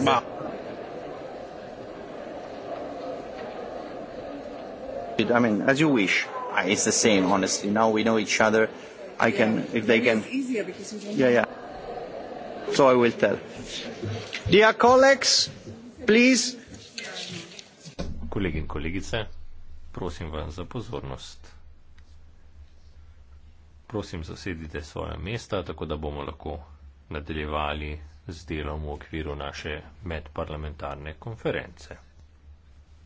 Ma. Ma. I mean, as you wish. Ah, it's the same, honestly. Now we know each other. I yeah, can, if they can. It's easier because yeah, yeah. So I will tell. Dear colleagues, please. Kolegi in kolegice, prosim vas za pozornost. Prosim, zasedite svoje mesta, tako da bomo lahko nadaljevali z delom v okviru naše medparlamentarne konference.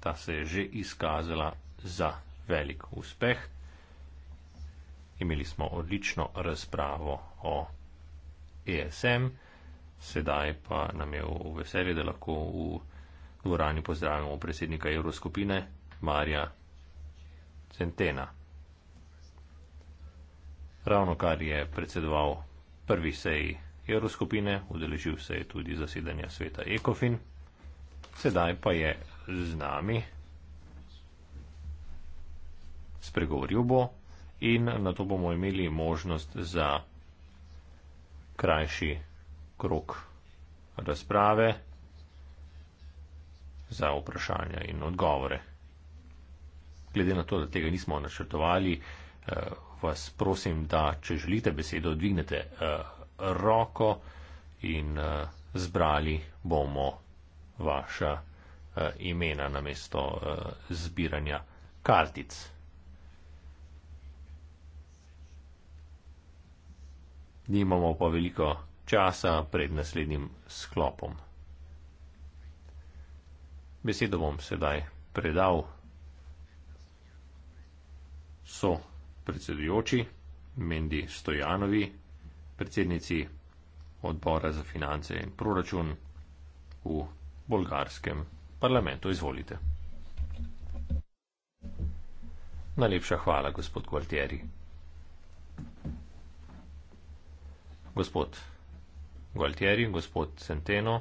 Ta se je že izkazala za velik uspeh. Imeli smo odlično razpravo o ESM, sedaj pa nam je v veselje, da lahko v dvorani pozdravimo predsednika Evroskupine Marja Centena. Ravno kar je predsedoval prvi seji evroskupine, udeležil se je tudi zasedanja sveta Ekofin, sedaj pa je z nami. Spregovoril bo in na to bomo imeli možnost za krajši krok razprave, za vprašanja in odgovore. Glede na to, da tega nismo načrtovali, eh, vas prosim, da če želite besedo, dvignete eh, roko in uh, zbrali bomo vaša uh, imena na mesto uh, eh, zbiranja kartic. Nimamo pa veliko časa pred naslednjim sklopom. Besedo bom sedaj predal so predsedujoči Mendi Stojanovi, predsednici odbora za finance in proračun v bolgarskem parlamentu. Izvolite. Najlepša hvala, gospod Gualtieri. Gospod Gualtieri, gospod Centeno,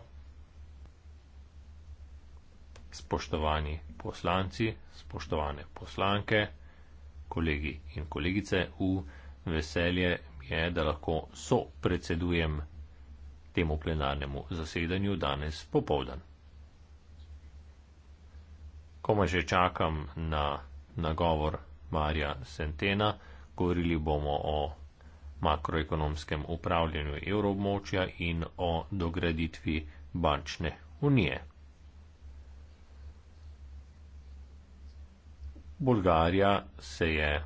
spoštovani poslanci, spoštovane poslanke, kolegi in kolegice, v veselje je, da lahko so predsedujem temu plenarnemu zasedanju danes popovdan. Koma že čakam na nagovor Marja Sentena, govorili bomo o makroekonomskem upravljanju evroobmočja in o dograditvi bančne unije. Bolgarija se je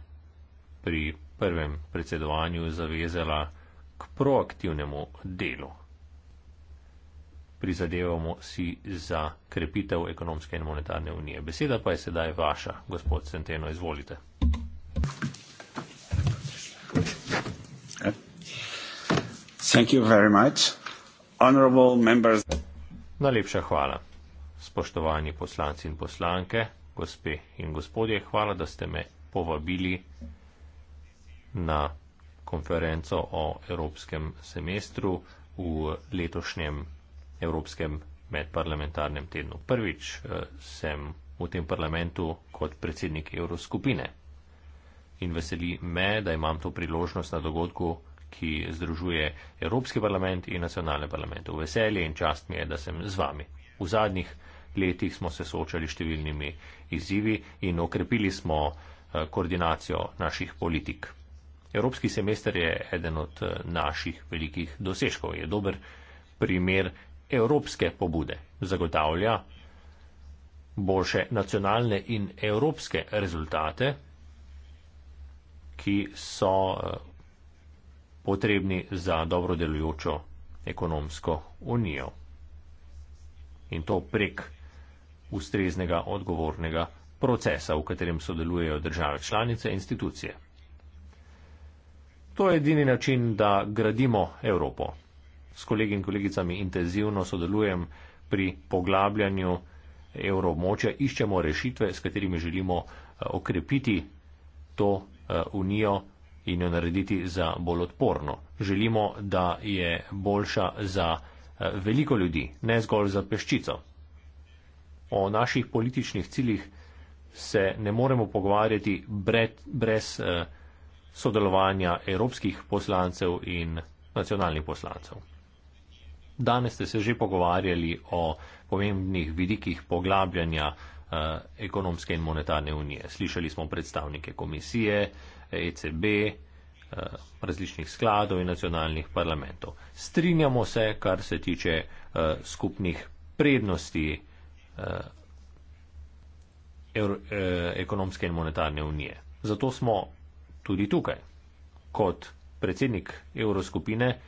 pri prvem predsedovanju zavezala k proaktivnemu delu. Prizadevamo si za krepitev ekonomske in monetarne unije. Beseda pa je sedaj vaša, gospod Centeno, izvolite. Najlepša hvala. Spoštovani poslanci in poslanke, gospe in gospodje, hvala, da ste me povabili na konferenco o evropskem semestru v letošnjem Evropskem medparlamentarnem tednu. Prvič eh, sem v tem parlamentu kot predsednik Evroskupine in veseli me, da imam to priložnost na dogodku, ki združuje Evropski parlament in nacionalne parlamente. Veselje in čast mi je, da sem z vami. V zadnjih letih smo se soočali številnimi izzivi in okrepili smo eh, koordinacijo naših politik. Evropski semester je eden od eh, naših velikih dosežkov, je dober primer evropske pobude. Zagotavlja boljše nacionalne in evropske rezultate, ki so eh, potrebni za dobro delujočo ekonomsko unijo. In to prek ustreznega odgovornega procesa, v katerem sodelujejo države članice in institucije. To je edini način, da gradimo Evropo. S kolegi in kolegicami intenzivno sodelujem pri poglabljanju evromočja, iščemo rešitve, s katerimi želimo eh, okrepiti to eh, unijo in jo narediti za bolj odporno. Želimo, da je boljša za eh, veliko ljudi, ne zgolj za peščico. O naših političnih ciljih se ne moremo pogovarjati brez. brez sodelovanja evropskih poslancev in nacionalnih poslancev. Danes ste se že pogovarjali o pomembnih vidikih poglabljanja eh, ekonomske in monetarne unije. Slišali smo predstavnike komisije, ECB, eh, različnih skladov in nacionalnih parlamentov. Strinjamo se, kar se tiče eh, skupnih prednosti ekonomske in monetarne unije. Zato smo tudi tukaj. Kot predsednik evroskupine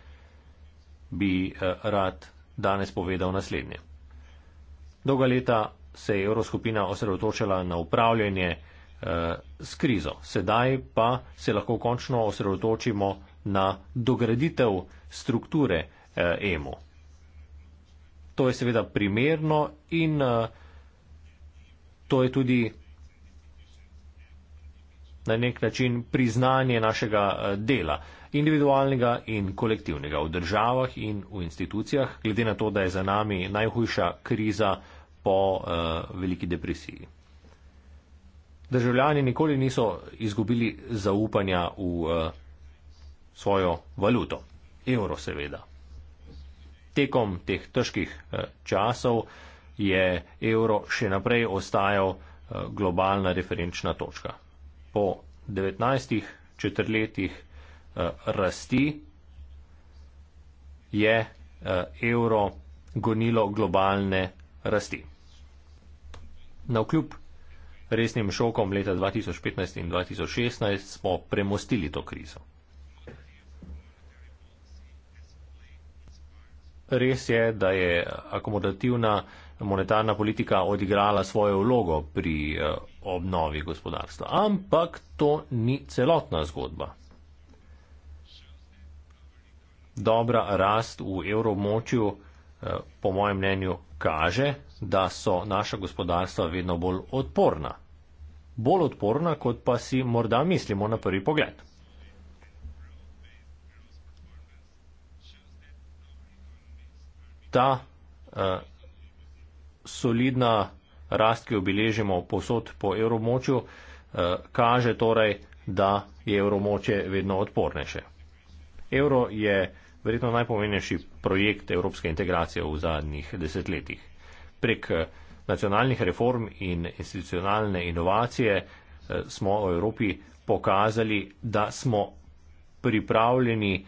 bi eh, rad danes povedal naslednje. Dolga leta se je evroskupina osredotočala na upravljanje eh, s krizo, sedaj pa se lahko končno osredotočimo na dograditev strukture eh, EMU. To je seveda primerno in eh, to je tudi na nek način priznanje našega eh, dela, individualnega in kolektivnega v državah in v institucijah, glede na to, da je za nami najhujša kriza po uh, veliki depresiji. Državljani nikoli niso izgubili zaupanja v uh, svojo valuto, evro seveda. Tekom teh težkih časov je evro še naprej ostajal globalna referenčna točka po 19 četrletjih eh, rasti je eh, evro gonilo globalne rasti. Na vkljub resnim šokom leta 2015 in 2016 smo premostili to krizo. Res je, da je akomodativna monetarna politika odigrala svojo vlogo pri eh, obnovi gospodarstva. Ampak to ni celotna zgodba. Dobra rast v evromočju, eh, po mojem mnenju, kaže, da so naša gospodarstva vedno bolj odporna. Bolj odporna, kot pa si morda mislimo na prvi pogled. Ta uh, solidna rast, ki jo obeležimo posod po evromočju, eh, kaže torej, da je evromočje vedno odpornejše. Evro je verjetno najpomenjši projekt evropske integracije v zadnjih desetletjih. Prek eh, nacionalnih reform in institucionalne inovacije eh, smo v Evropi pokazali, da smo pripravljeni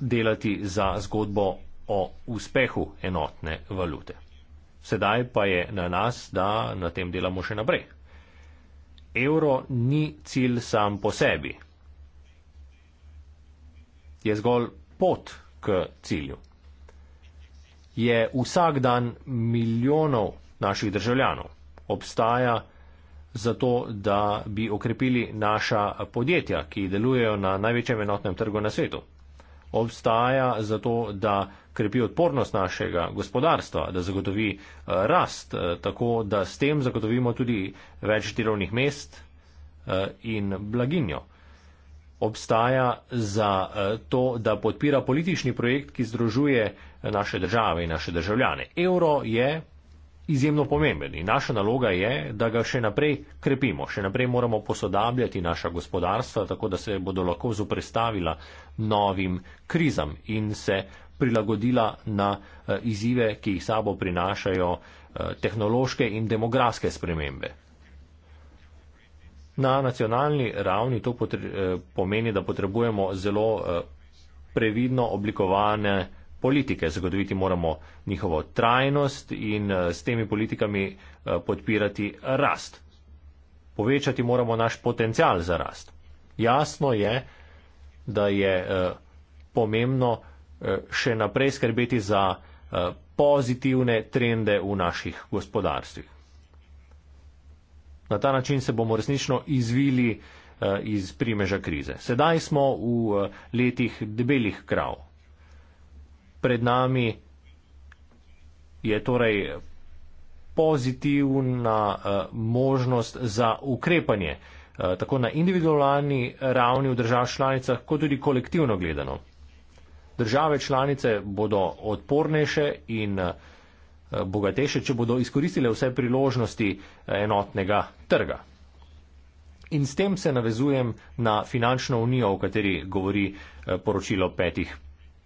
delati za zgodbo o uspehu enotne valute. Sedaj pa je na nas, da na tem delamo še naprej. Evro ni cilj sam po sebi. Je zgolj pot k cilju. Je vsak dan milijonov naših državljanov. Obstaja zato, da bi okrepili naša podjetja, ki delujejo na največjem enotnem trgu na svetu obstaja zato, da krepi odpornost našega gospodarstva, da zagotovi eh, rast, eh, tako da s tem zagotovimo tudi več delovnih mest eh, in blaginjo. Obstaja za to, da podpira politični projekt, ki združuje naše države in naše državljane. Euro je izjemno pomemben in naša naloga je, da ga še naprej krepimo, še naprej moramo posodabljati naša gospodarstva, tako da se bodo lahko zoprestavila novim krizam in se prilagodila na eh, izzive, ki jih sabo prinašajo eh, tehnološke in demografske spremembe. Na nacionalni ravni to potre, eh, pomeni, da potrebujemo zelo previdno oblikovane politike, zagotoviti moramo njihovo trajnost in eh, s temi politikami eh, podpirati rast. Povečati moramo naš potencial za rast. Jasno je, da je eh, pomembno še naprej skrbeti za pozitivne trende v naših gospodarstvih. Na ta način se bomo resnično izvili iz primeža krize. Sedaj smo v letih debelih krav, pred nami je torej pozitivna eh, možnost za ukrepanje, eh, tako na individualni ravni v držav članicah, kot tudi kolektivno gledano. Države članice bodo odpornejše in eh, bogatejše, če bodo izkoristile vse priložnosti enotnega trga. In s tem se navezujem na finančno unijo, o kateri govori poročilo petih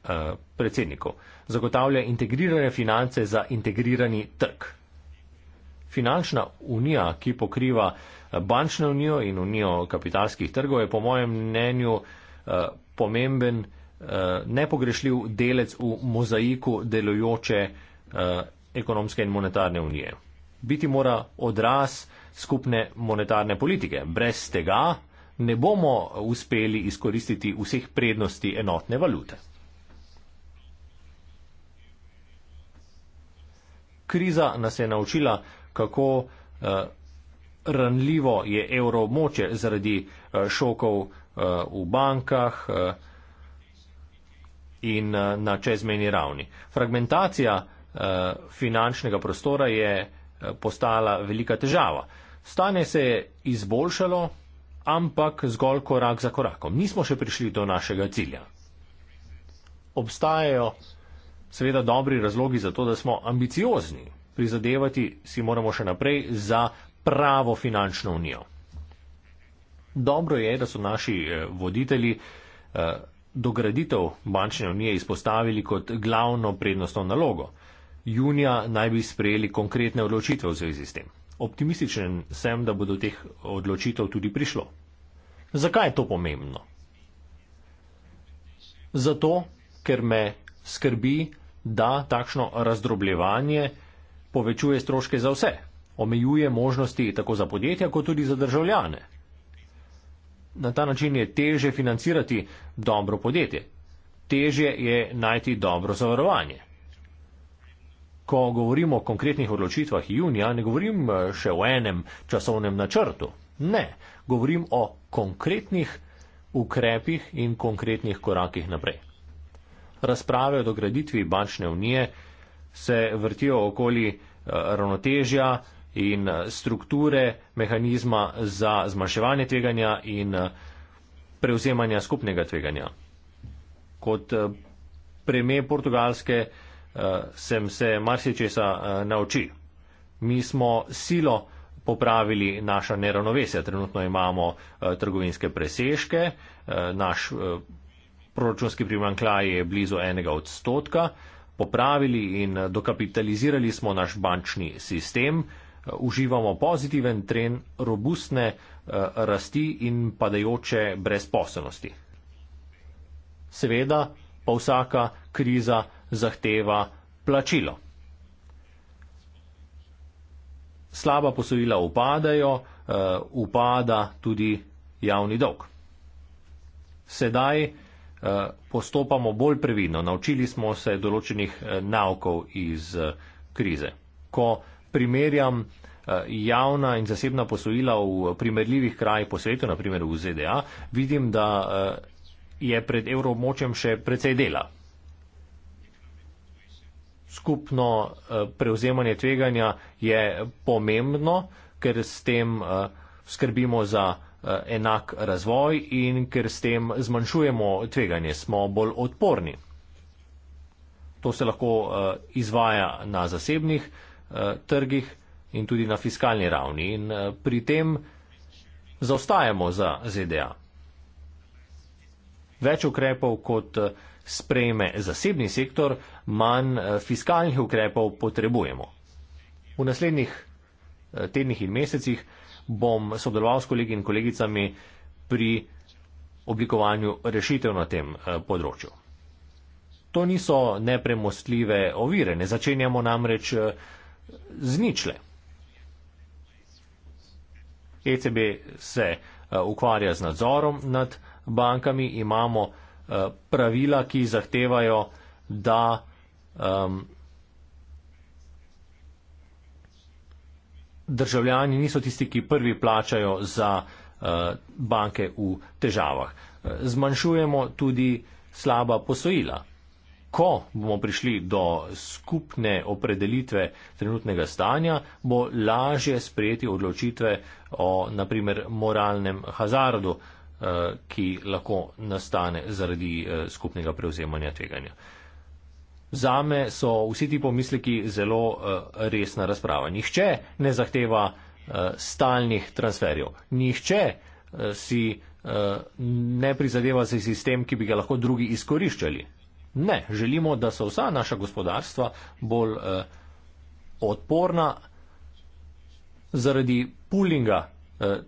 Eh, predsedniku. Zagotavlja integrirane finance za integrirani trg. Finančna unija, ki pokriva eh, bančno unijo in unijo kapitalskih trgov, je po mojem mnenju eh, pomemben, nepogrešljiv delec v mozaiku delujoče ekonomske in monetarne unije. Biti mora odraz skupne monetarne politike. Brez tega ne bomo uspeli izkoristiti vseh prednosti enotne valute. kriza nas je naučila, kako uh, ranljivo je evro moče zaradi uh, šokov uh, v bankah uh, in uh, na čezmeni ravni. Fragmentacija uh, finančnega prostora je uh, postala velika težava. Stanje se je izboljšalo, ampak zgolj korak za korakom. Nismo še prišli do našega cilja. Obstajajo seveda dobri razlogi za to, da smo ambiciozni. Prizadevati si moramo še naprej za pravo finančno unijo. Dobro je, da so naši eh, voditelji eh, dograditev bančne unije izpostavili kot glavno prednostno nalogo. Junija naj bi sprejeli konkretne odločitve v zvezi s tem. Optimističen sem, da bo do teh odločitev tudi prišlo. Zakaj je to pomembno? Zato, ker me skrbi, da takšno razdrobljevanje povečuje stroške za vse, omejuje možnosti tako za podjetja, kot tudi za državljane. Na ta način je teže financirati dobro podjetje, teže je najti dobro zavarovanje. Ko govorimo o konkretnih odločitvah junija, ne govorim eh, še o enem časovnem načrtu. Ne, govorim o konkretnih ukrepih in konkretnih korakih naprej razprave o graditvi bančne unije se vrtijo okoli eh, ravnotežja in eh, strukture mehanizma za zmanjševanje tveganja in eh, prevzemanja skupnega tveganja. Kot premije portugalske sem se marsičesa naučil. Mi smo silo popravili naša neravnovesja. Trenutno imamo trgovinske presežke, naš proračunski primankljaj je blizu enega odstotka, popravili in dokapitalizirali smo naš bančni sistem, uživamo pozitiven trend robustne eh, rasti in padajoče brezposobnosti. Seveda pa vsaka kriza zahteva plačilo. Slaba posojila upadajo, eh, upada tudi javni dolg. Sedaj postopamo bolj previdno. Naučili smo se določenih eh, naukov iz eh, krize. Ko primerjam eh, javna in zasebna posojila v primerljivih krajih po svetu, naprimer v ZDA, vidim, da je pred evroobmočjem še precej dela. Skupno prevzemanje tveganja je pomembno, ker s tem skrbimo za Eh, enak razvoj in ker s tem zmanjšujemo tveganje, smo bolj odporni. To se lahko eh, izvaja na zasebnih eh, trgih in tudi na fiskalni ravni in pri tem zaostajamo za ZDA. Več ukrepov kot sprejme zasebni sektor, manj fiskalnih ukrepov potrebujemo. V naslednjih tednih in mesecih bom sodeloval s kolegi in kolegicami pri oblikovanju rešitev na tem eh, področju. To niso nepremostljive ovire, ne začenjamo namreč eh, z ničle. ECB se eh, ukvarja z nadzorom nad bankami, imamo pravila, ki zahtevajo, da um, državljani niso tisti, ki prvi plačajo za eh, banke v težavah. Eh, zmanjšujemo tudi slaba posojila. Ko bomo prišli do skupne opredelitve trenutnega stanja, bo lažje sprejeti odločitve o, naprimer, moralnem hazardu, eh, ki lahko nastane zaradi skupnega prevzemanja tveganja. Za me so vsi ti pomisleki zelo eh, resna razprava. Nihče ne zahteva eh, stalnih transferjev. Nihče eh, si ne prizadeva za sistem, ki bi ga lahko drugi izkoriščali. Ne, želimo, da so vsa naša gospodarstva bolj odporna zaradi pullinga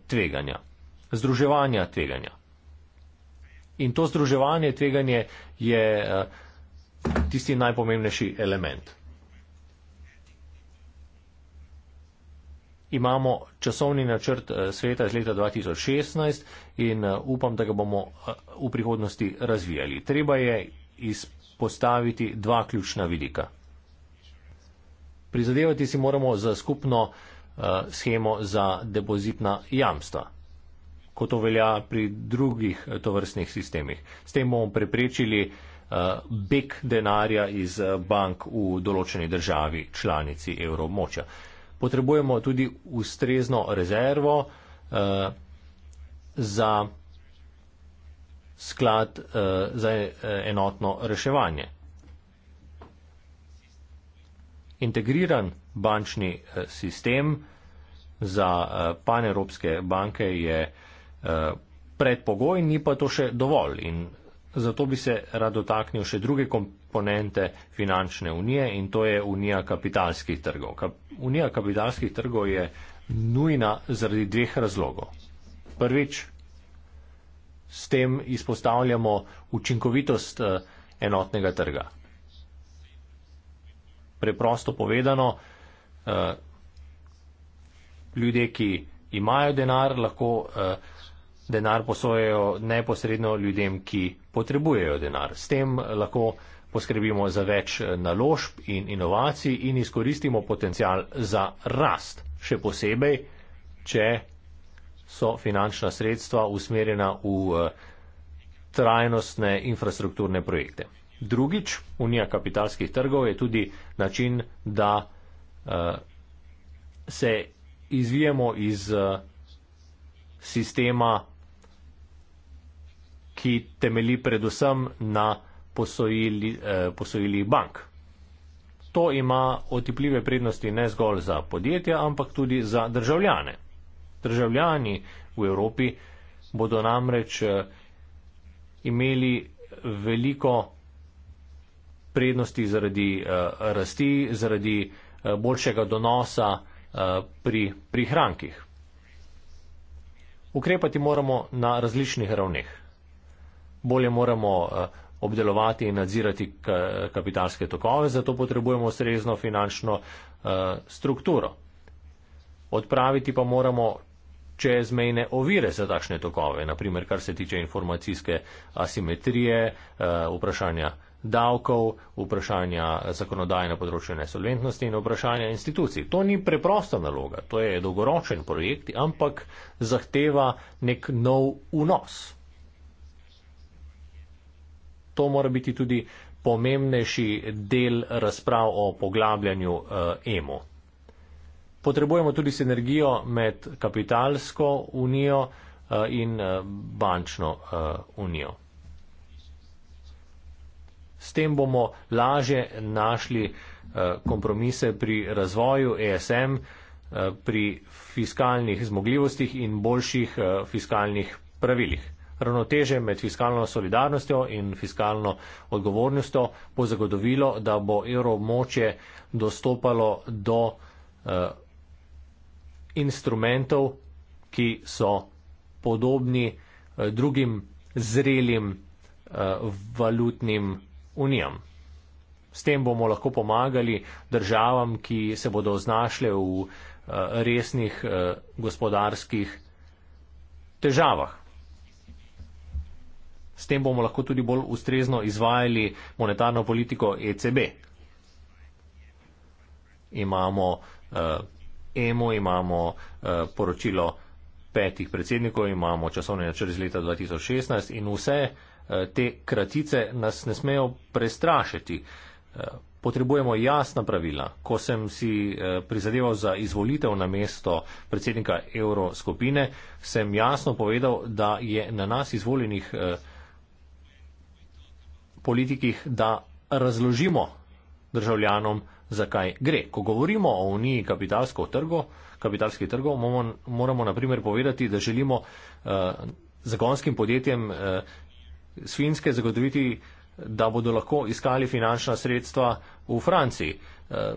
tveganja, združevanja tveganja. In to združevanje tveganje je. Uh, tisti najpomembnejši element. Imamo časovni načrt eh, sveta iz leta 2016 in eh, upam, da ga bomo eh, v prihodnosti razvijali. Treba je izpostaviti dva ključna vidika. Prizadevati si moramo za skupno schemo za depozitna jamstva, kot to velja pri drugih tovrstnih sistemih. S tem bomo preprečili Eh, beg denarja iz eh, bank v določeni državi članici evromoča. Potrebujemo tudi ustrezno rezervo eh, za sklad za enotno reševanje. Integriran bančni sistem za panevropske banke je predpogoj, ni pa to še dovolj. In Zato bi se rad dotaknil še druge komponente finančne unije in to je unija kapitalskih trgov. Kap unija kapitalskih trgov je nujna zaradi dveh razlogov. Prvič, s tem izpostavljamo učinkovitost eh, enotnega trga. Preprosto povedano, eh, ljudje, ki imajo denar, lahko eh, denar posojajo neposredno ljudem, ki potrebujejo denar. S tem lahko poskrbimo za več eh, naložb in inovacij in izkoristimo potencial za rast. Še posebej, če so finančna sredstva usmerjena v eh, trajnostne infrastrukturne projekte. Drugič, Unija kapitalskih trgov je tudi način, da uh, se izvijemo iz uh, sistema ki temeli predvsem na posojili, eh, posojilih bank. To ima otipljive prednosti ne zgolj za podjetja, ampak tudi za državljane. Državljani v Evropi bodo namreč eh, imeli veliko prednosti zaradi eh, rasti, zaradi eh, boljšega donosa pri prihrankih. Ukrepati moramo na različnih ravneh bolje moramo eh, obdelovati in nadzirati kapitalske tokove, zato potrebujemo ustrezno finančno eh, strukturo. Odpraviti pa moramo čezmejne ovire za takšne tokove, naprimer kar se tiče informacijske asimetrije, eh, vprašanja davkov, vprašanja zakonodaje na področju nesolventnosti in vprašanja institucij. To ni preprosta naloga, to je dolgoročen projekt, ampak zahteva nek nov unos to mora biti tudi pomembnejši del razprav o poglabljanju uh, eh, EMO. Potrebujemo tudi sinergijo med kapitalsko unijo uh, in uh, bančno uh, unijo. S tem bomo laže našli kompromise pri razvoju ESM, pri fiskalnih zmogljivostih in boljših fiskalnih pravilih ravnoteže med fiskalno solidarnostjo in fiskalno odgovornostjo bo zagotovilo, da bo evromoče dostopalo do uh, instrumentov, ki so podobni uh, drugim zrelim uh, valutnim unijam. S tem bomo lahko pomagali državam, ki se bodo znašle v uh, resnih uh, gospodarskih težavah. S tem bomo lahko tudi bolj ustrezno izvajali monetarno politiko ECB. Imamo uh, eh, EMO, imamo uh, poročilo petih predsednikov, imamo časovni načrt iz leta 2016 in vse uh, te kratice nas ne smejo prestrašiti. Potrebujemo jasna pravila. Ko sem si prizadeval za izvolitev na mesto predsednika Euroskopine, sem jasno povedal, da je na nas izvoljenih politikih, da razložimo državljanom, zakaj gre. Ko govorimo o uniji trgo, kapitalskih trgov, moramo, moramo na primer povedati, da želimo eh, zagonskim podjetjem eh, svinske zagotoviti, da bodo lahko iskali finančna sredstva v Franciji. Eh,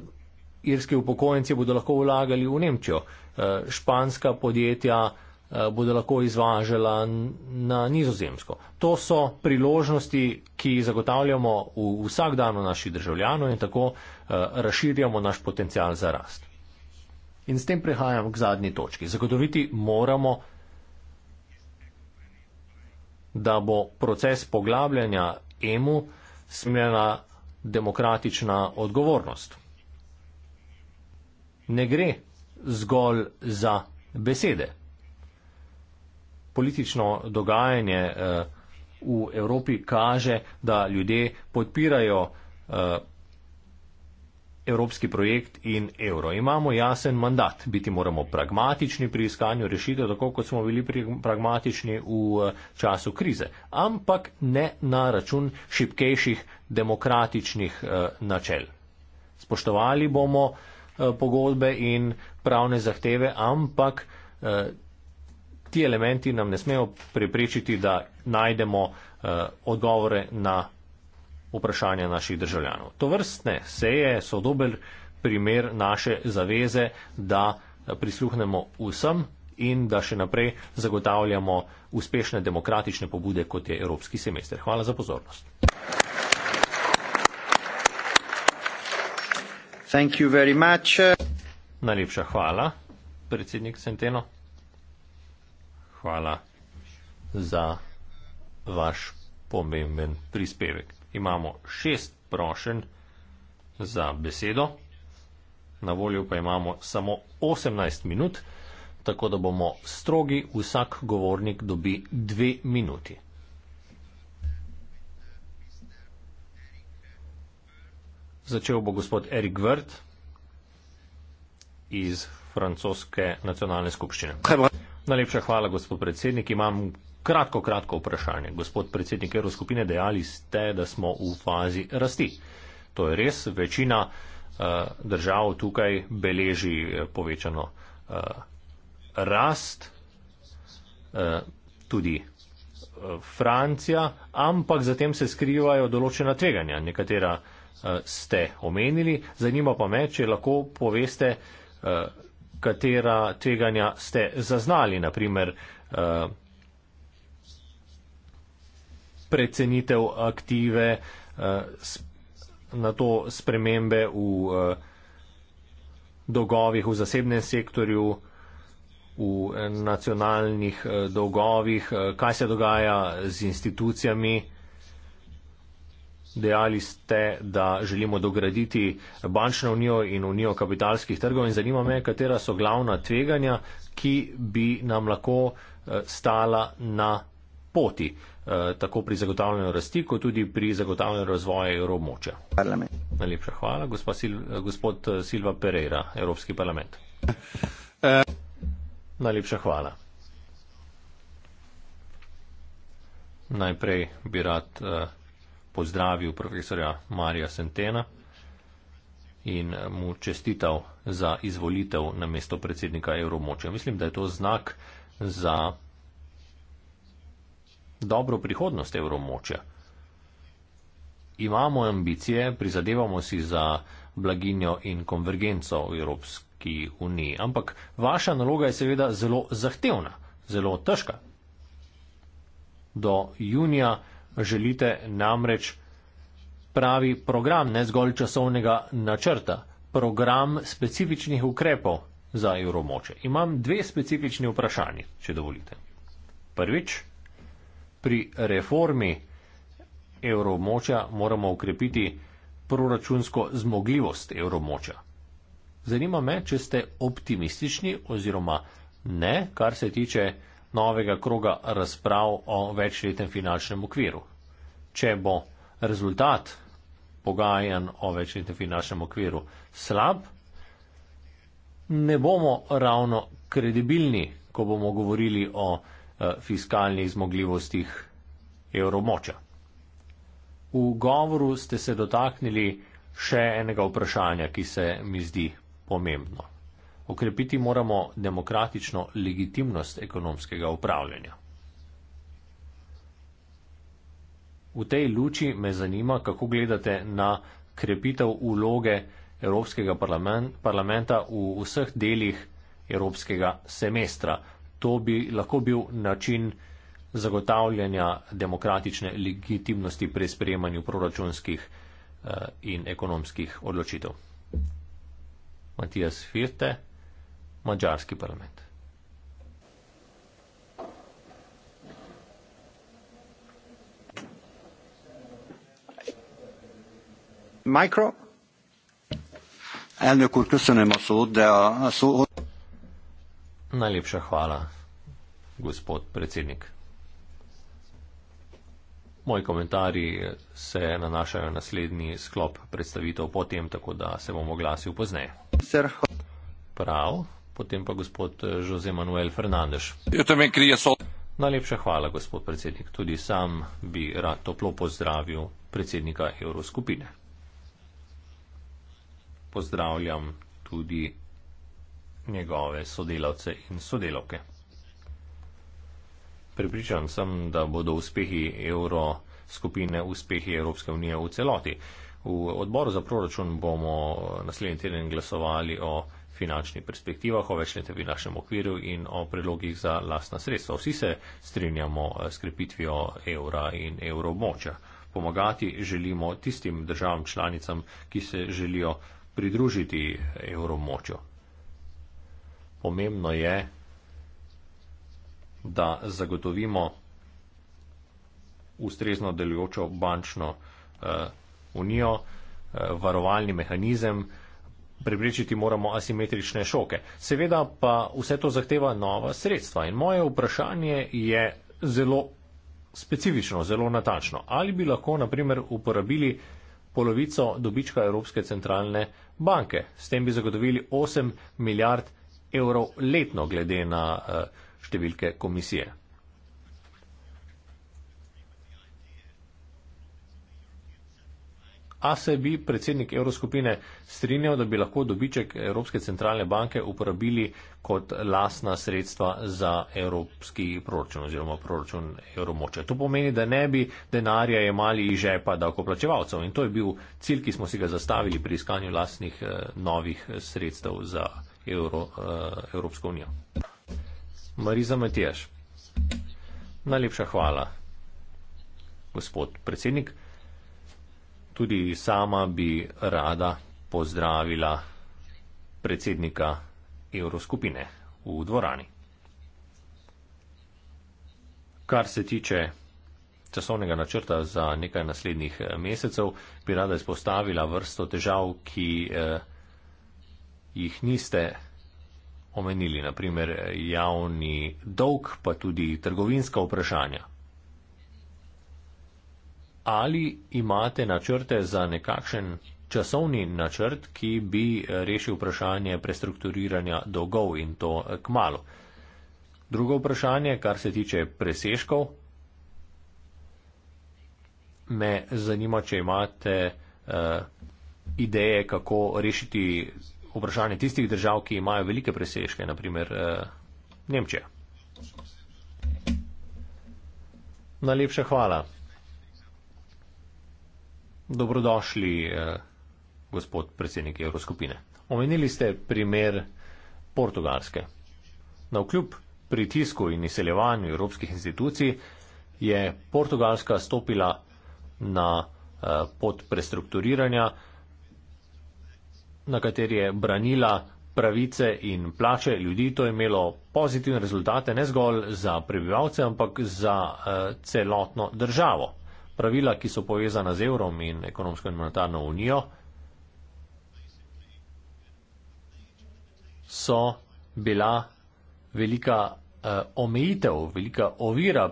irski upokojenci bodo lahko vlagali v Nemčijo. Eh, španska podjetja. Eh, bodo lahko izvažala na nizozemsko. To so priložnosti, ki zagotavljamo v vsak dan v naših državljanov in tako eh, razširjamo naš potencial za rast. In s tem prehajam k zadnji točki. Zagotoviti moramo, da bo proces poglabljanja EMU smljena demokratična odgovornost. Ne gre zgolj za besede politično dogajanje eh, v Evropi kaže, da ljudje podpirajo eh, evropski projekt in evro. Imamo jasen mandat, biti moramo pragmatični pri iskanju rešitev, tako kot smo bili pragmatični v eh, času krize, ampak ne na račun šipkejših demokratičnih načel. Spoštovali bomo pogodbe in pravne zahteve, ampak ti elementi nam ne smejo preprečiti, da najdemo uh, odgovore na vprašanja naših državljanov. To vrstne seje so dober primer naše zaveze, da eh, prisluhnemo vsem in da še naprej zagotavljamo uspešne demokratične pobude, kot je Evropski semester. Hvala za pozornost. Najlepša hvala, predsednik Centeno hvala za vaš pomemben prispevek. Imamo šest prošen za besedo, na voljo pa imamo samo 18 minut, tako da bomo strogi, vsak govornik dobi dve minuti. Začel bo gospod Erik Vrt iz francoske nacionalne skupščine. Hvala. Najlepša hvala, gospod predsednik. Imam kratko, kratko vprašanje. Gospod predsednik Euroskupine, dejali ste, da smo v fazi rasti. To je res. Večina uh, držav tukaj beleži eh, povečano uh, rast, uh, tudi Francija, ampak zatem se skrivajo določena tveganja. Nekatera uh, ste omenili. Zanima pa me, če lahko poveste. Uh, katera tveganja ste zaznali, naprimer eh, precenitev aktive, eh, na to spremembe v eh, dolgovih v zasebnem sektorju, v nacionalnih dolgovih, kaj se dogaja z institucijami. Dejali ste, da želimo dograditi bančno unijo in unijo kapitalskih trgov in zanima me, katera so glavna tveganja, ki bi nam lahko eh, stala na poti, eh, tako pri zagotavljanju rasti, kot tudi pri zagotavljanju razvoja evromoča. Najlepša hvala, Sil eh, gospod Silva Pereira, Evropski parlament. Najlepša hvala. Najprej bi rad. Uh, pozdravil profesorja Marija Sentena in mu čestital za izvolitev na mesto predsednika Evromoča. Mislim, da je to znak za dobro prihodnost Evromoča. Imamo ambicije, prizadevamo si za blaginjo in konvergenco v Evropski uniji, ampak vaša naloga je seveda zelo zahtevna, zelo težka. Do junija Želite namreč pravi program, ne zgolj časovnega načrta, program specifičnih ukrepov za evromoče. Imam dve specifični vprašanji, če dovolite. Prvič, pri reformi evromoča moramo ukrepiti proračunsko zmogljivost evromoča. Zanima me, če ste optimistični oziroma ne, kar se tiče novega kroga razprav o večletnem finančnem okviru če bo rezultat pogajanj o večletnem finančnem okviru slab, ne bomo ravno kredibilni, ko bomo govorili o eh, fiskalnih zmogljivostih evromoča. V govoru ste se dotaknili še enega vprašanja, ki se mi zdi pomembno. Okrepiti moramo demokratično legitimnost ekonomskega upravljanja. V tej luči me zanima, kako gledate na krepitev uloge Evropskega parlamenta v vseh delih Evropskega semestra. To bi lahko bil način zagotavljanja demokratične legitimnosti pri sprejemanju proračunskih eh, in ekonomskih odločitev. Matijas Firte, Mačarski parlament. elnök úr köszönöm a szót de a szó Najlepša hvala, gospod predsednik. Moji komentarji se nanašajo na naslednji sklop predstavitev potem, tako da se bom oglasil pozneje. Prav, potem pa gospod eh, Jose Manuel Fernandez. Najlepša hvala, gospod predsednik. Tudi sam bi rad toplo pozdravil predsednika Evroskupine pozdravljam tudi njegove sodelavce in sodelavke. Pripričan sem, da bodo uspehi evro skupine uspehi Evropske unije v celoti. V odboru za proračun bomo naslednji teden glasovali o finančnih perspektivah, o večletem finančnem okviru in o predlogih za lastna sredstva. Vsi se strinjamo eh, s krepitvijo evra in evrobmoča. Pomagati želimo tistim državam članicam, ki se želijo pridružiti evromočjo. Pomembno je, da zagotovimo ustrezno delujočo bančno eh, unijo, eh, varovalni mehanizem, preprečiti moramo asimetrične šoke. Seveda pa vse to zahteva nova sredstva in moje vprašanje je zelo specifično, zelo natačno. Ali bi lahko, na primer, uporabili polovico dobička Evropske centralne banke. S tem bi zagotovili 8 milijard evrov letno glede na eh, številke komisije. A se bi predsednik evroskupine strinjal, da bi lahko dobiček Evropske centralne banke uporabili kot lasna sredstva za evropski proračun oziroma proračun evromoča. To pomeni, da ne bi denarja jemali iz žepa davkoplačevalcev in to je bil cilj, ki smo si ga zastavili pri iskanju lasnih eh, novih sredstev za Euro, eh, Evropsko unijo. Mariza Matijaš, najlepša hvala, gospod predsednik tudi sama bi rada pozdravila predsednika Evroskupine v dvorani. Kar se tiče časovnega načrta za nekaj naslednjih eh, mesecev, bi rada izpostavila vrsto težav, ki eh, jih niste omenili, naprimer eh, javni dolg, pa tudi trgovinska vprašanja ali imate načrte za nekakšen časovni načrt, ki bi rešil vprašanje prestrukturiranja dolgov in to k malu. Drugo vprašanje, kar se tiče preseškov, me zanima, če imate uh, ideje, kako rešiti vprašanje tistih držav, ki imajo velike preseške, naprimer uh, eh, Nemčija. Najlepša hvala. Dobrodošli, eh, gospod predsednik Evroskupine. Omenili ste primer Portugalske. Na vkljub pritisku in izseljevanju evropskih institucij je Portugalska stopila na eh, pot prestrukturiranja, na kateri je branila pravice in plače ljudi. To je imelo pozitivne rezultate ne zgolj za prebivalce, ampak za eh, celotno državo pravila, ki so povezana z evrom in ekonomsko in monetarno unijo, so bila velika uh, omejitev, velika ovira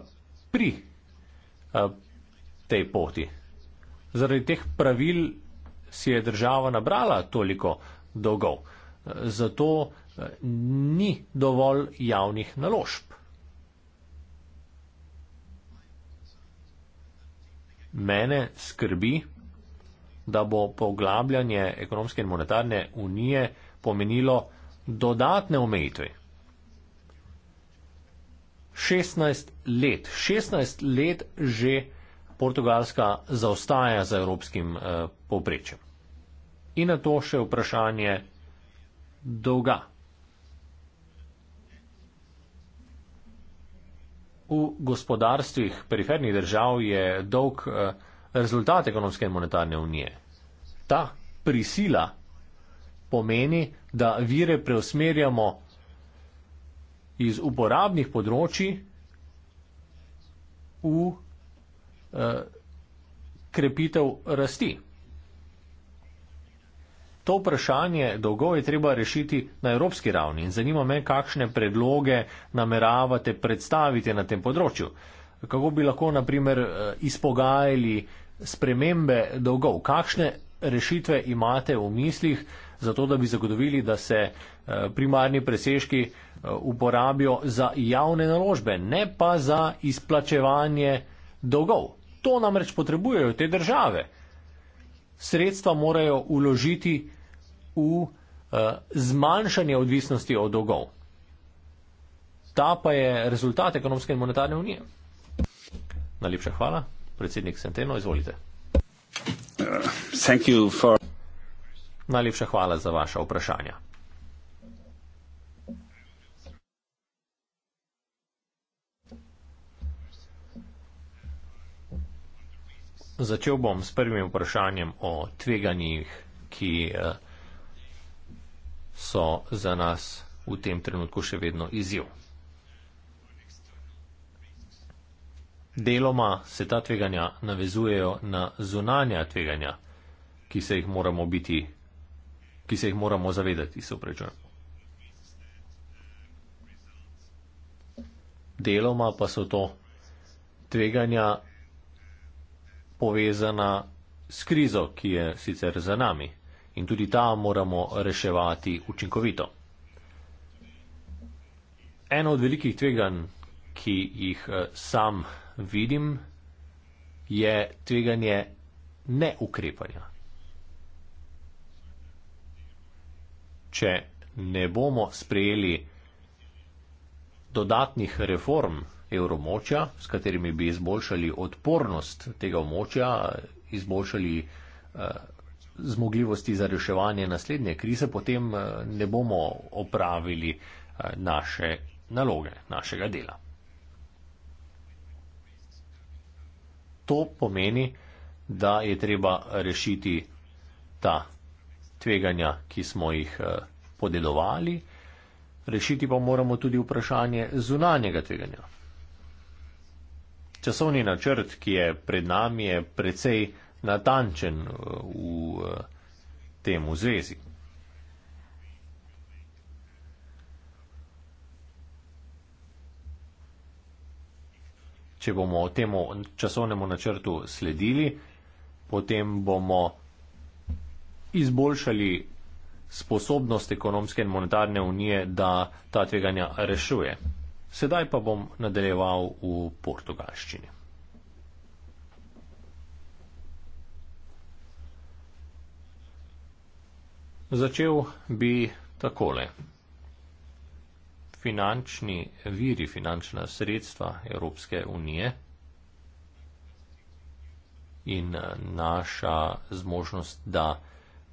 pri uh, tej poti. Zaradi teh pravil si je država nabrala toliko dolgov. Eh, zato ni dovolj javnih naložb. mene skrbi, da bo poglabljanje ekonomske in monetarne unije pomenilo dodatne omejitve. 16 let, 16 let že Portugalska zaostaja za evropskim eh, povprečjem. In na to še vprašanje dolga. V gospodarstvih perifernih držav je dolg eh, rezultat ekonomske in monetarne unije. Ta prisila pomeni, da vire preusmerjamo iz uporabnih področji v eh, krepitev rasti to vprašanje dolgov je treba rešiti na evropski ravni in zanima me, kakšne predloge nameravate predstaviti na tem področju. Kako bi lahko, na primer, eh, izpogajali spremembe dolgov? Kakšne rešitve imate v mislih za to, da bi zagotovili, da se eh, primarni presežki eh, uporabijo za javne naložbe, ne pa za izplačevanje dolgov? To namreč potrebujejo te države. Sredstva morajo uložiti v uh, zmanjšanje odvisnosti od dolgov. Ta pa je rezultat ekonomske in monetarne unije. Najlepša hvala. Predsednik Senteno, izvolite. Uh, for... Najlepša hvala za vaše vprašanje. Začel bom s prvim vprašanjem o tveganjih, ki. Uh, so za nas v tem trenutku še vedno izjiv. Deloma se ta tveganja navezujejo na zunanja tveganja, ki se jih moramo biti, ki se jih moramo zavedati, se uprečujem. Deloma pa so to tveganja povezana s krizo, ki je sicer za nami in tudi ta moramo reševati učinkovito. Eno od velikih tveganj, ki jih eh, sam vidim, je tveganje neukrepanja. Če ne bomo sprejeli dodatnih reform evromočja, s katerimi bi izboljšali odpornost tega območja, izboljšali eh, zmogljivosti za reševanje naslednje krize, potem eh, ne bomo opravili eh, naše naloge, našega dela. To pomeni, da je treba rešiti ta tveganja, ki smo jih eh, podedovali, rešiti pa moramo tudi vprašanje zunanjega tveganja. Časovni načrt, ki je pred nami, je precej natančen eh, v eh, tem zvezi. Če bomo temu časovnemu načrtu sledili, potem bomo izboljšali sposobnost ekonomske in monetarne unije, da ta tveganja rešuje. Sedaj pa bom nadaljeval v portugalščini. Začel bi takole. Finančni viri, finančna sredstva Evropske unije in naša zmožnost, da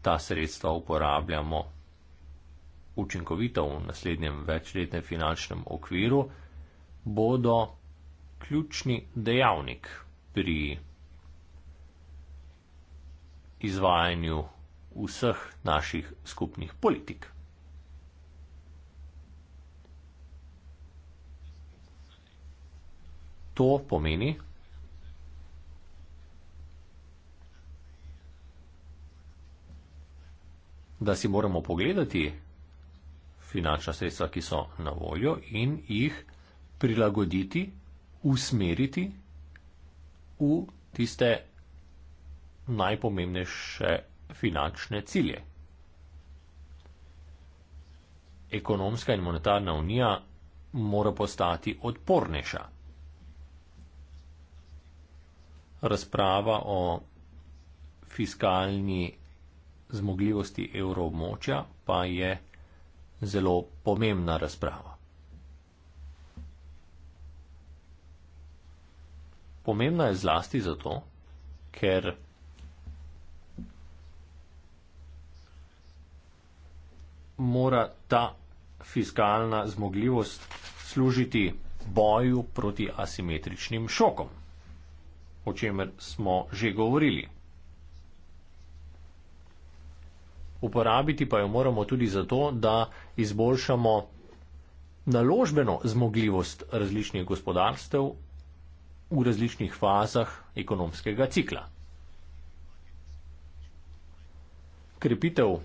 ta sredstva uporabljamo učinkovito v naslednjem večletnem finančnem okviru, bodo ključni dejavnik pri izvajanju vseh naših skupnih politik. To pomeni, da si moramo pogledati finančna sredstva, ki so na voljo, in jih prilagoditi, usmeriti v tiste najpomembnejše finančne cilje. Ekonomska in monetarna unija mora postati odpornejša. Razprava o fiskalni zmogljivosti evroobmočja pa je zelo pomembna razprava. Pomembna je zlasti zato, ker mora ta fiskalna zmogljivost služiti boju proti asimetričnim šokom, o čemer smo že govorili. Uporabiti pa jo moramo tudi zato, da izboljšamo naložbeno zmogljivost različnih gospodarstev v različnih fazah ekonomskega cikla. Krepitev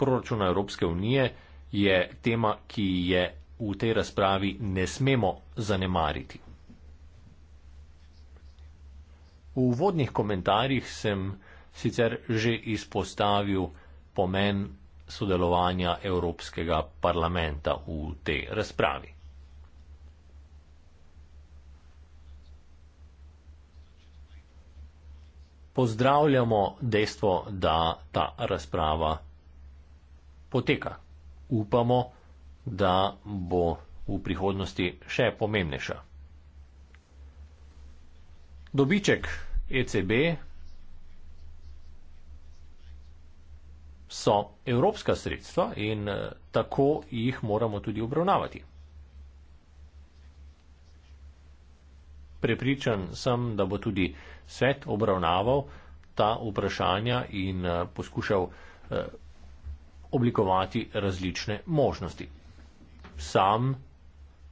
proračuna Evropske unije je tema, ki je v tej razpravi ne smemo zanemariti. V uvodnih komentarjih sem sicer že izpostavil pomen sodelovanja Evropskega parlamenta v tej razpravi. Pozdravljamo dejstvo, da ta razprava poteka. Upamo, da bo v prihodnosti še pomembnejša. Dobiček ECB so evropska sredstva in eh, tako jih moramo tudi obravnavati. Prepričan sem, da bo tudi svet obravnaval ta vprašanja in eh, poskušal eh, oblikovati različne možnosti. Sam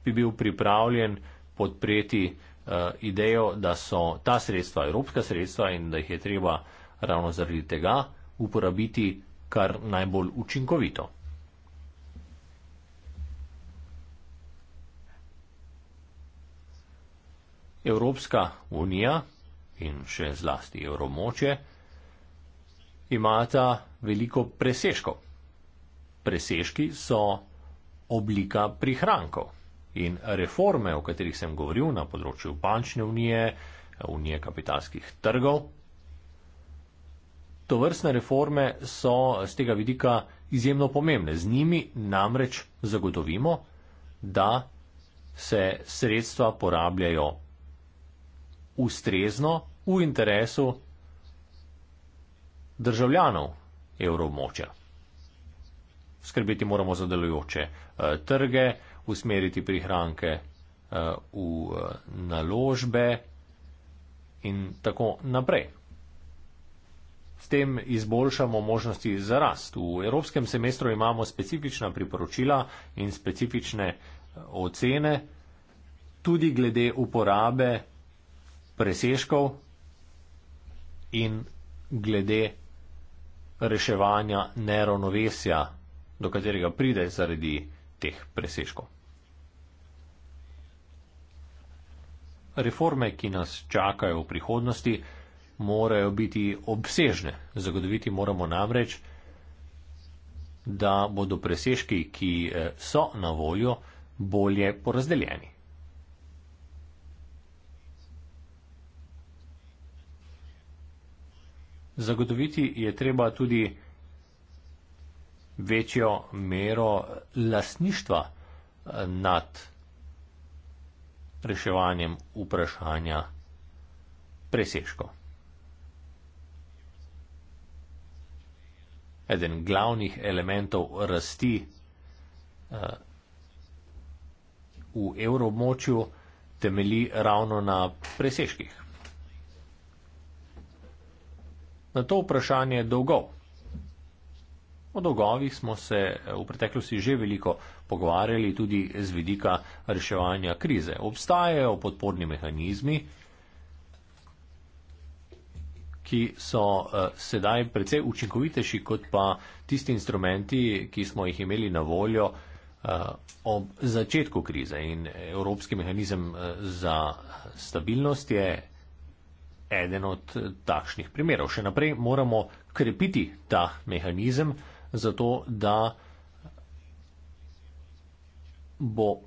bi bil pripravljen podpreti uh, idejo, da so ta sredstva evropska sredstva in da jih je treba ravno zaradi tega uporabiti kar najbolj učinkovito. Evropska unija in še zlasti evromoče imata veliko preseškov presežki so oblika prihrankov. In reforme, o katerih sem govoril na področju bančne unije, unije kapitalskih trgov, to vrstne reforme so z tega vidika izjemno pomembne. Z njimi namreč zagotovimo, da se sredstva porabljajo ustrezno v interesu državljanov evromočja skrbeti moramo za delujoče eh, trge, usmeriti prihranke eh, v eh, naložbe in tako naprej. S tem izboljšamo možnosti za rast. V evropskem semestru imamo specifična priporočila in specifične ocene tudi glede uporabe preseškov in glede reševanja neravnovesja do katerega pride zaradi teh preseškov. Reforme, ki nas čakajo v prihodnosti, morajo biti obsežne. Zagotoviti moramo namreč, da bodo preseški, ki eh, so na voljo, bolje porazdeljeni. Zagotoviti je treba tudi večjo mero lasništva eh, nad reševanjem vprašanja presežko. Eden glavnih elementov rasti eh, v evroobmočju temeli ravno na presežkih. Na to vprašanje dolgov. O dolgovih smo se eh, v preteklosti že veliko pogovarjali tudi z vidika reševanja krize. Obstajajo podporni mehanizmi, ki so eh, sedaj precej učinkovitejši kot pa tisti instrumenti, ki smo jih imeli na voljo eh, ob začetku krize. In Evropski mehanizem za stabilnost je eden od takšnih primerov. Še naprej moramo krepiti ta mehanizem, zato da bo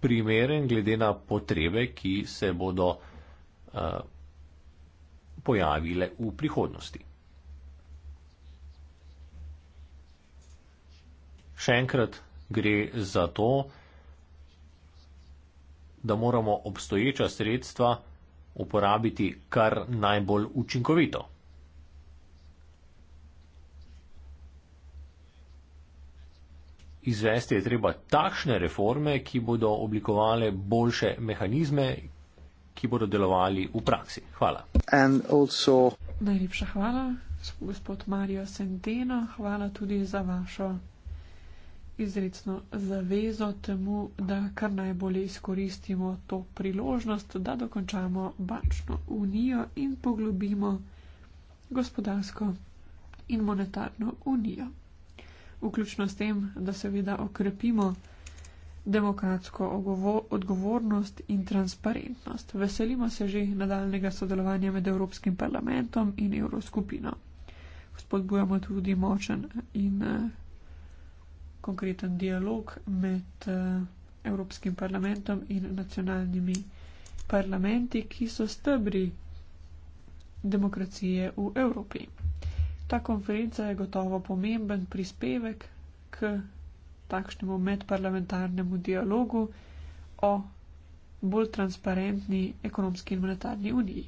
primeren glede na potrebe, ki se bodo uh, pojavile v prihodnosti. Še enkrat gre za to, da moramo obstoječa sredstva uporabiti kar najbolj učinkovito. izvesti je treba takšne reforme, ki bodo oblikovale boljše mehanizme, ki bodo delovali v praksi. Hvala. Also... Najlepša hvala, gospod Mario Senteno. Hvala tudi za vašo izredno zavezo temu, da kar najbolje izkoristimo to priložnost, da dokončamo bančno unijo in poglobimo gospodarsko in monetarno unijo vključno s tem, da seveda okrepimo demokratsko odgovornost in transparentnost. Veselimo se že nadaljnega sodelovanja med Evropskim parlamentom in Evroskupino. Spodbujamo tudi močen in eh, konkreten dialog med eh, Evropskim parlamentom in nacionalnimi parlamenti, ki so stebri demokracije v Evropi. Ta konferenca je gotovo pomemben prispevek k takšnemu medparlamentarnemu dialogu o bolj transparentni ekonomski in monetarni uniji.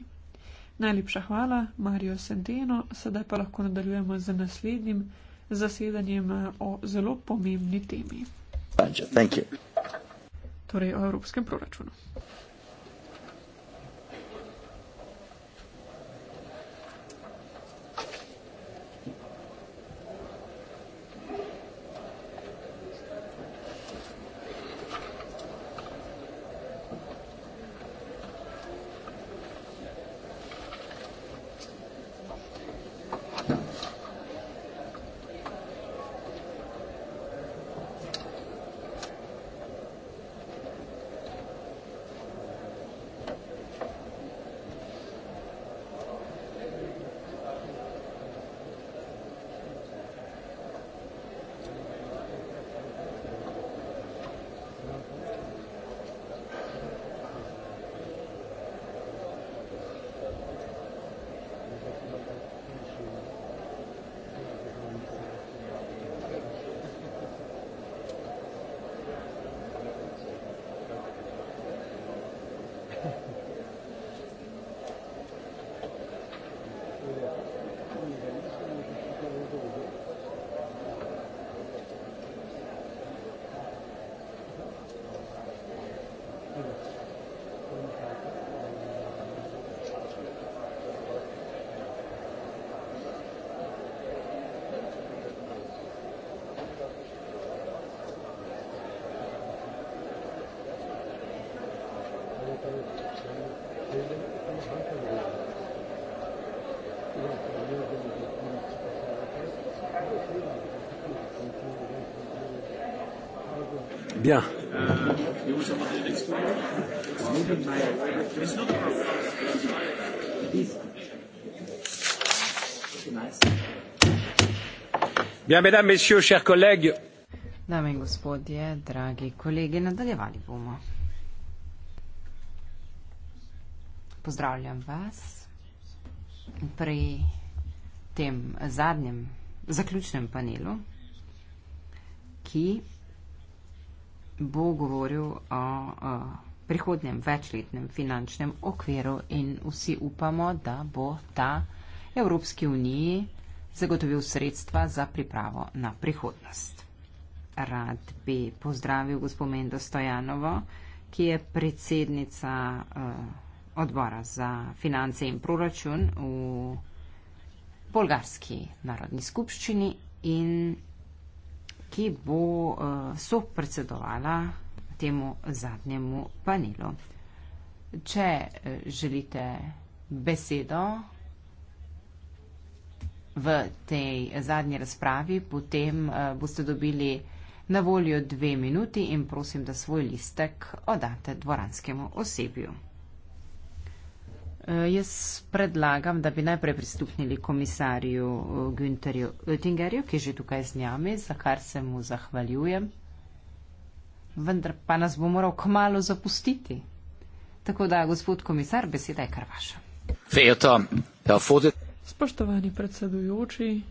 Najlepša hvala, Mario Sendeno, sedaj pa lahko nadaljujemo z naslednjim zasedanjem eh, o zelo pomembni temi. Torej o evropskem proračunu. mesdames messieurs chers collègues dame in gospodje dragi kolegi nadaljevali bomo pozdravljam vas pri tem zadnjem zaključnem panelu ki bo govoril o, o prihodnjem večletnem finančnem okviru in vsi upamo, da bo ta Evropski uniji zagotovil sredstva za pripravo na prihodnost. Rad bi pozdravil gospomendo Stojanovo, ki je predsednica uh, odbora za finance in proračun v Bolgarski narodni skupščini in ki bo uh, sopredsedovala temu zadnjemu panelu. Če eh, želite besedo, v tej zadnji razpravi, potem eh, boste dobili na voljo dve minuti in prosim, da svoj listek odate dvoranskemu osebju. Eh, jaz predlagam, da bi najprej pristupnili komisarju eh, Günterju Oettingerju, ki je že tukaj z njami, za kar se mu zahvaljujem. Vendar pa nas bo moral kmalo zapustiti. Tako da, gospod komisar, beseda je kar vaša. Fejata, ja, fode. Spoštovani predsedujoči,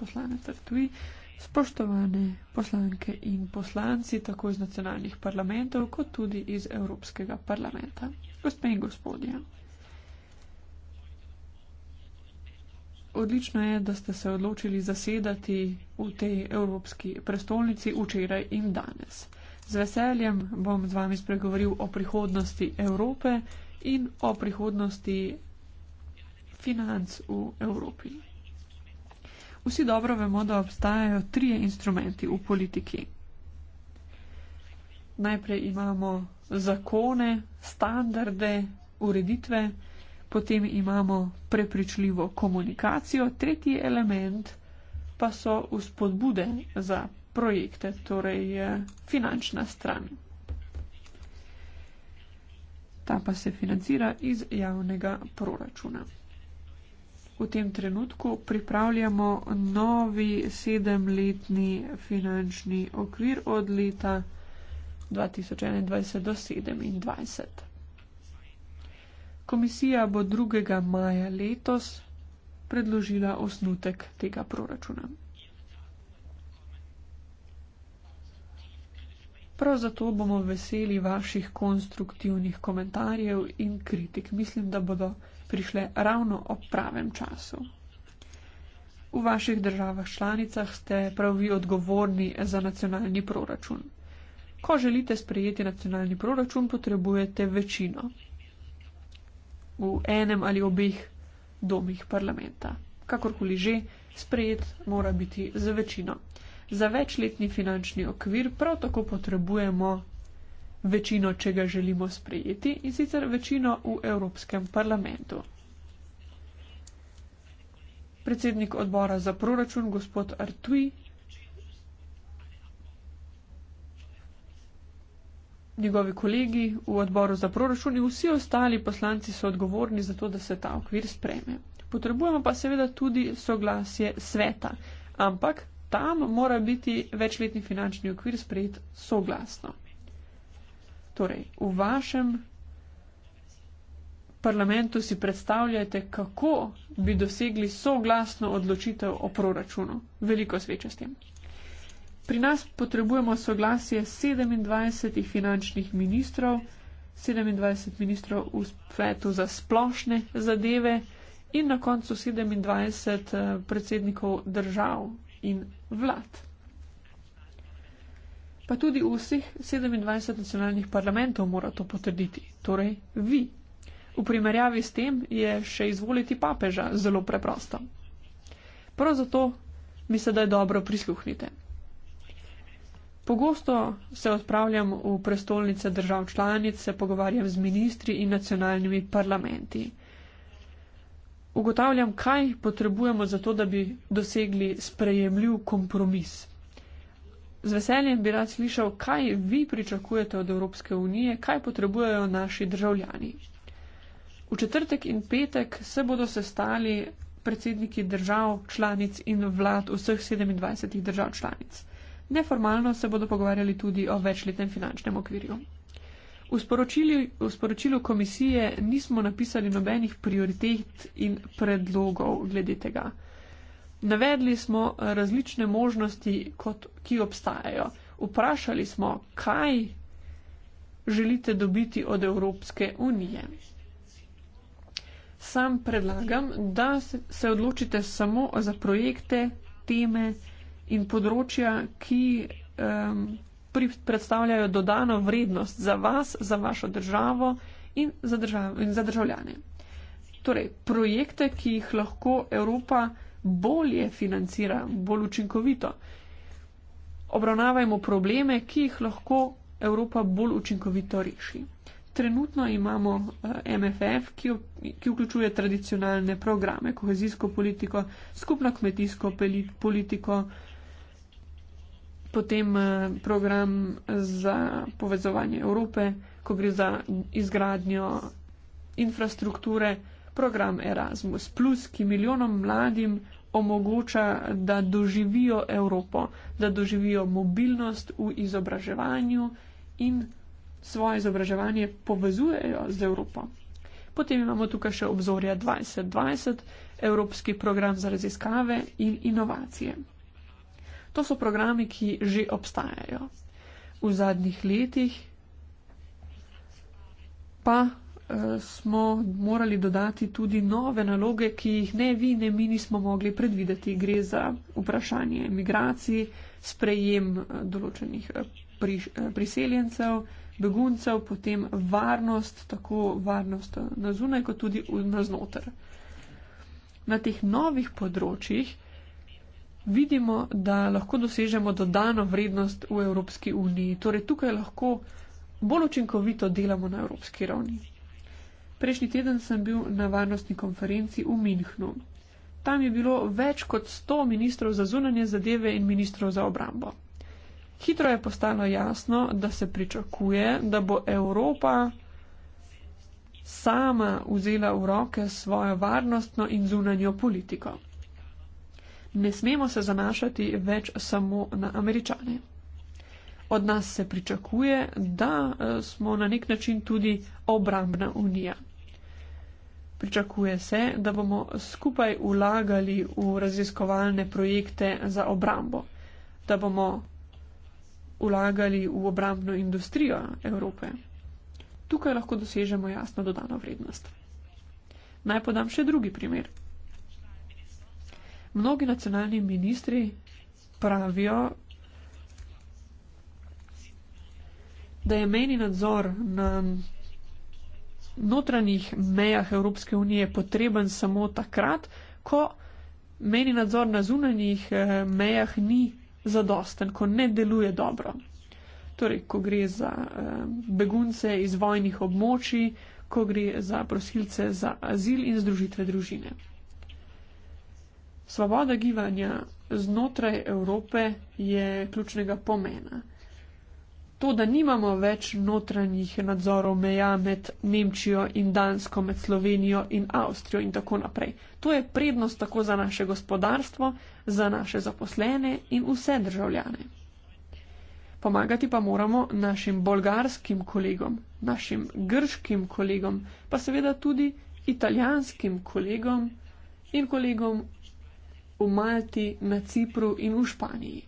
poslane Tartuji, spoštovane poslanke in poslanci tako iz nacionalnih parlamentov, kot tudi iz Evropskega parlamenta. Gospe in gospodje, odlično je, da ste se odločili zasedati v tej Evropski prestolnici včeraj in danes. Z veseljem bom z vami spregovoril o prihodnosti Evrope, in o prihodnosti financ v Evropi. Vsi dobro vemo, da obstajajo trije instrumenti v politiki. Najprej imamo zakone, standarde, ureditve, potem imamo prepričljivo komunikacijo, tretji element pa so vzpodbude za projekte, torej eh, finančna stran ta pa se financira iz javnega proračuna. V tem trenutku pripravljamo novi sedemletni finančni okvir od leta 2021 do 2027. Komisija bo 2. maja letos predložila osnutek tega proračuna. Prav zato bomo veseli vaših konstruktivnih komentarjev in kritik. Mislim, da bodo prišle ravno ob pravem času. V vaših državah članicah ste prav vi odgovorni za nacionalni proračun. Ko želite sprejeti nacionalni proračun, potrebujete večino v enem ali obeh domih parlamenta. Kakorkoli že, sprejet mora biti z večino. Za večletni finančni okvir prav tako potrebujemo večino, če ga želimo sprejeti, in sicer večino v Evropskem parlamentu. Predsednik odbora za proračun, gospod Artui. Njegovi kolegi v odboru za proračun in vsi ostali poslanci so odgovorni za to, da se ta okvir spreme. Potrebujemo pa seveda tudi soglasje sveta. Ampak tam mora biti večletni finančni okvir sprejet soglasno. Torej, v vašem parlamentu si predstavljajte, kako bi dosegli soglasno odločitev o proračunu. Veliko sreče s tem. Pri nas potrebujemo soglasje 27 finančnih ministrov, 27 ministrov v svetu za splošne zadeve in na koncu 27 eh, predsednikov držav, in vlad. Pa tudi vseh 27 nacionalnih parlamentov mora to potrditi, torej vi. V primerjavi s tem je še izvoliti papeža zelo preprosto. Prav zato mi sedaj dobro prisluhnite. Pogosto se odpravljam v prestolnice držav članic, se pogovarjam z ministri in nacionalnimi parlamenti ugotavljam, kaj potrebujemo za to, da bi dosegli sprejemljiv kompromis. Z veseljem bi rad slišal, kaj vi pričakujete od Evropske unije, kaj potrebujejo naši državljani. V četrtek in petek se bodo sestali predsedniki držav članic in vlad vseh 27 držav članic. Neformalno se bodo pogovarjali tudi o večletnem finančnem okvirju. V sporočilu, v sporočilu komisije nismo napisali nobenih prioritet in predlogov glede tega. Navedli smo različne možnosti, kot, ki obstajajo. Vprašali smo, kaj želite dobiti od Evropske unije. Sam predlagam, da se odločite samo za projekte, teme in področja, ki. Um, pri, predstavljajo dodano vrednost za vas, za vašo državo in za, držav, in za državljane. Torej, projekte, ki jih lahko Evropa bolje financira, bolj učinkovito. Obravnavajmo probleme, ki jih lahko Evropa bolj učinkovito reši. Trenutno imamo eh, MFF, ki, ki vključuje tradicionalne programe, kohezijsko politiko, skupno kmetijsko politiko, potem eh, program za povezovanje Evrope, ko gre za izgradnjo infrastrukture, program Erasmus, ki milijonom mladim omogoča, da doživijo Evropo, da doživijo mobilnost v izobraževanju in svoje izobraževanje povezujejo z Evropo. Potem imamo tukaj še obzorja 2020, Evropski program za raziskave in inovacije. To so programi, ki že obstajajo. V zadnjih letih pa uh, smo morali dodati tudi nove naloge, ki jih ne vi, ne mi nismo mogli predvideti. Gre za vprašanje migracij, sprejem eh, določenih eh, priš, priseljencev, beguncev, potem varnost, tako varnost na zunaj, kot tudi na znotraj. Na teh novih področjih vidimo, da lahko dosežemo dodano vrednost v Evropski uniji. Torej, tukaj lahko bolj učinkovito delamo na evropski ravni. Prejšnji teden sem bil na varnostni konferenci v Minhnu. Tam je bilo več kot 100 ministrov za zunanje zadeve in ministrov za obrambo. Hitro je postalo jasno, da se pričakuje, da bo Evropa sama vzela v roke svojo varnostno in zunanjo politiko ne smemo se zanašati več samo na američane. Od nas se pričakuje, da eh, smo na nek način tudi obrambna unija. Pričakuje se, da bomo skupaj vlagali v raziskovalne projekte za obrambo, da bomo vlagali v obrambno industrijo Evrope. Tukaj lahko dosežemo jasno dodano vrednost. Naj podam še drugi primer mnogi nacionalni ministri pravijo, da je mejni nadzor na notranjih mejah Evropske unije potreben samo takrat, ko mejni nadzor na zunanjih eh, mejah ni zadosten, ko ne deluje dobro. Torej, ko gre za eh, begunce iz vojnih območij, ko gre za prosilce za azil in združitve družine. Svoboda gibanja znotraj Evrope je ključnega pomena. To, da nimamo več notranjih nadzorov meja med Nemčijo in Dansko, med Slovenijo in Avstrijo in tako naprej. To je prednost tako za naše gospodarstvo, za naše zaposlene in vse državljane. Pomagati pa moramo našim bolgarskim kolegom, našim grškim kolegom, pa seveda tudi italijanskim kolegom in kolegom v Malti, na Cipru in v Španiji.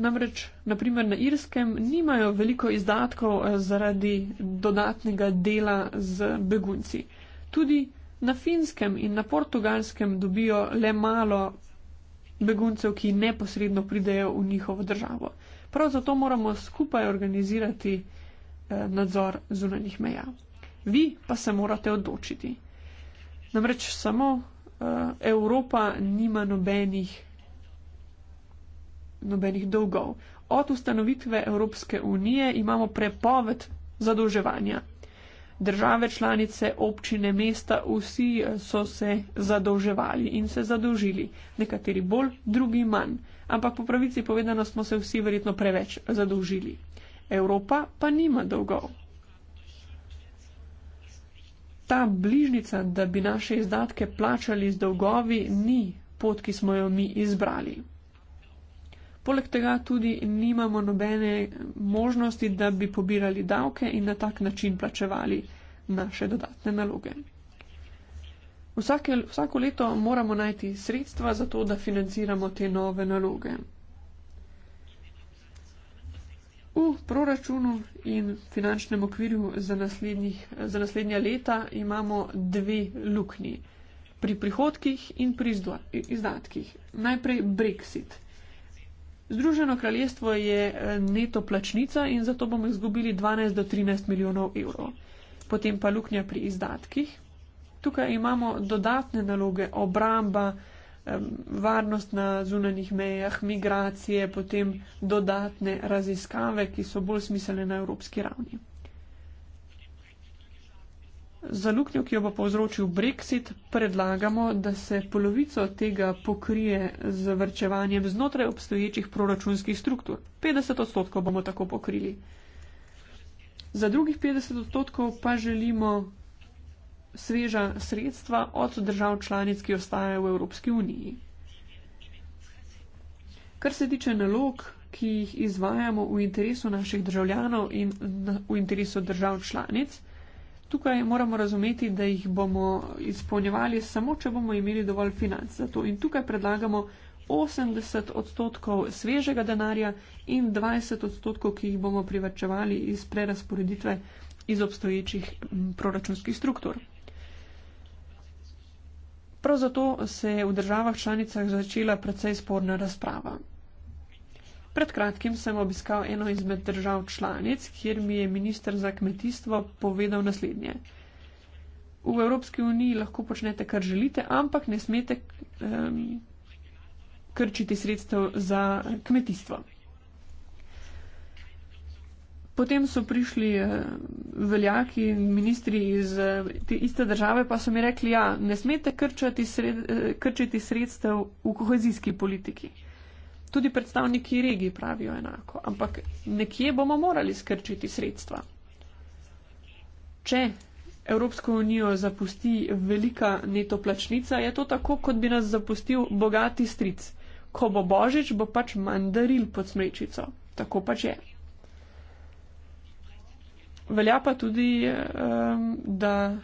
Namreč, naprimer na Irskem, nimajo veliko izdatkov eh, zaradi dodatnega dela z begunci. Tudi na Finskem in na Portugalskem dobijo le malo beguncev, ki neposredno pridejo v njihovo državo. Prav zato moramo skupaj organizirati eh, nadzor zunanjih meja. Vi pa se morate odločiti. Namreč samo uh, Evropa nima nobenih, nobenih dolgov. Od ustanovitve Evropske unije imamo prepoved zadolževanja. Države, članice, občine, mesta, vsi eh, so se zadolževali in se zadolžili. Nekateri bolj, drugi manj. Ampak po pravici povedano smo se vsi verjetno preveč zadolžili. Evropa pa nima dolgov ta bližnica, da bi naše izdatke plačali z dolgovi, ni pot, ki smo jo mi izbrali. Poleg tega tudi nimamo nobene možnosti, da bi pobirali davke in na tak način plačevali naše dodatne naloge. Vsake, vsako leto moramo najti sredstva za to, da financiramo te nove naloge. V proračunu in finančnem okvirju za, za naslednja leta imamo dve luknji. Pri prihodkih in pri izdatkih. Najprej Brexit. Združeno kraljestvo je eh, neto plačnica in zato bomo izgubili 12 do 13 milijonov evrov. Potem pa luknja pri izdatkih. Tukaj imamo dodatne naloge, obramba, varnost na zunanjih mejah, migracije, potem dodatne raziskave, ki so bolj smiselne na evropski ravni. Za luknjo, ki jo bo povzročil Brexit, predlagamo, da se polovico tega pokrije z vrčevanjem znotraj obstoječih proračunskih struktur. 50 odstotkov bomo tako pokrili. Za drugih 50 odstotkov pa želimo sveža sredstva od držav članic, ki ostajajo v Evropski uniji. Kar se tiče nalog, ki jih izvajamo v interesu naših državljanov in v interesu držav članic, tukaj moramo razumeti, da jih bomo izpolnjevali samo, če bomo imeli dovolj financ za to. In tukaj predlagamo 80 odstotkov svežega denarja in 20 odstotkov, ki jih bomo privačevali iz prerasporeditve iz obstoječih proračunskih struktur. Prav zato se je v državah članicah začela precej sporna razprava. Pred kratkim sem obiskal eno izmed držav članic, kjer mi je minister za kmetijstvo povedal naslednje. V Evropski uniji lahko počnete, kar želite, ampak ne smete um, krčiti sredstev za kmetijstvo. Potem so prišli eh, veljaki in ministri iz eh, te iste države, pa so mi rekli, da ja, ne smete krčati, sred, eh, krčati sredstev v kohezijski politiki. Tudi predstavniki regij pravijo enako, ampak nekje bomo morali skrčiti sredstva. Če Evropsko unijo zapusti velika neto plačnica, je to tako, kot bi nas zapustil bogati stric. Ko bo božič, bo pač mandaril pod smrečico. Tako pač je. Velja pa tudi, da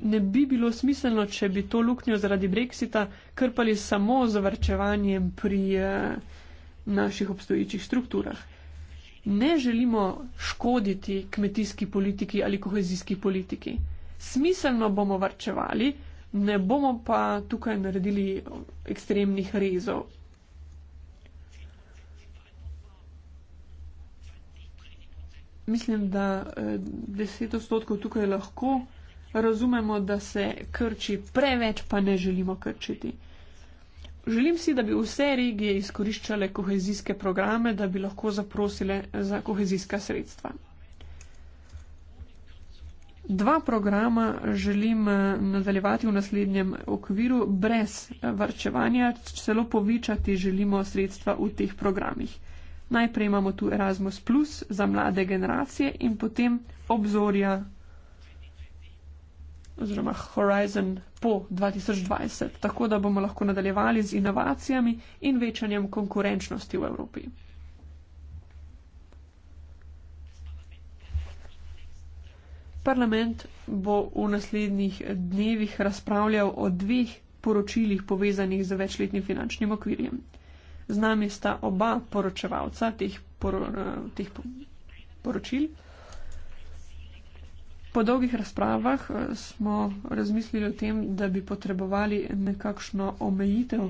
ne bi bilo smiselno, če bi to luknjo zaradi brexita krpali samo z vrčevanjem pri eh, naših obstoječih strukturah. Ne želimo škoditi kmetijski politiki ali kohezijski politiki. Smiselno bomo vrčevali, ne bomo pa tukaj naredili ekstremnih rezov mislim, da eh, deset odstotkov tukaj lahko razumemo, da se krči preveč, pa ne želimo krčiti. Želim si, da bi vse regije izkoriščale kohezijske programe, da bi lahko zaprosile za kohezijska sredstva. Dva programa želim eh, nadaljevati v naslednjem okviru brez varčevanja, celo povečati želimo sredstva v teh programih. Najprej imamo tu Erasmus, plus, za mlade generacije in potem obzorja, oziroma Horizon po 2020, tako da bomo lahko nadaljevali z inovacijami in večanjem konkurenčnosti v Evropi. Parlament bo v naslednjih dnevih razpravljal o dveh poročilih povezanih z večletnim finančnim okvirjem. Z nami sta oba poročevalca teh, poro, teh poročil. Po dolgih razpravah eh, smo razmislili o tem, da bi potrebovali nekakšno omejitev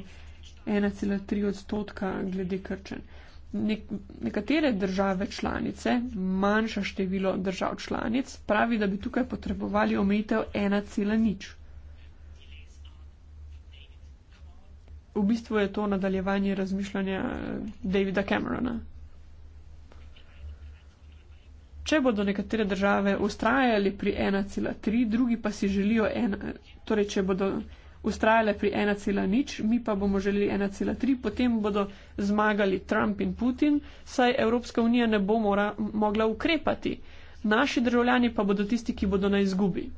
1,3 odstotka glede krčen. Nek, nekatere države članice, manjše število držav članic, pravi, da bi tukaj potrebovali omejitev 1,0. v bistvu je to nadaljevanje razmišljanja eh, Davida Camerona. Če bodo nekatere države ustrajale pri 1,3, drugi pa si želijo 1, torej če bodo ustrajale pri 1,0, mi pa bomo želeli 1,3, potem bodo zmagali Trump in Putin, saj Evropska unija ne bo mora, mogla ukrepati. Naši državljani pa bodo tisti, ki bodo na izgubi.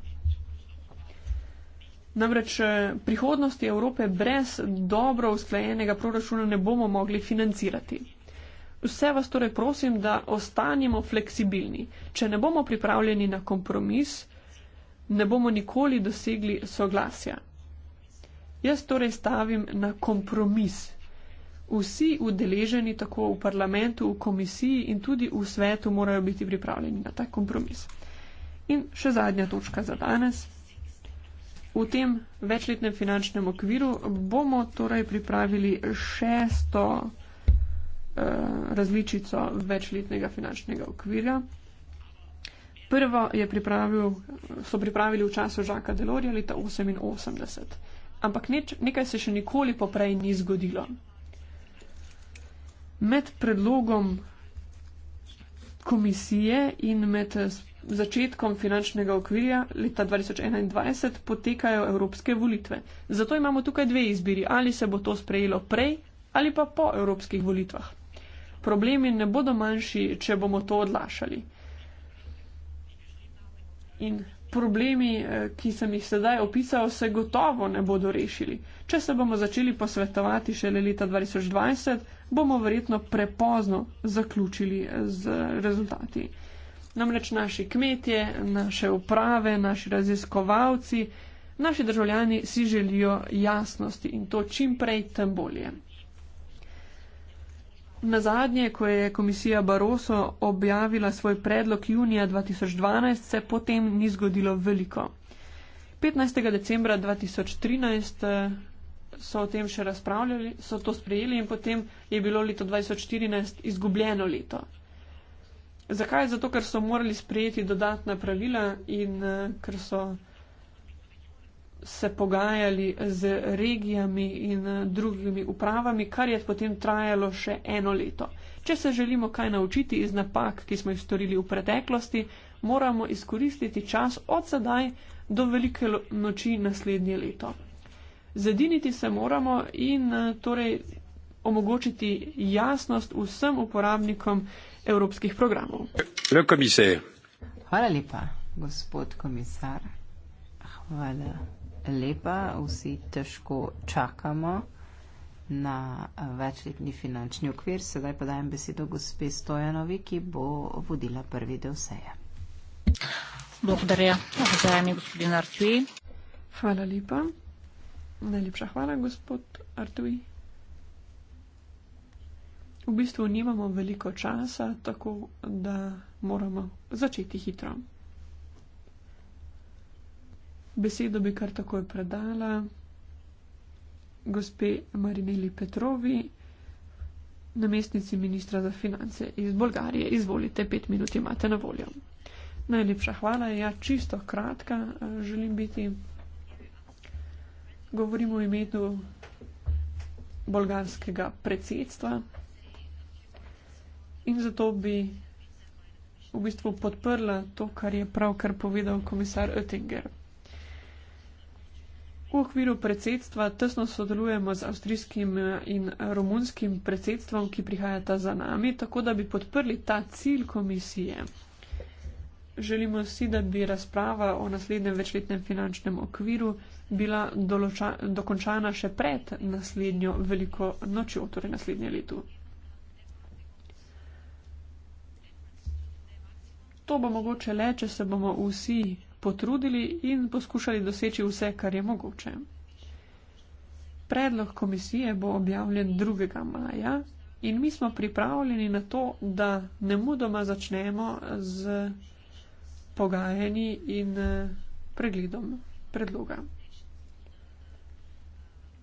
Namreč eh, prihodnosti Evrope brez dobro usklajenega proračuna ne bomo mogli financirati. Vse vas torej prosim, da ostanimo fleksibilni. Če ne bomo pripravljeni na kompromis, ne bomo nikoli dosegli soglasja. Jaz torej stavim na kompromis. Vsi udeleženi tako v parlamentu, v komisiji in tudi v svetu morajo biti pripravljeni na ta kompromis. In še zadnja točka za danes. V tem večletnem finančnem okviru bomo torej pripravili šesto eh, različico večletnega finančnega okvirja. Prvo je pripravil, so pripravili v času Žaka Delorja leta 1988, ampak neč, nekaj se še nikoli poprej ni zgodilo. Med predlogom komisije in med začetkom finančnega okvirja leta 2021 potekajo evropske volitve. Zato imamo tukaj dve izbiri, ali se bo to sprejelo prej ali pa po evropskih volitvah. Problemi ne bodo manjši, če bomo to odlašali. In problemi, eh, ki sem jih sedaj opisal, se gotovo ne bodo rešili. Če se bomo začeli posvetovati šele leta 2020, bomo verjetno prepozno zaključili eh, z rezultati. Namreč naši kmetje, naše uprave, naši raziskovalci, naši državljani si želijo jasnosti in to čim prej, tem bolje. Na zadnje, ko je komisija Baroso objavila svoj predlog junija 2012, se potem ni zgodilo veliko. 15. decembra 2013 eh, so o tem še razpravljali, so to sprejeli in potem je bilo leto 2014 izgubljeno leto. Zakaj? Zato, ker so morali sprejeti dodatna pravila in uh, ker so se pogajali z regijami in uh, drugimi upravami, kar je potem trajalo še eno leto. Če se želimo kaj naučiti iz napak, ki smo jih storili v preteklosti, moramo izkoristiti čas od sedaj do velike noči naslednje leto. Zediniti se moramo in uh, torej omogočiti jasnost vsem uporabnikom evropskih programov. Hvala lepa, gospod komisar. Hvala lepa, vsi težko čakamo na večletni finančni okvir. Sedaj pa dajem besedo gospe Stojanovi, ki bo vodila prvi del seje. Hvala lepa. Najlepša hvala, gospod Artuji. V bistvu nimamo veliko časa, tako da moramo začeti hitro. Besedo bi kar takoj predala gospe Marineli Petrovi, namestnici ministra za finance iz Bolgarije. Izvolite, pet minut imate na voljo. Najlepša hvala, ja, čisto kratka želim biti. Govorimo o imenu bolgarskega predsedstva in zato bi v bistvu podprla to, kar je pravkar povedal komisar Oettinger. V okviru predsedstva tesno sodelujemo z avstrijskim eh, in romunskim predsedstvom, ki prihajata za nami, tako da bi podprli ta cilj komisije. Želimo si, da bi razprava o naslednjem večletnem finančnem okviru bila določa, dokončana še pred naslednjo veliko nočjo, torej naslednje leto. To bo mogoče le, če se bomo vsi potrudili in poskušali doseči vse, kar je mogoče. Predlog komisije bo objavljen 2. maja in mi smo pripravljeni na to, da ne mudoma začnemo z pogajanji in eh, pregledom predloga.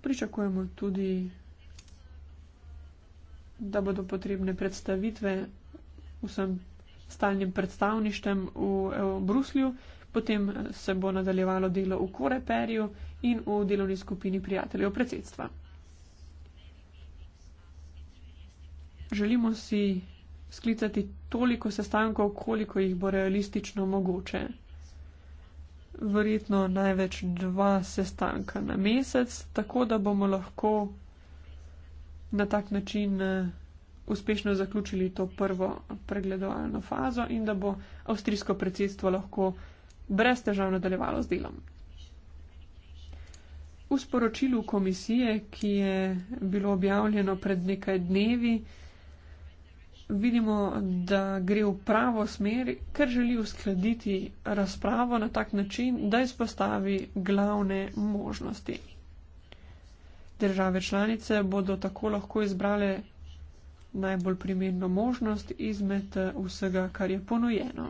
Pričakujemo tudi, da bodo potrebne predstavitve vsem stalnim predstavništvom v, v Bruslju, potem se bo nadaljevalo delo v Koreperju in v delovni skupini prijateljev predsedstva. Želimo si sklicati toliko sestankov, koliko jih bo realistično mogoče. Verjetno največ dva sestanka na mesec, tako da bomo lahko na tak način. Uh, uspešno zaključili to prvo pregledovalno fazo in da bo avstrijsko predsedstvo lahko brez težav nadaljevalo z delom. V sporočilu komisije, ki je bilo objavljeno pred nekaj dnevi, vidimo, da gre v pravo smer, ker želi uskladiti razpravo na tak način, da izpostavi glavne možnosti. Države članice bodo tako lahko izbrale najbolj primerno možnost izmed eh, vsega, kar je ponujeno.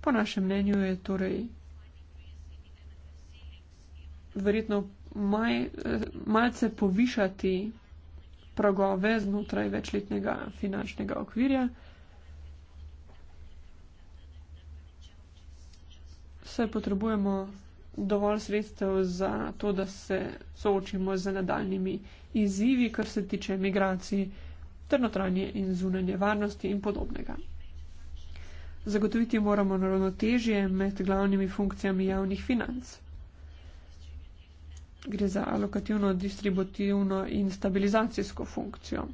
Po našem mnenju je torej verjetno maj, eh, malce povišati pragove znotraj večletnega finančnega okvirja. Vse potrebujemo dovolj sredstev za to, da se soočimo z nadaljnimi izzivi, kar se tiče migracij ter notranje in zunanje varnosti in podobnega. Zagotoviti moramo ravnotežje med glavnimi funkcijami javnih financ. Gre za alokativno, distributivno in stabilizacijsko funkcijo.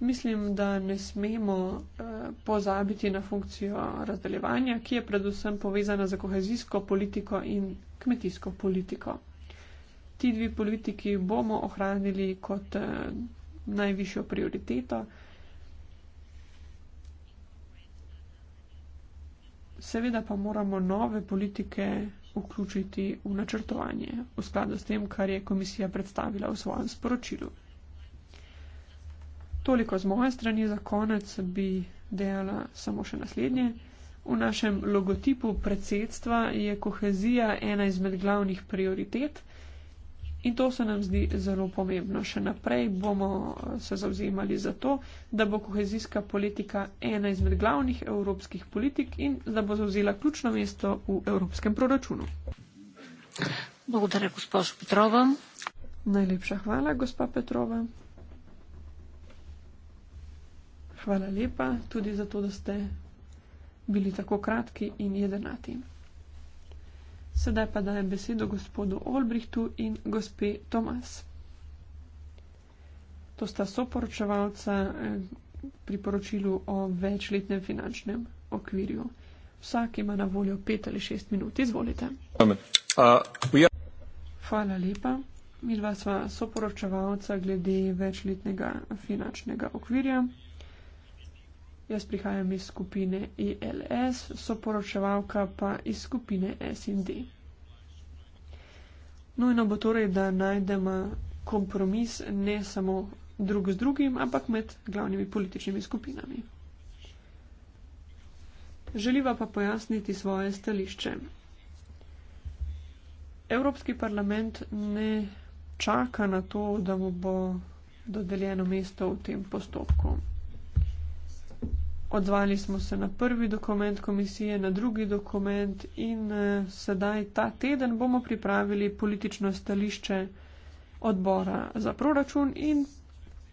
Mislim, da ne smemo eh, pozabiti na funkcijo razdeljevanja, ki je predvsem povezana z kohezijsko politiko in kmetijsko politiko. Ti dve politiki bomo ohranili kot eh, najvišjo prioriteto. Seveda pa moramo nove politike vključiti v načrtovanje v skladu s tem, kar je komisija predstavila v svojem sporočilu. Toliko z moje strani, za konec bi dejala samo še naslednje. V našem logotipu predsedstva je kohezija ena izmed glavnih prioritet. In to se nam zdi zelo pomembno. Še naprej bomo se zauzemali za to, da bo kohezijska politika ena izmed glavnih evropskih politik in da bo zauzela ključno mesto v evropskem proračunu. Bogodare, gospod Petrova. Najlepša hvala, gospa Petrova. Hvala lepa tudi za to, da ste bili tako kratki in jedenati. Sedaj pa dajem besedo gospodu Olbrihtu in gospe Tomas. To sta soporočevalca eh, pri poročilu o večletnem finančnem okvirju. Vsak ima na voljo pet ali šest minut. Izvolite. Hvala lepa. Midva sva soporočevalca glede večletnega finančnega okvirja jaz prihajam iz skupine ELS, soporočevalka pa iz skupine SND. Nujno bo torej, da najdemo kompromis ne samo drug z drugim, ampak med glavnimi političnimi skupinami. Želiva pa pojasniti svoje stališče. Evropski parlament ne čaka na to, da mu bo dodeljeno mesto v tem postopku. Odzvali smo se na prvi dokument komisije, na drugi dokument in eh, sedaj ta teden bomo pripravili politično stališče odbora za proračun in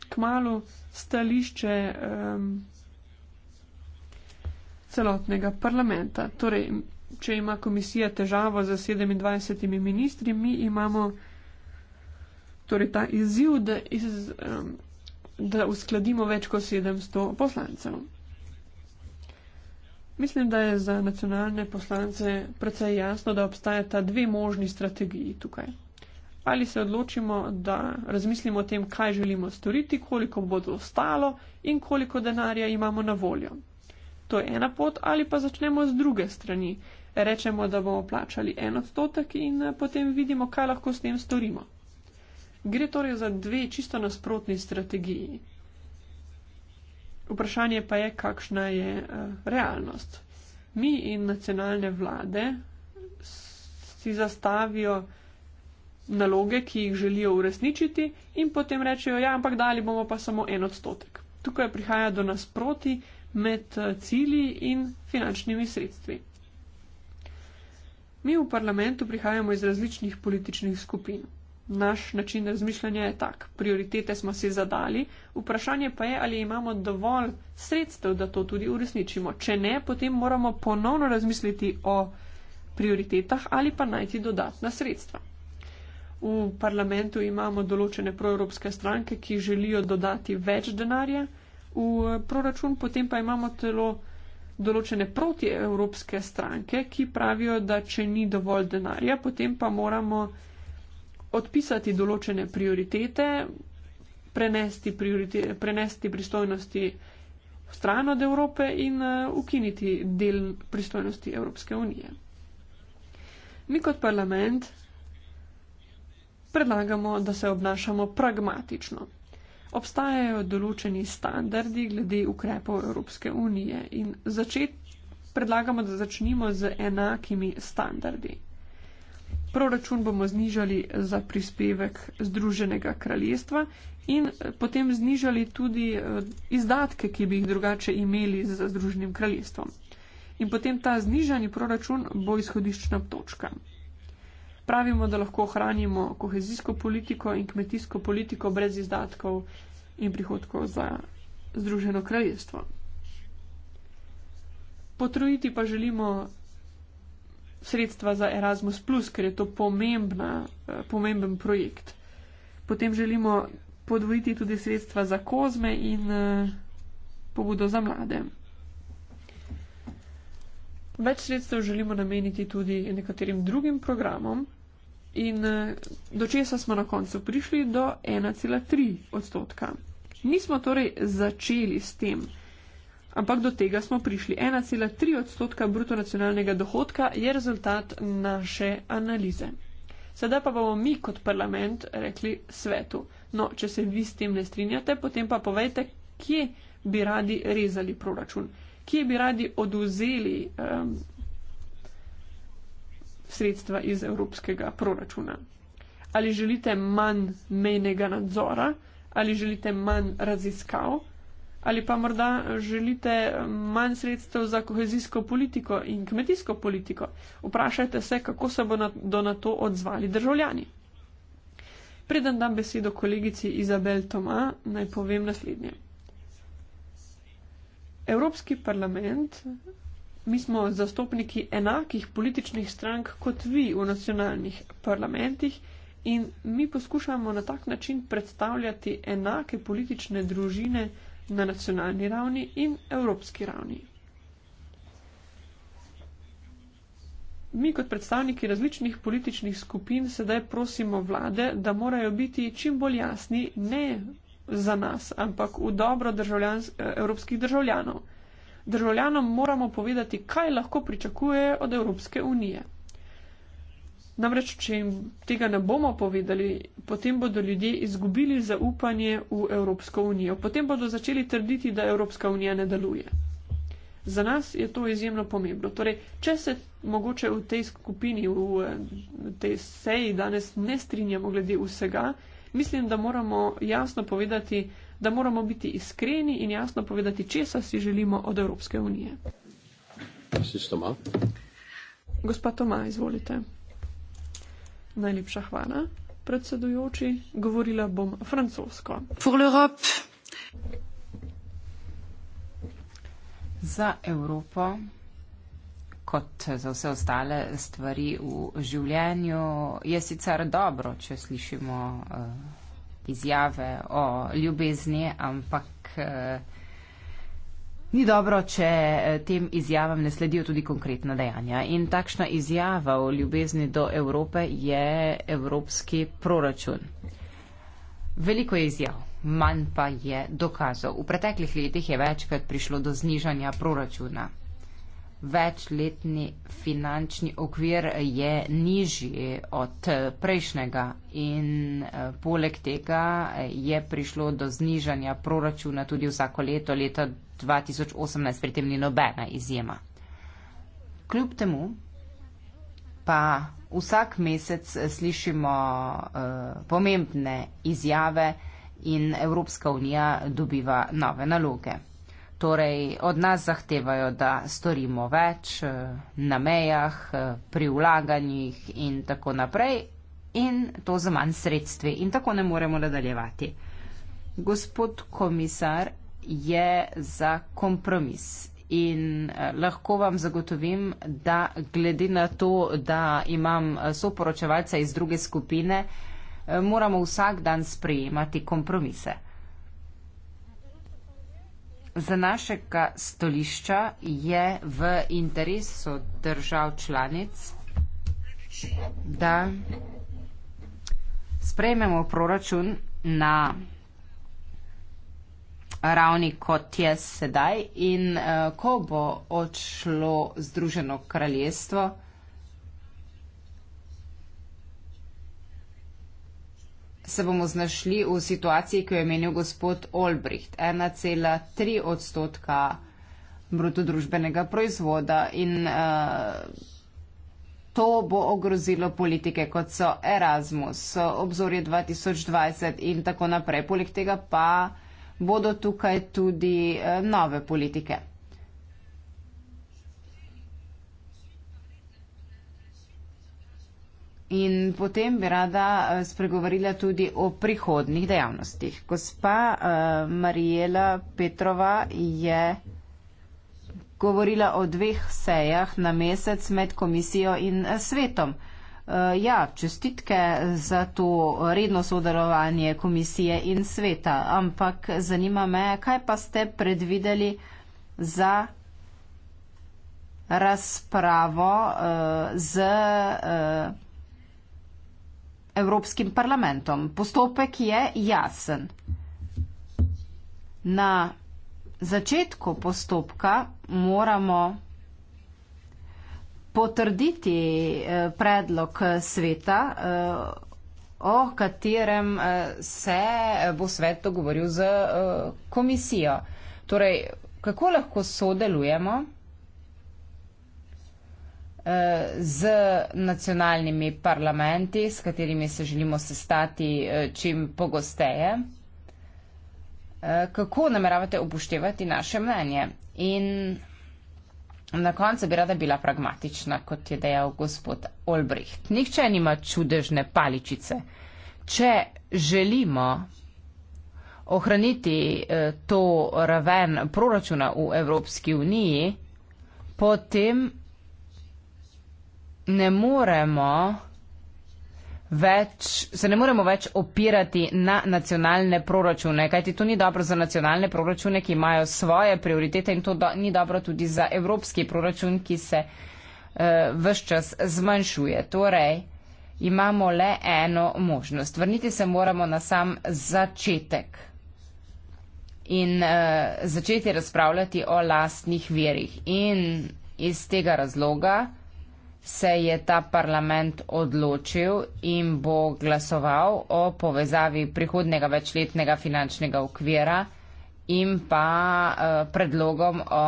kmalo stališče um, celotnega parlamenta. Torej, če ima komisija težavo za 27 ministri, mi imamo torej, ta izziv, da, iz, um, da uskladimo več kot 700 poslancev. Mislim, da je za nacionalne poslance precej jasno, da obstajata dve možni strategiji tukaj. Ali se odločimo, da razmislimo o tem, kaj želimo storiti, koliko bodo ostalo in koliko denarja imamo na voljo. To je ena pot, ali pa začnemo z druge strani. Rečemo, da bomo plačali en odstotek in eh, potem vidimo, kaj lahko s tem storimo. Gre torej za dve čisto nasprotni strategiji. Vprašanje pa je, kakšna je uh, realnost. Mi in nacionalne vlade si zastavijo naloge, ki jih želijo uresničiti in potem rečejo, ja, ampak dali bomo pa samo en odstotek. Tukaj prihaja do nasproti med eh, cili in finančnimi sredstvi. Mi v parlamentu prihajamo iz različnih političnih skupin. Naš način razmišljanja je tak, prioritete smo si zadali, vprašanje pa je, ali imamo dovolj sredstev, da to tudi uresničimo. Če ne, potem moramo ponovno razmisliti o prioritetah ali pa najti dodatna sredstva. V parlamentu imamo določene proevropske stranke, ki želijo dodati več denarja v proračun, potem pa imamo telo določene protievropske stranke, ki pravijo, da če ni dovolj denarja, potem pa moramo odpisati določene prioritete, prenesti, priorite, prenesti pristojnosti stran od Evrope in eh, ukiniti del pristojnosti Evropske unije. Mi kot parlament predlagamo, da se obnašamo pragmatično. Obstajajo določeni standardi glede ukrepov Evropske unije in začet, predlagamo, da začnimo z enakimi standardi proračun bomo znižali za prispevek Združenega kraljestva in eh, potem znižali tudi eh, izdatke, ki bi jih drugače imeli za Združenim kraljestvom. In potem ta znižani proračun bo izhodiščna točka. Pravimo, da lahko ohranimo kohezijsko politiko in kmetijsko politiko brez izdatkov in prihodkov za Združeno kraljestvo. Potrojiti pa želimo sredstva za Erasmus, plus, ker je to pomembna, eh, pomemben projekt. Potem želimo podvojiti tudi sredstva za kozme in eh, pobudo za mlade. Več sredstev želimo nameniti tudi nekaterim drugim programom. In eh, do česa smo na koncu prišli? Do 1,3 odstotka. Nismo torej začeli s tem ampak do tega smo prišli. 1,3 odstotka bruto nacionalnega dohodka je rezultat naše analize. Sedaj pa bomo mi kot parlament rekli svetu. No, če se vi s tem ne strinjate, potem pa povejte, kje bi radi rezali proračun, kje bi radi oduzeli um, sredstva iz evropskega proračuna. Ali želite manj mejnega nadzora, ali želite manj raziskav, ali pa morda želite eh, manj sredstev za kohezijsko politiko in kmetijsko politiko. Vprašajte se, kako se bodo na to odzvali državljani. Preden dam besedo kolegici Izabel Toma, naj povem naslednje. Evropski parlament, mi smo zastopniki enakih političnih strank kot vi v nacionalnih parlamentih in mi poskušamo na tak način predstavljati enake politične družine na nacionalni ravni in evropski ravni. Mi kot predstavniki različnih političnih skupin sedaj prosimo vlade, da morajo biti čim bolj jasni ne za nas, ampak v dobro državljans, evropskih državljanov. Državljanom moramo povedati, kaj lahko pričakujejo od Evropske unije. Namreč, če jim tega ne bomo povedali, potem bodo ljudje izgubili zaupanje v Evropsko unijo. Potem bodo začeli trditi, da Evropska unija ne deluje. Za nas je to izjemno pomembno. Torej, če se mogoče v tej skupini, v tej seji danes ne strinjamo glede vsega, mislim, da moramo jasno povedati, da moramo biti iskreni in jasno povedati, česa si želimo od Evropske unije. Gospa Toma, izvolite. Najlepša hvala, predsedujoči. Govorila bom francosko. Pour l'Europe. Za Evropo, kot za vse ostale stvari v življenju, je sicer dobro, če slišimo uh, izjave o ljubezni, ampak uh, Ni dobro, če eh, tem izjavam ne sledijo tudi konkretna dejanja. In takšna izjava o ljubezni do Evrope je evropski proračun. Veliko je izjav, manj pa je dokazov. V preteklih letih je večkrat prišlo do znižanja proračuna večletni finančni okvir je nižji od prejšnjega in eh, poleg tega je prišlo do znižanja proračuna tudi vsako leto, leta 2018 pri tem ni nobena izjema. Kljub temu pa vsak mesec slišimo eh, pomembne izjave in Evropska unija dobiva nove naloge. Torej, od nas zahtevajo, da storimo več eh, na mejah, eh, pri vlaganjih in tako naprej, in to za manj sredstvi. In tako ne moremo nadaljevati. Gospod komisar je za kompromis in eh, lahko vam zagotovim, da glede na to, da imam soporočevalca iz druge skupine, moramo vsak dan sprejemati kompromise. Za našega stolišča je v interesu držav članic, da sprejmemo proračun na ravni kot je sedaj in eh, ko bo odšlo Združeno kraljestvo, se bomo znašli v situaciji, ki jo je menil gospod Olbricht, 1,3 odstotka brutodružbenega proizvoda in uh, to bo ogrozilo politike, kot so Erasmus, obzorje 2020 in tako naprej. Poleg tega pa bodo tukaj tudi uh, nove politike. In potem bi rada eh, spregovorila tudi o prihodnih dejavnostih. Gospa eh, Marijela Petrova je govorila o dveh sejah na mesec med komisijo in eh, svetom. Ja, čestitke za to redno sodelovanje komisije in sveta, ampak zanima me, kaj pa ste predvideli za razpravo z Evropskim parlamentom. Postopek je jasen. Na začetku postopka moramo potrditi eh, predlog sveta, eh, o katerem eh, se bo svet dogovoril z komisijo. Torej, kako lahko sodelujemo? Eh, z nacionalnimi parlamenti, s katerimi se želimo sestati eh, čim pogosteje. Eh, kako nameravate upoštevati naše mnenje? In na koncu bi rada bila pragmatična, kot je dejal gospod Olbricht. Nihče nima čudežne paličice. Če želimo ohraniti to raven proračuna v Evropski uniji, potem ne moremo več, se ne moremo več opirati na nacionalne proračune, kajti to ni dobro za nacionalne proračune, ki imajo svoje prioritete in to do, ni dobro tudi za evropski proračun, ki se uh, eh, vse čas zmanjšuje. Torej, imamo le eno možnost. Vrniti se moramo na sam začetek in uh, začeti razpravljati o lastnih verih. In iz tega razloga, se je ta parlament odločil in bo glasoval o povezavi prihodnega večletnega finančnega okvira in pa eh, predlogom o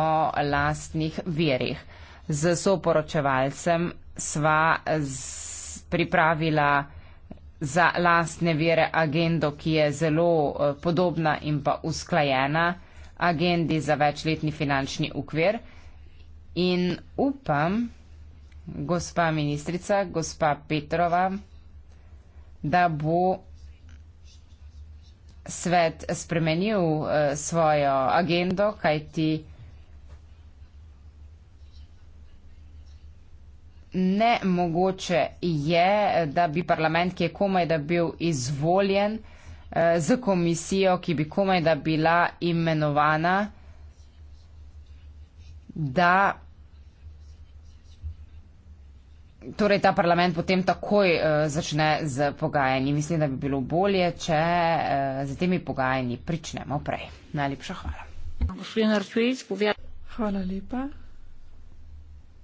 lastnih verjih. Z soporočevalcem sva pripravila za lastne vere agendo, ki je zelo eh, podobna in pa usklajena agendi za večletni finančni ukvir. In upam, gospa ministrica, gospa Petrova, da bo svet spremenil eh, svojo agendo, kajti ne mogoče je, da bi parlament, ki je komaj da bil izvoljen eh, z komisijo, ki bi komaj da bila imenovana, da bi Torej, ta parlament potem takoj uh, začne z pogajanji. Mislim, da bi bilo bolje, če uh, z temi pogajanji pričnemo prej. Najlepša hvala. Gospod Artuj, spovedi. Hvala lepa.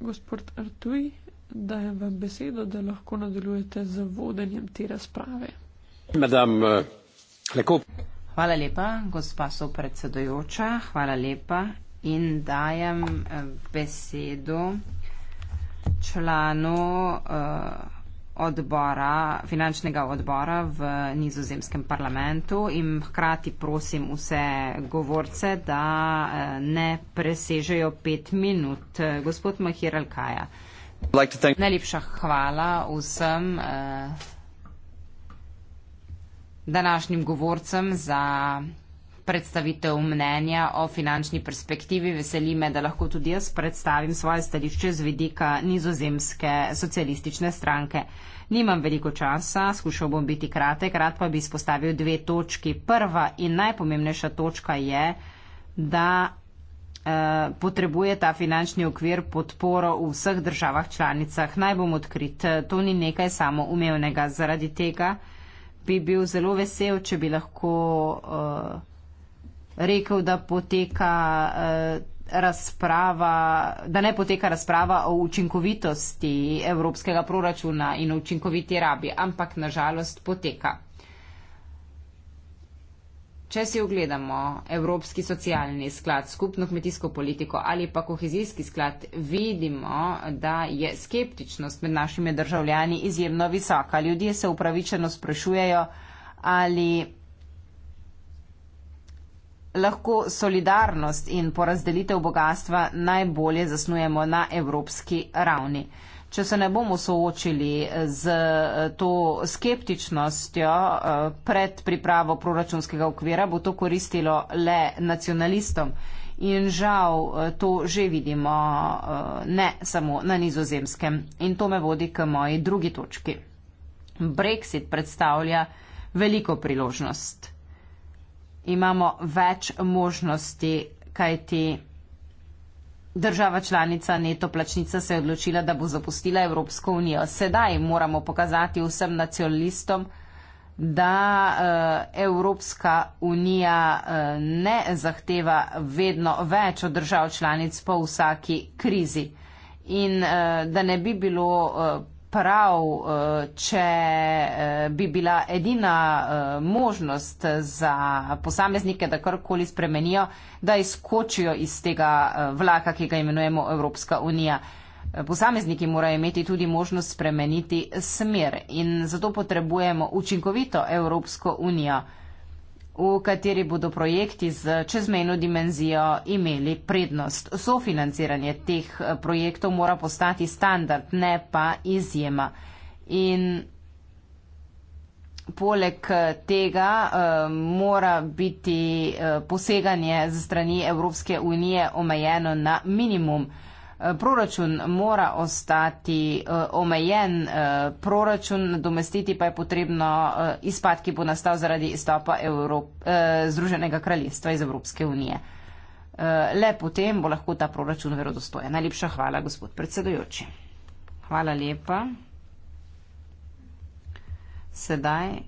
Gospod Artuj, dajem vam besedo, da lahko nadaljujete z vodenjem te razprave. Madam, uh, eh, hvala lepa, gospa sopredsedojoča. Hvala lepa in dajem besedo članu eh, odbora, finančnega odbora v nizozemskem parlamentu in hkrati prosim vse govorce, da eh, ne presežejo pet minut. Gospod Mahir Alkaja. Like thank... Najlepša hvala vsem eh, današnjim govorcem za predstavitev mnenja o finančni perspektivi. Veseli me, da lahko tudi jaz predstavim svoje stališče z vidika nizozemske socialistične stranke. Nimam veliko časa, skušal bom biti kratek, rad pa bi izpostavil dve točki. Prva in najpomembnejša točka je, da eh, potrebuje ta finančni okvir podporo v vseh državah članicah. Naj bom odkrit, to ni nekaj samoumevnega. Zaradi tega bi bil zelo vesel, če bi lahko uh, rekel, da poteka eh, razprava, da ne poteka razprava o učinkovitosti evropskega proračuna in o učinkoviti rabi, ampak nažalost poteka. Če si ogledamo Evropski socialni sklad, skupno kmetijsko politiko ali pa kohezijski sklad, vidimo, da je skeptičnost med našimi državljani izjemno visoka. Ljudje se upravičeno sprašujejo, ali lahko solidarnost in porazdelitev bogatstva najbolje zasnujemo na evropski ravni. Če se ne bomo soočili z eh, to skeptičnostjo eh, pred pripravo proračunskega okvira, bo to koristilo le nacionalistom. In žal eh, to že vidimo ne samo na nizozemskem. In to me vodi k moji drugi točki. Brexit predstavlja veliko priložnost imamo več možnosti, kajti država članica NATO plačnica se je odločila, da bo zapustila Evropsko unijo. Sedaj moramo pokazati vsem nacionalistom, da eh, Evropska unija eh, ne zahteva vedno več od držav članic po vsaki krizi. In eh, da ne bi bilo prav, eh, če eh, bi bila edina eh, možnost za posameznike, da karkoli spremenijo, da izkočijo iz tega vlaka, ki ga imenujemo Evropska unija. Posamezniki morajo imeti tudi možnost spremeniti smer in zato potrebujemo učinkovito Evropsko unijo v kateri bodo projekti z čezmejno dimenzijo imeli prednost. Sofinanciranje teh eh, projektov mora postati standard, ne pa izjema. In poleg eh, tega uh, mora biti uh, poseganje z strani Evropske unije omejeno na minimum. Uh, proračun mora ostati eh, omejen, eh, proračun domestiti pa je potrebno eh, izpad, ki bo nastal zaradi izstopa Združenega kraljestva iz Evropske unije. Le potem bo lahko ta proračun verodostojen. Najlepša hvala, gospod predsedujoči. Hvala lepa. Sedaj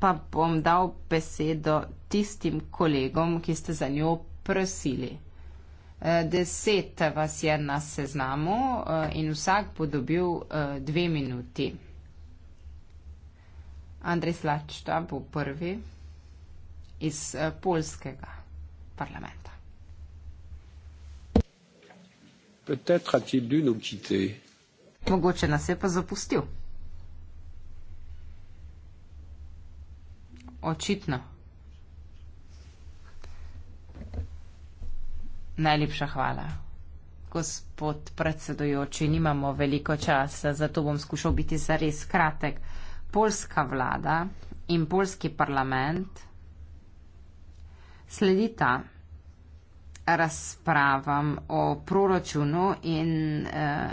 pa bom dal besedo tistim kolegom, ki ste za njo prosili. Deset vas je na seznamu eh, in vsak bo dobil eh, dve minuti. Andrej Slačta bo prvi iz eh, polskega parlamenta. Mogoče nas je pa zapustil. Očitno. Najlepša hvala. Gospod predsedujoči, nimamo veliko časa, zato bom skušal biti zares kratek. Polska vlada in polski parlament sledita razpravam o proračunu in eh,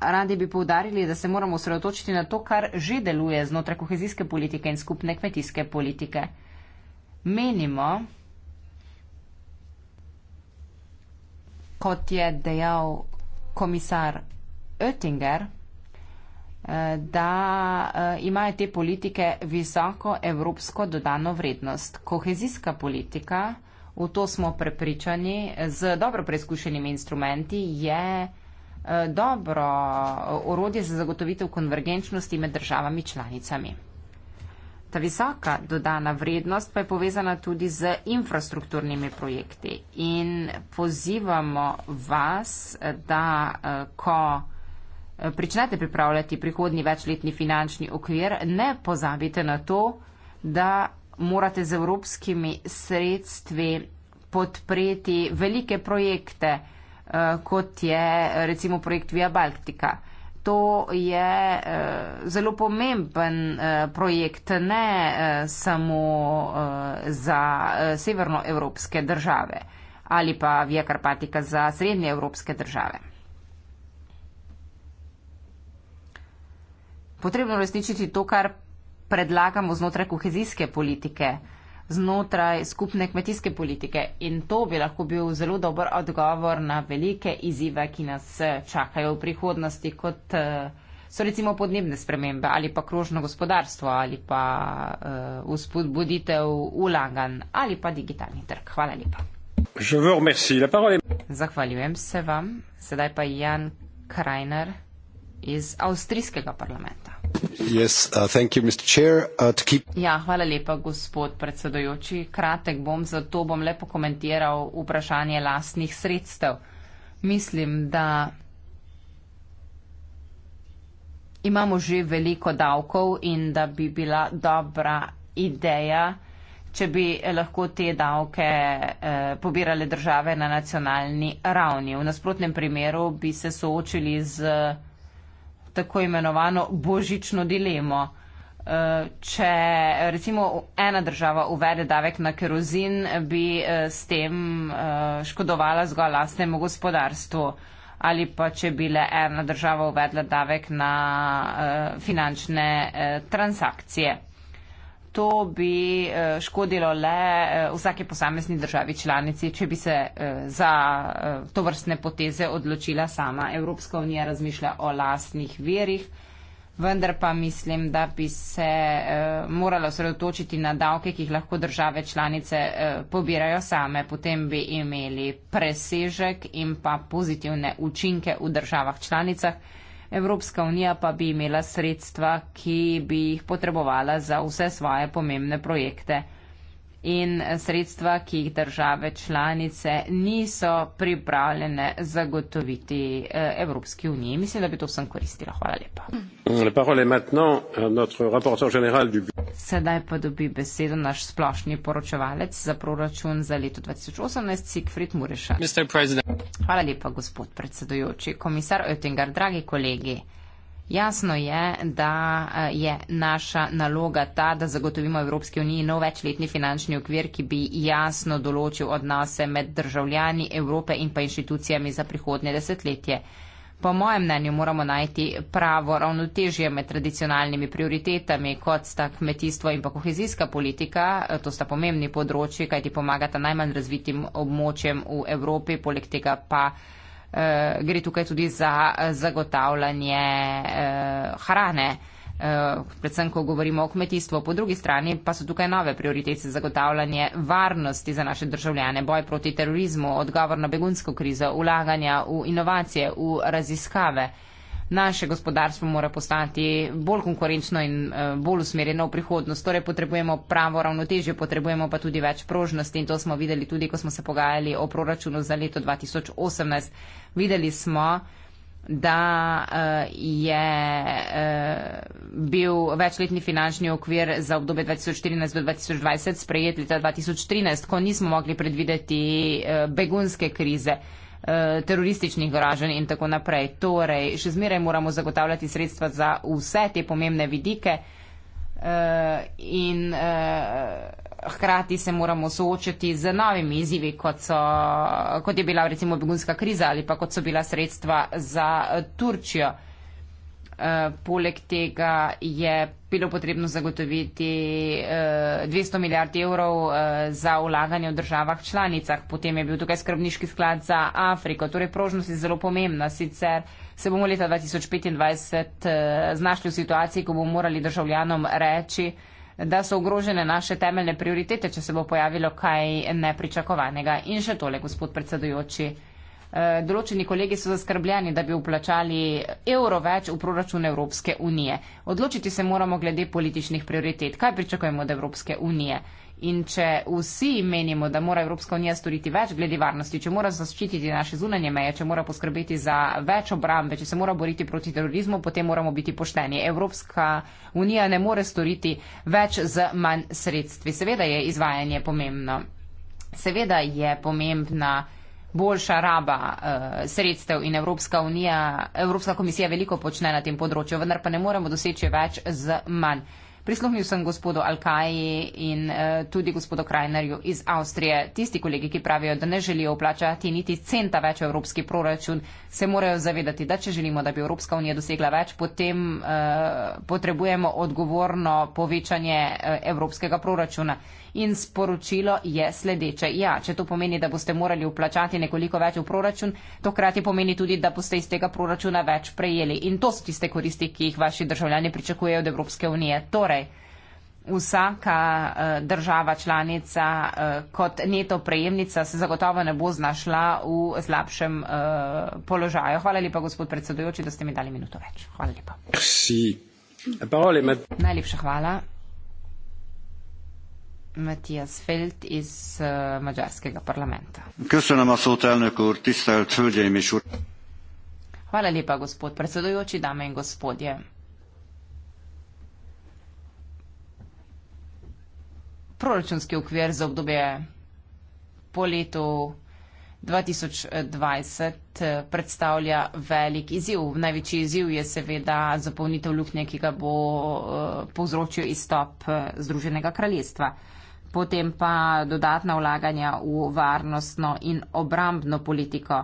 radi bi povdarili, da se moramo osredotočiti na to, kar že deluje znotraj kohezijske politike in skupne kmetijske politike. Menimo, kot je dejal komisar Oettinger, eh, da eh, imajo te politike visoko evropsko dodano vrednost. Kohezijska politika, v to smo prepričani, z dobro preizkušenimi instrumenti je eh, dobro orodje za zagotovitev konvergenčnosti med državami članicami. Ta visoka dodana vrednost pa je povezana tudi z infrastrukturnimi projekti in pozivamo vas, da eh, ko eh, pričnete pripravljati prihodni večletni finančni okvir, ne pozabite na to, da morate z evropskimi sredstvi podpreti velike projekte, eh, kot je recimo projekt Via Baltica to je uh, zelo pomemben uh, projekt ne uh, samo uh, za uh, severnoevropske države ali pa Via Karpatika za srednjeevropske države. Potrebno resničiti to, kar predlagamo znotraj kohezijske politike. Uh, znotraj skupne kmetijske politike in to bi lahko bil zelo dober odgovor na velike izzive, ki nas eh, čakajo v prihodnosti, kot eh, so recimo podnebne spremembe ali pa krožno gospodarstvo ali pa uh, eh, uspodbuditev ulagan ali pa digitalni trg. Hvala lepa. Zahvaljujem se vam. Sedaj pa Jan Krajner iz avstrijskega parlamenta. Yes, uh, you, Chair, uh, keep... ja, hvala lepa, gospod predsedojoči. Kratek bom, zato bom lepo komentiral vprašanje lastnih sredstev. Mislim, da imamo že veliko davkov in da bi bila dobra ideja, če bi lahko te davke eh, pobirale države na nacionalni ravni. V nasprotnem primeru bi se soočili z. Eh, tako imenovano božično dilemo. Eh, če recimo ena država uvede davek na kerozin, bi eh, s tem eh, škodovala zgolj lastnemu gospodarstvu. Ali pa če bi le ena država uvedla davek na finančne transakcije to bi eh, škodilo le eh, vsake posamezni državi članici, če bi se eh, za to vrstne poteze odločila sama. Evropska unija razmišlja o lastnih verjih, vendar pa mislim, da bi se morala sredotočiti na davke, ki jih lahko države članice pobirajo same. Potem bi imeli presežek in pa pozitivne učinke v državah članicah. Evropska unija pa bi imela sredstva, ki bi jih potrebovala za vse svoje pomembne projekte in sredstva, ki jih države članice niso pripravljene zagotoviti eh, Evropski uniji. Mislim, da bi to vsem koristila. Hvala lepa. Sedaj pa dobi besedo naš splošni poročevalec za proračun za leto 2018, Sigfrid Mureša. Hvala lepa, gospod predsedujoči. Komisar Oettinger, dragi kolegi. Jasno je, da eh, je naša naloga ta, da zagotovimo Evropski uniji nov večletni finančni okvir, ki bi jasno določil odnose med državljani Evrope in pa inštitucijami za prihodnje desetletje. Po mojem mnenju moramo najti pravo ravnotežje med tradicionalnimi prioritetami, kot sta kmetijstvo in pa kohezijska politika. Eh, to sta pomembni področji, kajti pomagata najmanj razvitim območjem v Evropi, poleg tega pa. Eh, gre tukaj tudi za zagotavljanje uh, hrane, uh, predvsem, ko govorimo o kmetijstvu. Po drugi strani pa so tukaj nove prioritete zagotavljanje varnosti za naše državljane, boj proti terorizmu, odgovor na begunsko krizo, ulaganja v inovacije, v raziskave. Uh, naše gospodarstvo mora postati bolj konkurenčno in eh, bolj usmerjeno v prihodnost. Torej potrebujemo pravo ravnotežje, potrebujemo pa tudi več prožnosti in to smo videli tudi, ko smo se pogajali o proračunu za leto 2018. Videli smo, da eh, je eh, bil večletni finančni okvir za obdobje 2014 do 2020 sprejet leta 2013, ko nismo mogli predvideti begunske krize. Eh, terorističnih vraženj in tako naprej. Torej, še zmeraj moramo zagotavljati sredstva za vse te pomembne vidike eh, in eh, hkrati se moramo soočiti z novimi izzivi, kot, so, kot je bila recimo begunska kriza ali pa kot so bila sredstva za Turčijo. Eh, poleg tega je bilo potrebno zagotoviti 200 eh, milijard evrov eh, za ulaganje v državah članicah. Potem je bil tukaj skrbniški sklad za Afriko. Torej, prožnost je zelo pomembna. Sicer se bomo leta 2025 znašli v situaciji, ko bomo morali državljanom reči, da so ogrožene naše temeljne prioritete, če se bo pojavilo kaj nepričakovanega. In še tole, gospod predsedujoči. Eh, določeni kolegi so zaskrbljeni, da bi uplačali evro več v proračun Evropske unije. Odločiti se moramo glede političnih prioritet. Kaj pričakujemo od Evropske unije? In če vsi menimo, da mora Evropska unija storiti več glede varnosti, če mora zaščititi naše zunanje meje, če mora poskrbeti za več obrambe, če se mora boriti proti terorizmu, potem moramo biti pošteni. Evropska unija ne more storiti več z manj sredstvi. Seveda je izvajanje pomembno. Seveda je pomembna boljša raba uh, sredstev in Evropska, unija, Evropska komisija veliko počne na tem področju, vendar pa ne moremo doseči več z manj. Prisluhnil sem gospodu Alkaji in uh, tudi gospodu Krajnerju iz Avstrije. Tisti kolegi, ki pravijo, da ne želijo plačati niti centa več v evropski proračun, se morajo zavedati, da če želimo, da bi Evropska unija dosegla več, potem uh, potrebujemo odgovorno povečanje uh, evropskega proračuna in sporočilo je sledeče. Ja, če to pomeni, da boste morali vplačati nekoliko več v proračun, to krati pomeni tudi, da boste iz tega proračuna več prejeli. In to so tiste koristi, ki jih vaši državljani pričakujejo od Evropske unije. Torej, vsaka eh, država članica eh, kot neto prejemnica se zagotovo ne bo znašla v slabšem eh, položaju. Hvala lepa, gospod predsedujoči, da ste mi dali minuto več. Hvala lepa. Najlepša hvala. Matthias Feld iz uh, eh, mađarskega parlamenta. Köszönöm a szót, elnök úr, tisztelt hölgyeim és úr. Hvala lepa, gospod predsedujoči, dame in gospodje. Proračunski okvir za obdobje po letu 2020 eh, predstavlja velik izziv. Največji izziv je seveda zapolnitev luknje, ki ga bo eh, povzročil izstop Združenega kraljestva potem pa dodatna vlaganja v varnostno in obrambno politiko.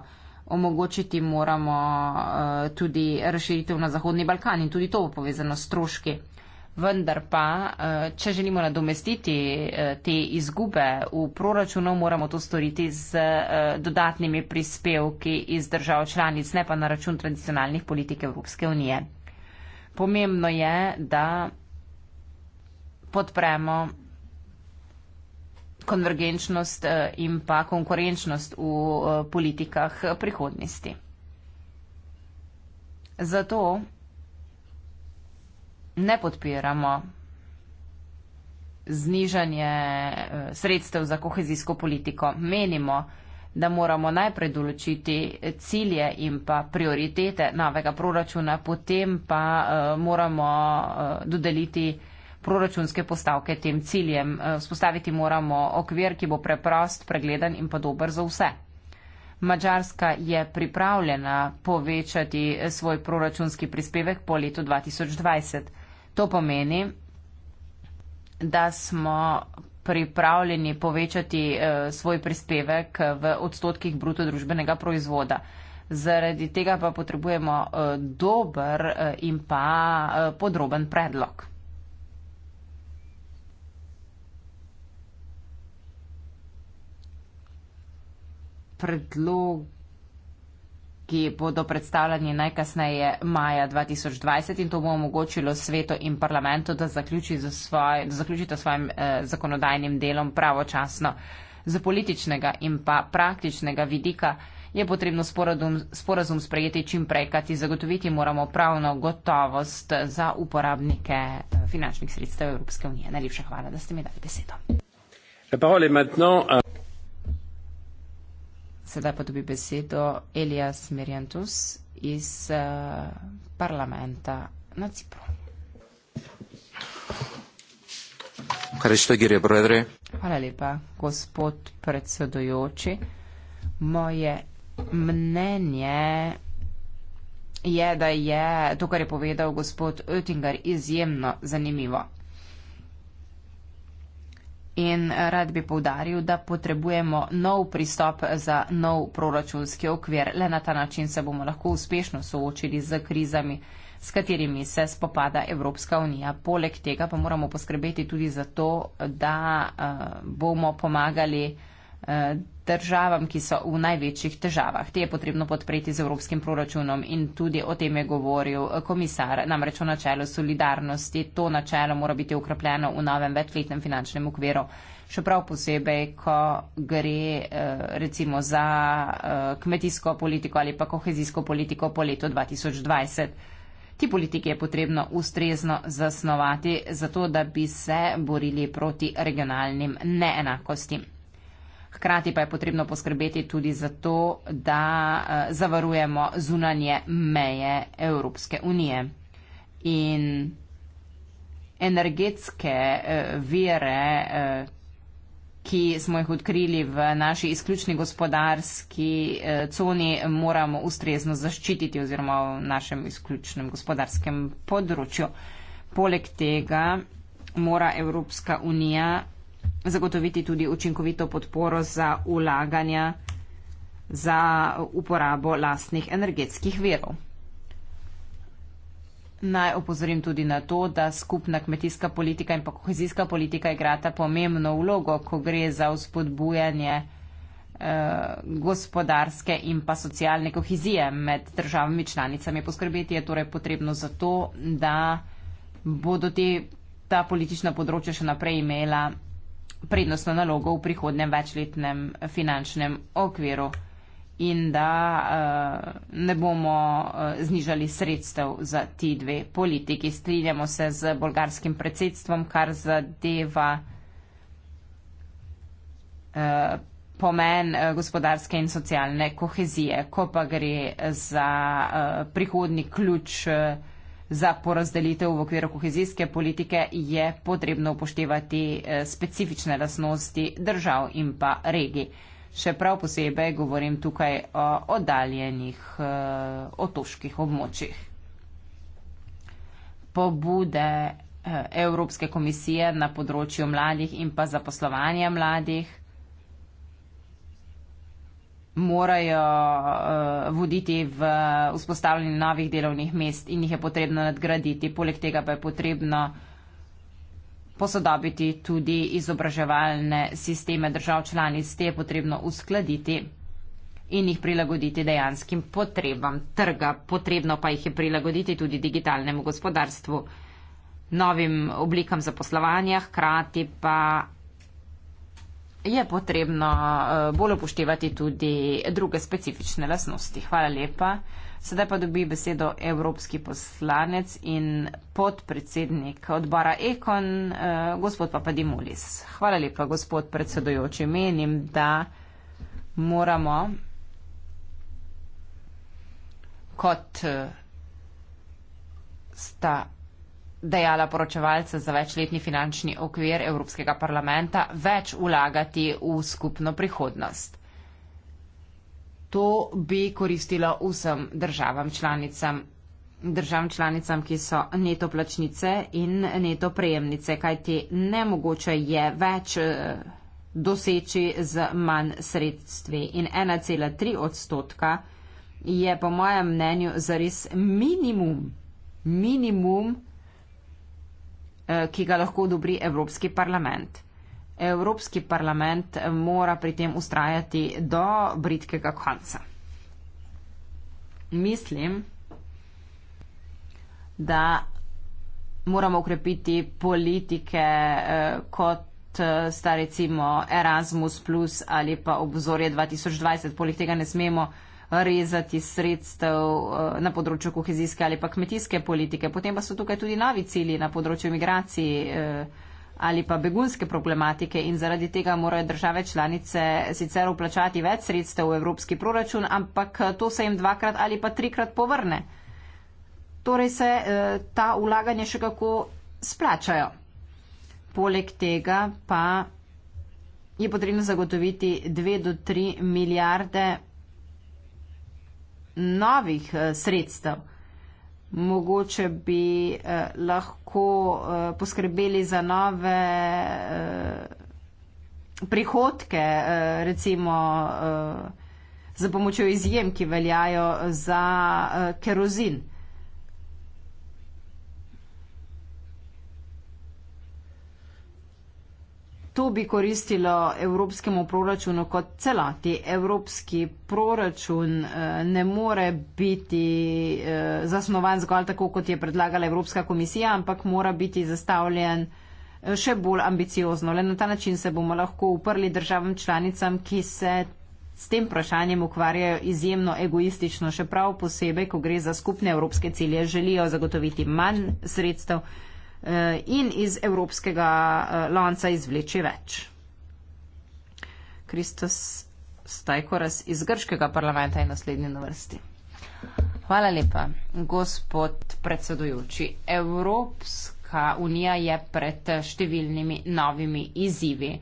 Omogočiti moramo uh, tudi razširitev na Zahodni Balkan in tudi to bo povezano s stroški. Vendar pa, uh, če želimo nadomestiti uh, te izgube v proračunu, moramo to storiti z uh, dodatnimi prispevki iz držav članic, ne pa na račun tradicionalnih politik Evropske unije. Pomembno je, da podpremo konvergenčnost eh, in pa konkurenčnost v eh, politikah prihodnosti. Zato ne podpiramo znižanje eh, sredstev za kohezijsko politiko. Menimo, da moramo najprej določiti cilje in pa prioritete novega proračuna, potem pa moramo dodeliti proračunske postavke tem ciljem. Spostaviti eh, moramo okvir, ki bo preprost, pregleden in pa dober za vse. Mačarska je pripravljena povečati eh, svoj proračunski prispevek po letu 2020. To pomeni, da smo pripravljeni povečati eh, svoj prispevek v odstotkih bruto družbenega proizvoda. Zaradi tega pa potrebujemo dober in pa podroben predlog. predlogi bodo predstavljeni najkasneje maja 2020 in to bo omogočilo svetu in parlamentu, da zaključita svoj, zaključi svojim eh, zakonodajnim delom pravočasno. Z političnega in pa praktičnega vidika je potrebno sporazum, sporazum sprejeti čim prej, kajti zagotoviti moramo pravno gotovost za uporabnike eh, finančnih sredstev Evropske unije. Najlepša hvala, da ste mi dali besedo. La parole est maintenant à Sedaj pa dobi besedo Elias Mirjantus iz eh, parlamenta na Cipru. Hvala lepa, gospod predsedujoči. Moje mnenje je, da je to, kar je povedal gospod Oettinger, izjemno zanimivo in rad bi povdaril, da potrebujemo nov pristop za nov proračunski okvir. Le na ta način se bomo lahko uspešno soočili z krizami, s katerimi se spopada Evropska unija. Poleg tega pa moramo poskrbeti tudi za to, da eh, bomo pomagali državam, ki so v največjih težavah. Te je potrebno podpreti z evropskim proračunom in tudi o tem je govoril eh, komisar. Namreč o načelu solidarnosti to načelo mora biti ukrepljeno v novem večletnem finančnem okviru. Še prav posebej, ko gre eh, recimo za eh, kmetijsko politiko ali pa kohezijsko politiko po letu 2020. Ti politiki je potrebno ustrezno zasnovati, zato da bi se borili proti regionalnim neenakostim. Hkrati pa je potrebno poskrbeti tudi za to, da eh, zavarujemo zunanje meje Evropske unije. In energetske eh, vire, eh, ki smo jih odkrili v naši izključni gospodarski coni, moramo ustrezno zaščititi oziroma v našem izključnem gospodarskem področju. Poleg tega mora Evropska unija zagotoviti tudi učinkovito podporo za ulaganja za uporabo lastnih energetskih verov. Naj opozorim tudi na to, da skupna kmetijska politika in pa kohezijska politika igrata pomembno vlogo, ko gre za vzpodbujanje eh, gospodarske in pa socialne kohezije med državami članicami. Poskrbeti je torej potrebno za to, da bodo te, ta politična področja še naprej imela prednostno nalogo v prihodnem večletnem finančnem okviru in da uh, ne bomo uh, znižali sredstev za ti dve politiki. Strinjamo se z bolgarskim predsedstvom, kar zadeva uh, pomen uh, gospodarske in socialne kohezije. Ko pa gre za uh, prihodni ključ. Uh, za porazdelitev v okviru kohezijske politike je potrebno upoštevati eh, specifične lasnosti držav in pa regij. Še prav posebej govorim tukaj o oddaljenih eh, otoških območjih. Pobude eh, Evropske komisije na področju mladih in pa zaposlovanja mladih morajo uh, voditi v vzpostavljanje novih delovnih mest in jih je potrebno nadgraditi. Poleg tega pa je potrebno posodobiti tudi izobraževalne sisteme držav članic, te je potrebno uskladiti in jih prilagoditi dejanskim potrebam trga. Potrebno pa jih je prilagoditi tudi digitalnemu gospodarstvu, novim oblikam zaposlovanja, hkrati pa je potrebno eh, bolj upoštevati tudi druge specifične lasnosti. Hvala lepa. Sedaj pa dobi besedo evropski poslanec in podpredsednik odbora Ekon, eh, gospod Papadimulis. Hvala lepa, gospod predsedojoči. Menim, da moramo kot eh, sta dejala poročevalca za večletni finančni okvir Evropskega parlamenta, več vlagati v skupno prihodnost. To bi koristilo vsem državam članicam. Državam članicam, ki so neto plačnice in neto prejemnice, kajti nemogoče je več eh, doseči z manj sredstvi. In 1,3 odstotka je po mojem mnenju zares minimum, minimum Eh, ki ga lahko odobri Evropski parlament. Evropski parlament mora pri tem ustrajati do britkega konca. Mislim, da moramo ukrepiti politike, eh, kot eh, sta recimo Erasmus, ali pa obzorje 2020. Poleg tega ne smemo rezati sredstev eh, na področju kohezijske ali pa kmetijske politike. Potem pa so tukaj tudi novi cilji na področju migracij eh, ali pa begunske problematike in zaradi tega morajo države članice sicer uplačati več sredstev v evropski proračun, ampak eh, to se jim dvakrat ali pa trikrat povrne. Torej se ta vlaganje še kako splačajo. Poleg tega pa je potrebno zagotoviti 2 do 3 milijarde novih eh, sredstev. Mogoče bi eh, lahko eh, poskrbeli za nove prihodke, recimo za pomočjo izjem, ki veljajo za kerozin. to bi koristilo evropskemu proračunu kot celati. Evropski proračun eh, ne more biti eh, zasnovan zgolj tako, kot je predlagala Evropska komisija, ampak mora biti zastavljen eh, še bolj ambiciozno. Le na ta način se bomo lahko uprli državam članicam, ki se s tem vprašanjem ukvarjajo izjemno egoistično, še prav posebej, ko gre za skupne evropske cilje, želijo zagotoviti manj sredstev Eh, in iz evropskega eh, lonca izvleči več. Kristos Stajkoras iz grškega parlamenta je naslednji na vrsti. Hvala lepa, gospod predsedujoči. Evropska unija je pred številnimi novimi izzivi.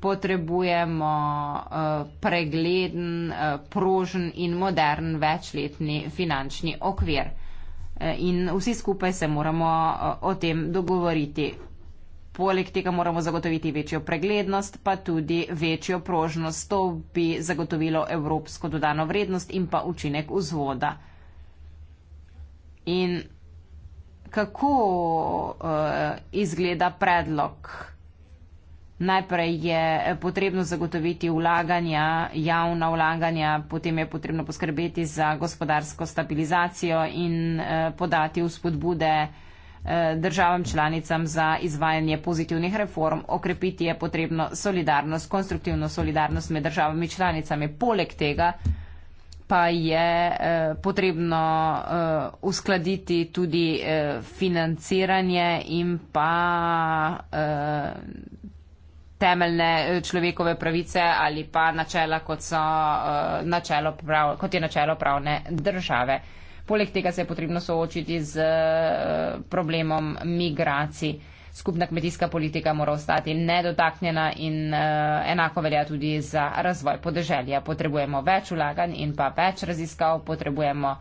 Potrebujemo eh, pregleden, prožen in modern večletni finančni okvir. Eh, in vsi skupaj se moramo eh, o tem dogovoriti. Poleg tega moramo zagotoviti večjo preglednost, pa tudi večjo prožnost. To bi zagotovilo evropsko dodano vrednost in pa učinek vzvoda. In kako uh, izgleda predlog? Najprej je eh, potrebno zagotoviti vlaganja, javna vlaganja, potem je potrebno poskrbeti za gospodarsko stabilizacijo in eh, podati vzpodbude eh, državam članicam za izvajanje pozitivnih reform. Okrepiti je potrebno solidarnost, konstruktivno solidarnost med državami članicami. Poleg tega pa je potrebno uskladiti tudi financiranje in pa temeljne eh, človekove pravice ali pa načela, kot, so, uh, načelo prav, kot je načelo pravne države. Poleg tega se je potrebno soočiti z eh, problemom migracij. Skupna kmetijska politika mora ostati nedotaknjena in enako velja tudi za razvoj podeželja. Potrebujemo več ulagan in pa več raziskav, potrebujemo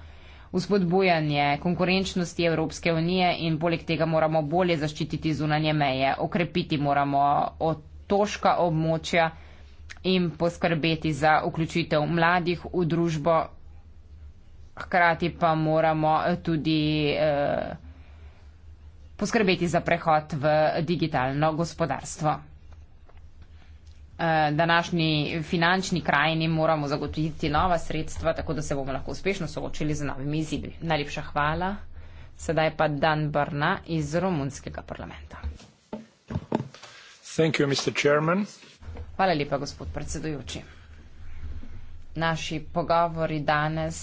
uspodbujanje konkurenčnosti Evropske unije in poleg tega moramo bolje zaščititi zunanje meje, okrepiti moramo od otoška območja in poskrbeti za vključitev mladih v družbo. Hkrati pa moramo tudi eh, poskrbeti za prehod v digitalno gospodarstvo. Eh, današnji finančni krajini moramo zagotoviti nova sredstva, tako da se bomo lahko uspešno soočili z novimi izzivi. Najlepša hvala. Sedaj pa Dan Brna iz romunskega parlamenta. Hvala lepa, gospod predsedujoči. Naši pogovori danes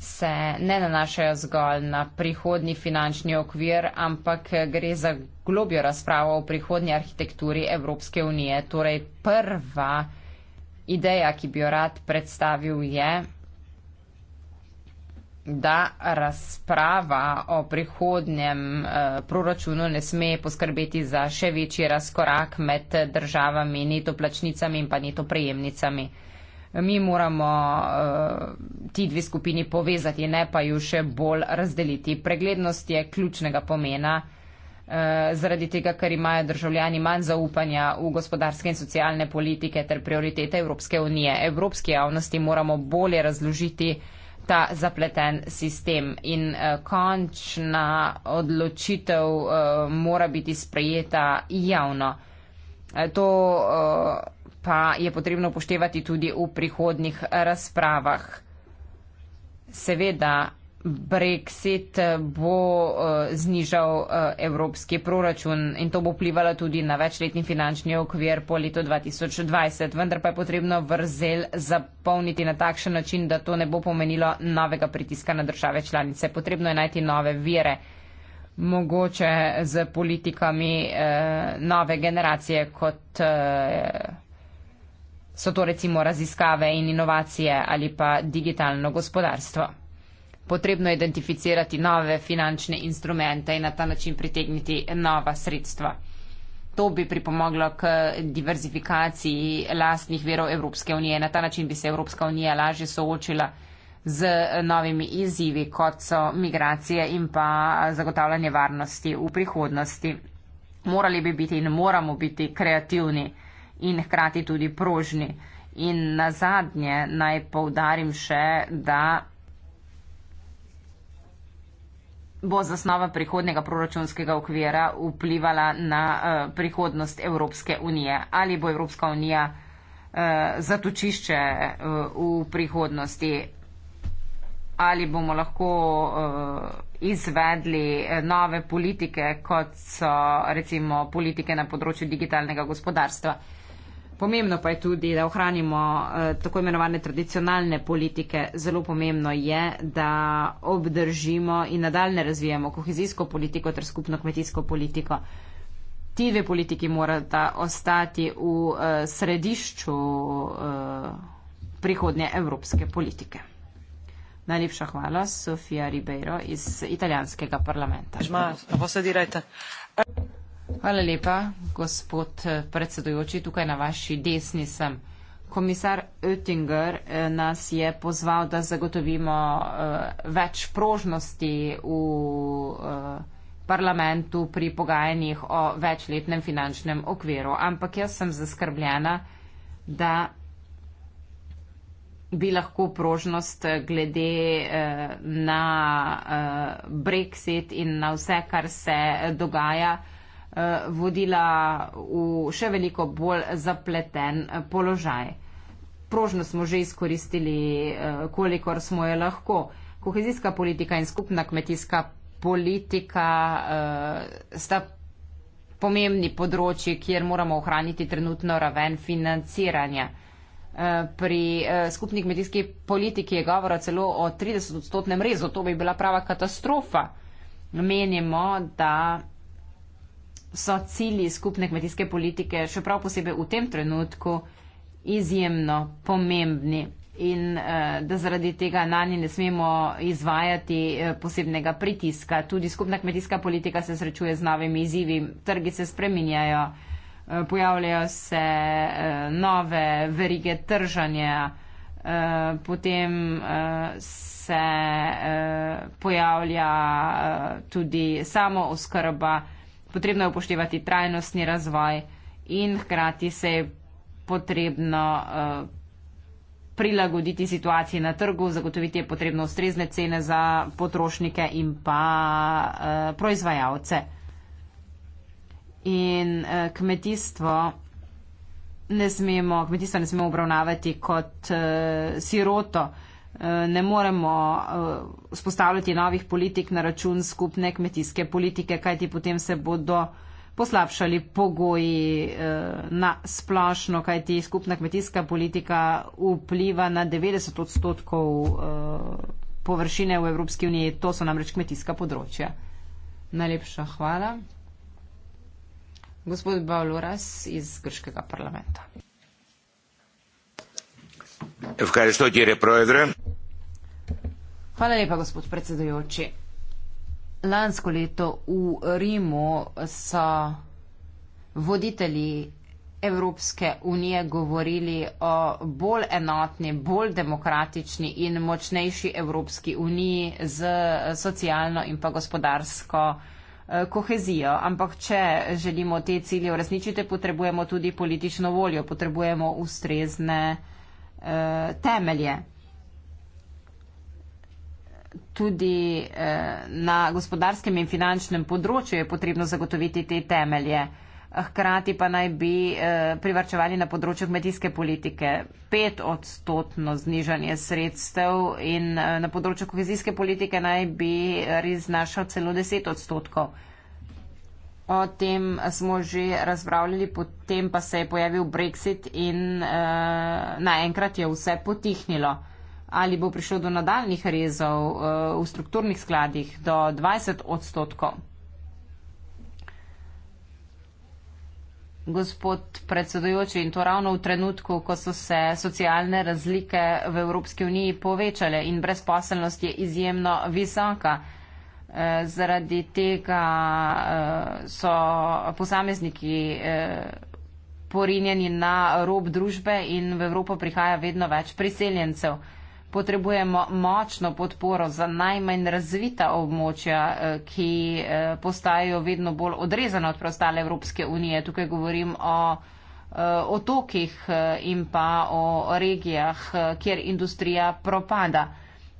se ne nanašajo zgolj na prihodni finančni okvir, ampak gre za globjo razpravo o prihodnji arhitekturi Evropske unije. Torej prva ideja, ki bi jo rad predstavil, je, da razprava o prihodnjem eh, proračunu ne sme poskrbeti za še večji razkorak med državami, neto plačnicami in pa neto prejemnicami. Mi moramo eh, ti dve skupini povezati, ne pa ju še bolj razdeliti. Preglednost je ključnega pomena. Eh, zaradi tega, ker imajo državljani manj zaupanja v gospodarske in socialne politike ter prioritete Evropske unije, evropski javnosti moramo bolje razložiti, ta zapleten sistem in uh, končna odločitev uh, mora biti sprejeta javno. Eh, to pa je potrebno upoštevati tudi v prihodnih razpravah. Seveda Brexit bo uh, znižal uh, evropski proračun in to bo vplivalo tudi na večletni finančni okvir po letu 2020. Vendar pa je potrebno vrzel zapolniti na takšen način, da to ne bo pomenilo novega pritiska na države članice. Potrebno je najti nove vire, mogoče z politikami uh, nove generacije, kot uh, so to recimo raziskave in inovacije ali pa digitalno gospodarstvo potrebno identificirati nove finančne instrumente in na ta način pritegniti nova sredstva. To bi pripomoglo k diverzifikaciji lastnih verov Evropske unije. Na ta način bi se Evropska unija lažje soočila z novimi izzivi, kot so migracije in pa zagotavljanje varnosti v prihodnosti. Morali bi biti in moramo biti kreativni in hkrati tudi prožni. In na zadnje naj povdarim še, da bo zasnova prihodnega proračunskega okvira vplivala na uh, prihodnost Evropske unije. Ali bo Evropska unija uh, zatočišče uh, v prihodnosti, ali bomo lahko uh, izvedli nove politike, kot so recimo politike na področju digitalnega gospodarstva. Uh, Pomembno pa je tudi, da ohranimo eh, tako imenovane tradicionalne politike. Zelo pomembno je, da obdržimo in nadaljne razvijamo kohezijsko politiko ter skupno kmetijsko politiko. Ti dve politiki morata ostati v eh, središču eh, prihodnje evropske politike. Najlepša hvala, Sofia Ribeiro iz italijanskega parlamenta. Žma, Hvala lepa, gospod eh, predsedujoči. Tukaj na vaši desni sem. Komisar Oettinger eh, nas je pozval, da zagotovimo eh, več prožnosti v parlamentu pri pogajanjih o večletnem finančnem okviru. Ampak jaz sem zaskrbljena, da bi lahko prožnost glede na Brexit in na vse, kar se dogaja, uh, vodila v še veliko bolj zapleten eh, položaj. Prožnost smo že izkoristili, uh, kolikor smo jo lahko. Kohezijska politika in skupna kmetijska politika uh, sta pomembni področji, kjer moramo ohraniti trenutno raven financiranja. Pri skupni kmetijski politiki je govora celo o 30-odstotnem rezu. To bi bila prava katastrofa. Menimo, da so cilji skupne kmetijske politike, še prav posebej v tem trenutku, izjemno pomembni in eh, da zaradi tega na nje ne smemo izvajati eh, posebnega pritiska. Tudi skupna kmetijska politika se srečuje z novimi izzivi, trgi se spreminjajo, eh, pojavljajo se nove verige tržanja, potem se pojavlja tudi samo oskrba potrebno je upoštevati trajnostni razvoj in hkrati se je potrebno eh, prilagoditi situaciji na trgu, zagotoviti je potrebno ustrezne cene za potrošnike in pa eh, proizvajalce. In eh, kmetijstvo ne smemo, kmetijstvo ne smemo obravnavati kot siroto. Eh, ne moremo eh, vzpostavljati novih politik na račun skupne kmetijske politike, kajti potem se bodo poslabšali pogoji eh, na splošno, kajti skupna kmetijska politika vpliva na 90 odstotkov površine v Evropski uniji, to so namreč kmetijska področja. Najlepša hvala. Gospod Bavloras iz Grškega parlamenta. Ευχαριστώ κύριε Πρόεδρε. Hvala lepa, gospod predsedujoči. Lansko leto v Rimu so voditelji Evropske unije govorili o bolj enotni, bolj demokratični in močnejši Evropski uniji z socialno in pa gospodarsko eh, kohezijo. Ampak, če želimo te cilje uresničiti, potrebujemo tudi politično voljo, potrebujemo ustrezne. Eh, temelje tudi eh, na gospodarskem in finančnem področju je potrebno zagotoviti te temelje. Hkrati pa naj bi eh, privrčevali na področju kmetijske politike pet odstotno znižanje sredstev in na področju kohezijske politike naj bi res znašal celo deset odstotkov. O tem smo že razpravljali, potem pa se je pojavil Brexit in uh, naenkrat je vse potihnilo. Ali bo prišlo do nadaljnih rezov uh, v strukturnih skladih do 20 odstotkov? Gospod predsedujoči, in to ravno v trenutku, ko so se socialne razlike v Evropski uniji povečale in brezposelnost je izjemno visoka. Eh, zaradi tega eh, so posamezniki eh, porinjeni na rob družbe in v Evropo prihaja vedno več priseljencev. Potrebujemo močno podporo za najmanj razvita območja, ki postajajo vedno bolj odrezana od preostale Evropske unije. Tukaj govorim o otokih in pa o regijah, kjer industrija propada.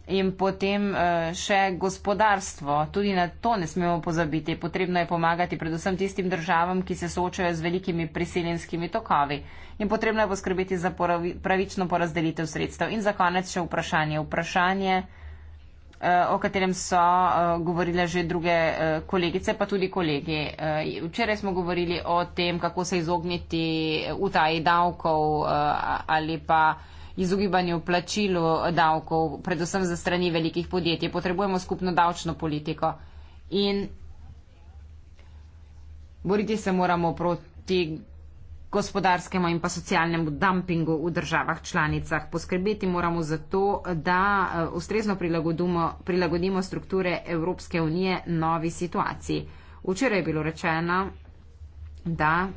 In potem eh, še gospodarstvo. Tudi na to ne smemo pozabiti. Potrebno je pomagati predvsem tistim državam, ki se soočajo z velikimi priseljenskimi tokovi. In potrebno je poskrbeti za pravično porazdelitev sredstev. In za konec še vprašanje. Vprašanje, eh, o katerem so eh, govorile že druge kolegice, pa tudi kolegi. Včeraj smo govorili o tem, kako se izogniti utaji davkov ali pa izogibanju plačilu davkov, predvsem za strani velikih podjetij. Potrebujemo skupno davčno politiko in boriti se moramo proti gospodarskemu in pa socialnemu dumpingu v državah članicah. Poskrbeti moramo za to, da eh, ustrezno prilagodimo, prilagodimo strukture Evropske unije novi situaciji. Včeraj je bilo rečeno, da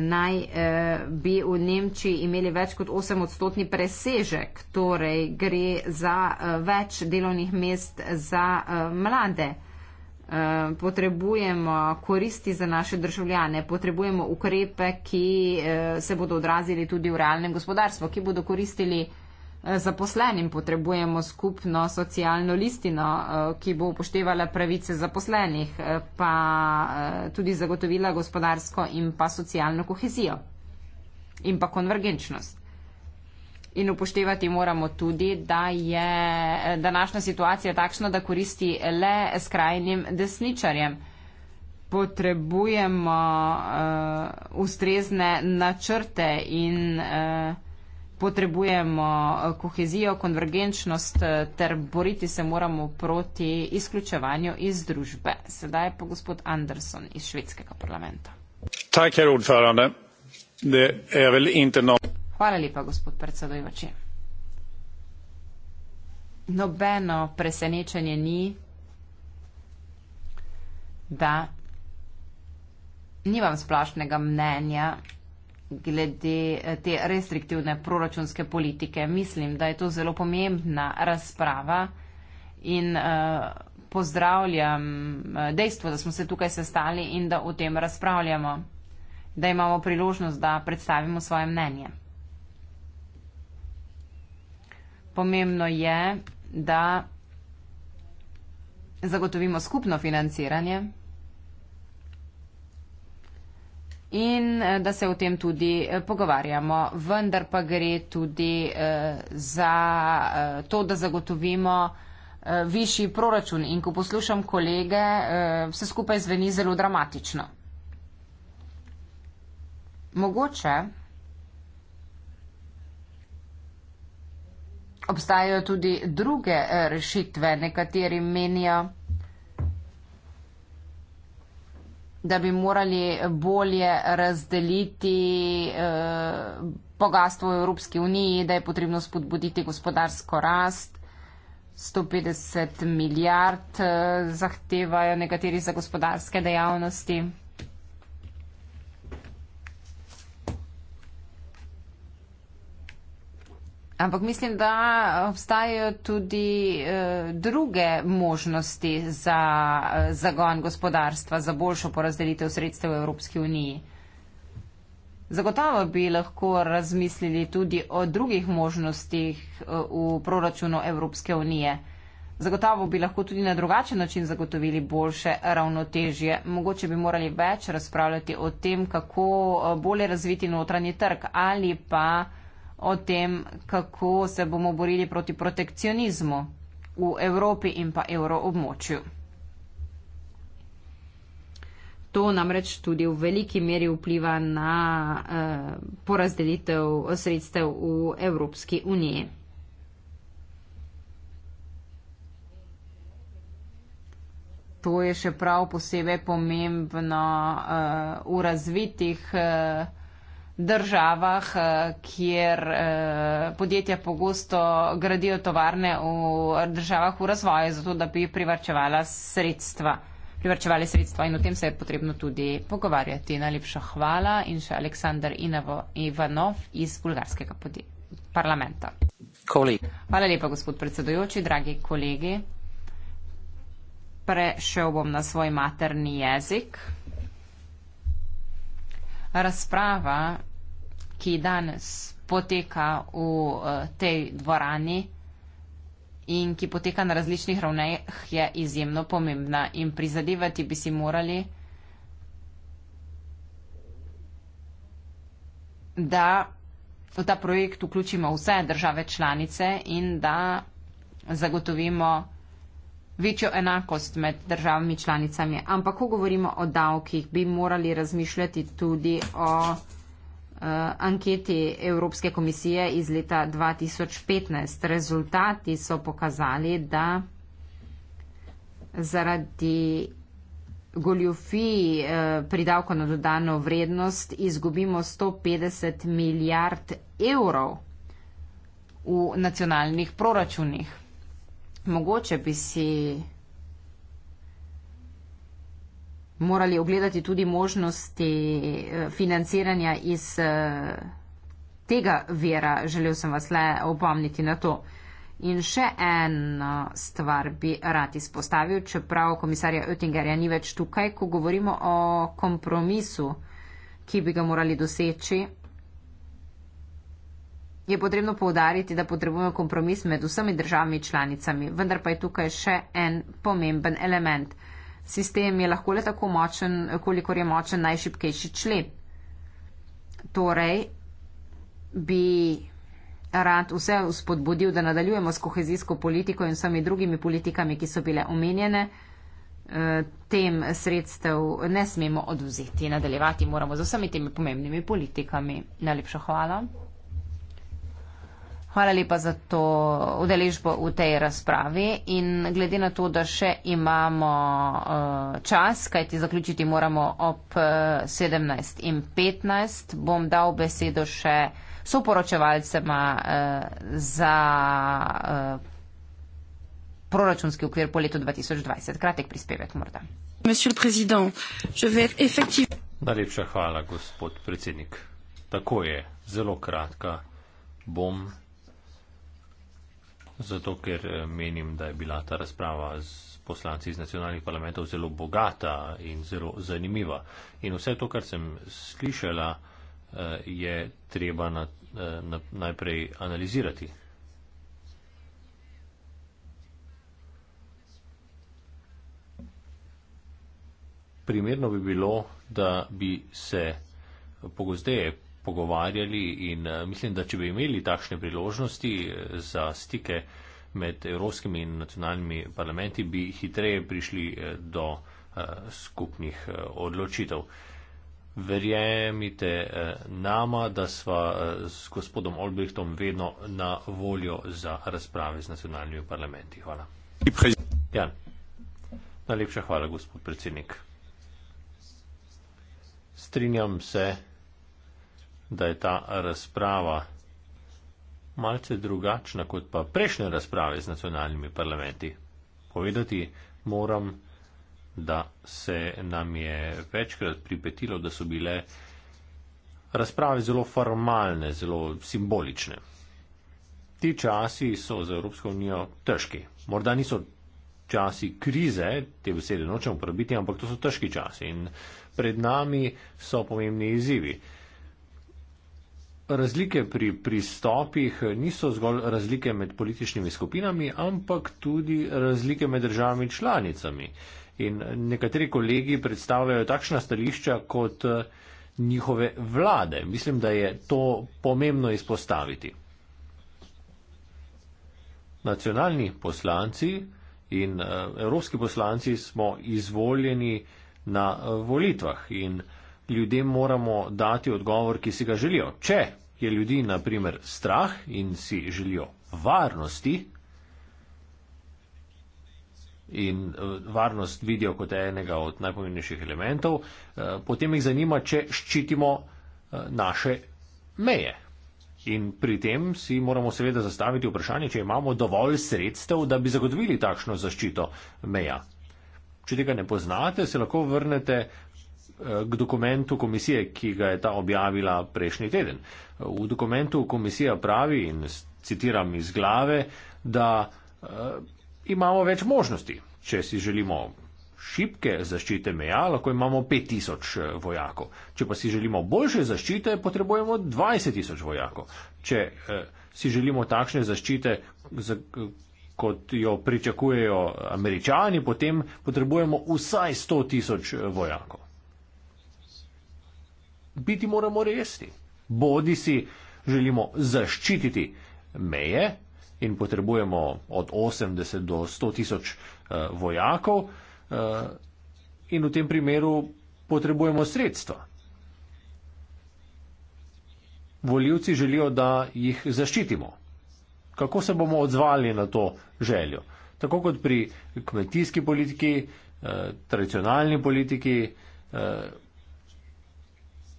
naj eh, bi v Nemčiji imeli več kot 8 odstotni presežek, torej gre za eh, več delovnih mest za eh, mlade. Eh, potrebujemo koristi za naše državljane, potrebujemo ukrepe, ki eh, se bodo odrazili tudi v realnem gospodarstvu, ki bodo koristili eh, zaposlenim potrebujemo skupno socialno listino, eh, ki bo upoštevala pravice zaposlenih, eh, pa eh, tudi zagotovila gospodarsko in pa socialno kohezijo in pa konvergenčnost. In upoštevati moramo tudi, da je današnja situacija takšna, da koristi le skrajnim desničarjem. Potrebujemo uh, ustrezne načrte in uh, potrebujemo eh, kohezijo, konvergenčnost eh, ter boriti se moramo proti izključevanju iz družbe. Sedaj pa gospod Anderson iz švedskega parlamenta. Tak, Hvala lepa, gospod predsedojoči. Nobeno presenečenje ni, da nimam splošnega mnenja glede eh, te restriktivne proračunske politike. Mislim, da je to zelo pomembna razprava in eh, pozdravljam eh, dejstvo, da smo se tukaj sestali in da o tem razpravljamo, da imamo priložnost, da predstavimo svoje mnenje. Pomembno je, da zagotovimo skupno financiranje. in eh, da se o tem tudi eh, pogovarjamo. Vendar pa gre tudi eh, za to, da zagotovimo višji proračun. In ko poslušam kolege, vse skupaj zveni zelo dramatično. Mogoče obstajajo tudi druge rešitve, nekateri menijo, da bi morali bolje razdeliti eh, bogatstvo v Evropski uniji, da je potrebno spodbuditi gospodarsko rast. 150 milijard eh, zahtevajo nekateri za gospodarske dejavnosti. Ampak mislim, da obstajajo tudi eh, druge možnosti za eh, zagon gospodarstva, za boljšo porazdelitev sredstev v Evropski uniji. Zagotovo bi lahko razmislili tudi o drugih možnostih eh, v proračunu Evropske unije. Zagotovo bi lahko tudi na drugačen način zagotovili boljše ravnotežje. Mogoče bi morali več razpravljati o tem, kako bolje razviti notranji trg ali pa o tem, kako se bomo borili proti protekcionizmu v Evropi in pa evroobmočju. To namreč tudi v veliki meri vpliva na eh, porazdelitev sredstev v Evropski uniji. To je še prav posebej pomembno eh, v razvitih eh, državah, eh, kjer eh, podjetja pogosto gradijo tovarne v državah v razvoju, zato da bi privrčevala sredstva. Privrčevali sredstva in o tem se je potrebno tudi pogovarjati. Najlepša hvala in še Aleksandar Ivanov iz bulgarskega parlamenta. Koli. Hvala lepa, gospod predsedujoči, dragi kolegi. Prešel bom na svoj materni jezik razprava, ki danes poteka v eh, tej dvorani in ki poteka na različnih ravneh, je izjemno pomembna in prizadevati bi si morali, da v ta projekt vključimo vse države članice in da zagotovimo večjo enakost med državami članicami. Ampak, ko govorimo o davkih, bi morali razmišljati tudi o uh, anketi Evropske komisije iz leta 2015. Rezultati so pokazali, da zaradi goljufiji uh, eh, pri davko na dodano vrednost izgubimo 150 milijard evrov v nacionalnih proračunih mogoče bi si morali ogledati tudi možnosti eh, financiranja iz eh, tega vira. Želel sem vas le opomniti na to. In še eno stvar bi rad izpostavil, čeprav komisarja Oettingerja ni več tukaj, ko govorimo o kompromisu, ki bi ga morali doseči je potrebno povdariti, da potrebujemo kompromis med vsemi državami članicami, vendar pa je tukaj še en pomemben element. Sistem je lahko le tako močen, kolikor je močen najšipkejši člen. Torej bi rad vse uspodbudil, da nadaljujemo s kohezijsko politiko in vsemi drugimi politikami, ki so bile omenjene. Eh, tem sredstev ne smemo oduzeti, nadaljevati moramo z vsemi temi pomembnimi politikami. Najlepša hvala. Hvala lepa za to udeležbo v tej razpravi in glede na to, da še imamo eh, čas, kajti zaključiti moramo ob 17.15, eh, bom dal besedo še soporočevalcema eh, za proračunski okvir po letu 2020. Kratek prispevek morda. Najlepša hvala, gospod predsednik. Tako je, zelo kratka bom Zato, ker eh, menim, da je bila ta razprava z poslanci iz nacionalnih parlamentov zelo bogata in zelo zanimiva. In vse to, kar sem slišala, eh, je treba na, eh, na, najprej analizirati. Primerno bi bilo, da bi se pogosteje pogovarjali in eh, mislim, da če bi imeli takšne priložnosti eh, za stike med evropskimi in nacionalnimi parlamenti, bi hitreje prišli eh, do skupnih odločitev. Verjemite nama, da sva s gospodom Olbrichtom vedno na voljo za razprave z nacionalnimi parlamenti. Hvala. Jan. Najlepša hvala, gospod predsednik. Strinjam se da je ta razprava malce drugačna kot pa prejšnje razprave z nacionalnimi parlamenti. Povedati moram, da se nam je večkrat pripetilo, da so bile razprave zelo formalne, zelo simbolične. Ti časi so za Evropsko unijo težki. Morda niso časi krize, te besede nočem uporabiti, ampak to so težki časi in pred nami so pomembni izzivi. Razlike pri pristopih niso zgolj razlike med političnimi skupinami, ampak tudi razlike med državami članicami. In nekateri kolegi predstavljajo takšna stališča kot njihove vlade. Mislim, da je to pomembno izpostaviti. Nacionalni poslanci in eh, evropski poslanci smo izvoljeni na volitvah in ljudem moramo dati odgovor, ki si ga želijo. Če je ljudi, na primer, strah in si želijo varnosti, in eh, varnost vidijo kot enega od najpomembnejših elementov, eh, potem jih zanima, če ščitimo eh, naše meje. In pri tem si moramo seveda zastaviti vprašanje, če imamo dovolj sredstev, da bi zagotovili takšno zaščito meja. Če tega ne poznate, se lahko vrnete Eh, k dokumentu komisije, ki ga je ta objavila prejšnji teden. V dokumentu komisija pravi, in citiram iz glave, da eh, imamo več možnosti. Če si želimo šibke zaščite meja, lahko imamo 5000 eh, vojakov. Če pa si želimo boljše zaščite, potrebujemo 20000 vojakov. Če si želimo takšne zaščite, kot jo pričakujejo američani, potem potrebujemo vsaj 100 tisoč vojakov biti moramo resni. Bodi si želimo zaščititi meje in potrebujemo od 80 do 100 tisoč eh, vojakov eh, in v tem primeru potrebujemo sredstva. Voljivci želijo, da jih zaščitimo. Kako se bomo odzvali na to željo? Tako kot pri kmetijski politiki, eh, tradicionalni politiki, eh,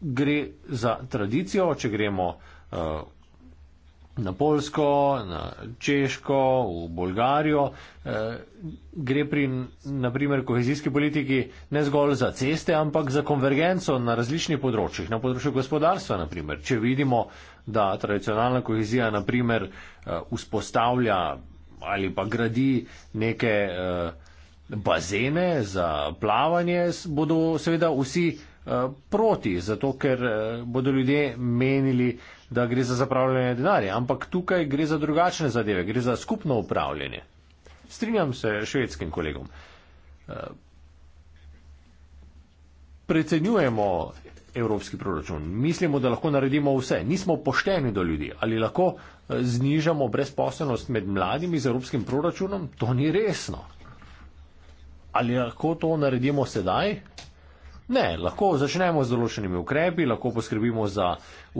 gre za tradicijo, če gremo eh, na Polsko, na Češko, v Bolgarijo, eh, gre pri naprimer kohezijski politiki ne zgolj za ceste, ampak za konvergenco na različnih področjih, na področju gospodarstva naprimer. Če vidimo, da tradicionalna kohezija naprimer eh, vzpostavlja ali pa gradi neke bazene za plavanje, bodo seveda vsi Eh, proti, zato ker eh, bodo ljudje menili, da gre za zapravljanje denarja. Ampak tukaj gre za drugačne zadeve, gre za skupno upravljanje. Strinjam se švedskim kolegom. Eh, precenjujemo evropski proračun, mislimo, da lahko naredimo vse, nismo pošteni do ljudi. Ali lahko znižamo brezposelnost med mladimi z evropskim proračunom? To ni resno. Ali lahko to naredimo sedaj, Ne, lahko začnemo z določenimi ukrepi, lahko poskrbimo za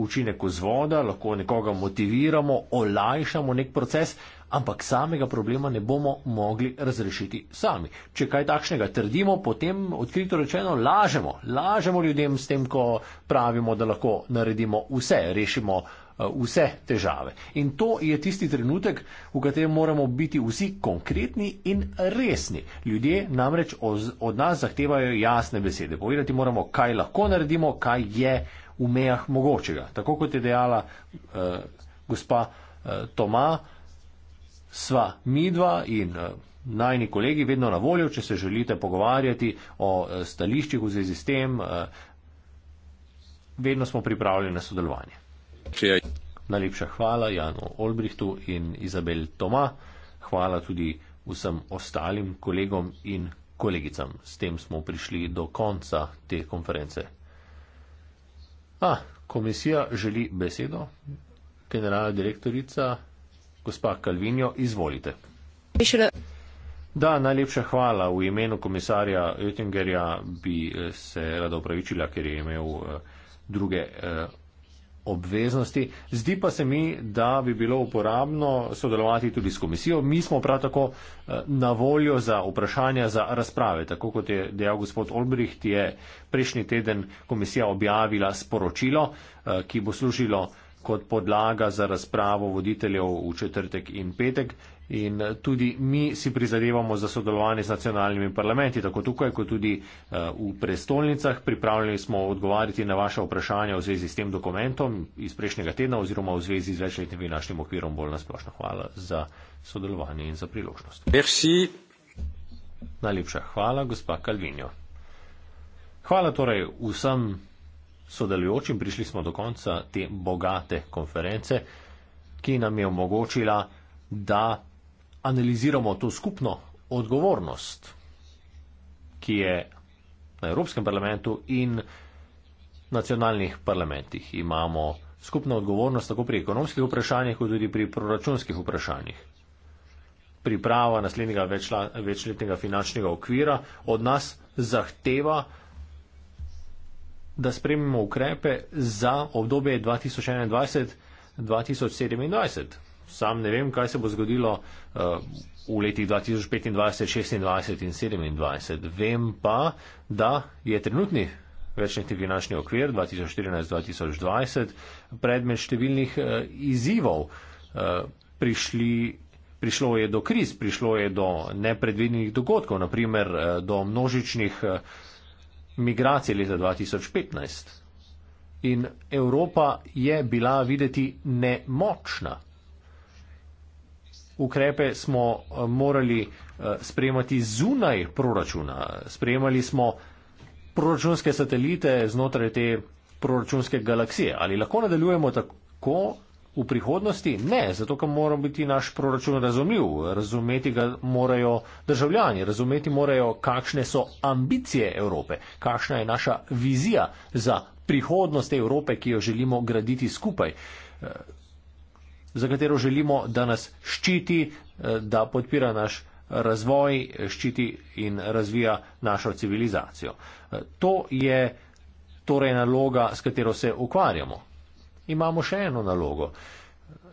učinek vzvoda, lahko nekoga motiviramo, olajšamo nek proces, ampak samega problema ne bomo mogli razrešiti sami. Če kaj takšnega trdimo, potem odkrito rečeno lažemo. Lažemo ljudem s tem, ko pravimo, da lahko naredimo vse, rešimo Eh, vse težave. In to je tisti trenutek, v katerem moramo biti vsi konkretni in resni. Ljudje namreč od nas zahtevajo jasne besede. Povedati moramo, kaj lahko naredimo, kaj je v mejah mogočega. Tako kot je dejala uh, gospa uh, Toma, sva midva in uh, najni kolegi vedno na voljo, če se želite pogovarjati o uh, stališčih v zvezi s tem. Uh, vedno smo pripravljeni na sodelovanje. Najlepša hvala Janu Olbrihtu in Izabel Toma. Hvala tudi vsem ostalim kolegom in kolegicam. S tem smo prišli do konca te konference. A, komisija želi besedo. Generalna direktorica, gospa Kalvinjo, izvolite. Da, najlepša hvala. V imenu komisarja Oettingerja bi eh, se rada upravičila, ker je imel eh, druge eh, obveznosti. Zdi pa se mi, da bi bilo uporabno sodelovati tudi s komisijo. Mi smo prav tako eh, na voljo za vprašanja, za razprave. Tako kot je dejal gospod Olbricht, je prejšnji teden komisija objavila sporočilo, eh, ki bo služilo kot podlaga za razpravo voditeljev v četrtek in petek. In tudi mi si prizadevamo za sodelovanje z nacionalnimi parlamenti, tako tukaj, kot tudi eh, v prestolnicah. Pripravljeni smo odgovarjati na vaše vprašanja v zvezi s tem dokumentom iz prejšnjega tedna oziroma v zvezi z večletnim finančnim okvirom bolj nasplošno. Hvala za sodelovanje in za priložnost. Merci. Najlepša hvala, gospa Kalvinjo. Hvala torej vsem sodelujočim. Prišli smo do konca te bogate konference, ki nam je omogočila, da analiziramo to skupno odgovornost, ki je na Evropskem parlamentu in nacionalnih parlamentih. Imamo skupno odgovornost tako pri ekonomskih vprašanjih, kot tudi pri proračunskih vprašanjih. Priprava naslednjega večla, večletnega finančnega okvira od nas zahteva, da sprememo ukrepe za obdobje 2021-2027 sam ne vem, kaj se bo zgodilo eh, v letih 2025, 2026 in 2027. Vem pa, da je trenutni večletni finančni okvir 2014-2020 predmet številnih eh, izzivov. Eh, prišli, prišlo je do kriz, prišlo je do nepredvidenih dogodkov, naprimer do množičnih migracij leta 2015. In Evropa je bila videti nemočna ukrepe smo eh, morali eh, sprejemati zunaj proračuna. Sprejemali smo proračunske satelite znotraj te proračunske galaksije. Ali lahko nadaljujemo tako v prihodnosti? Ne, zato ker mora biti naš proračun razumljiv. Razumeti ga morajo državljani, razumeti morajo, kakšne so ambicije Evrope, kakšna je naša vizija za prihodnost Evrope, ki jo želimo graditi skupaj. Eh, za katero želimo, da nas ščiti, eh, da podpira naš razvoj, ščiti in razvija našo civilizacijo. Eh, to je torej naloga, s katero se ukvarjamo. Imamo še eno nalogo.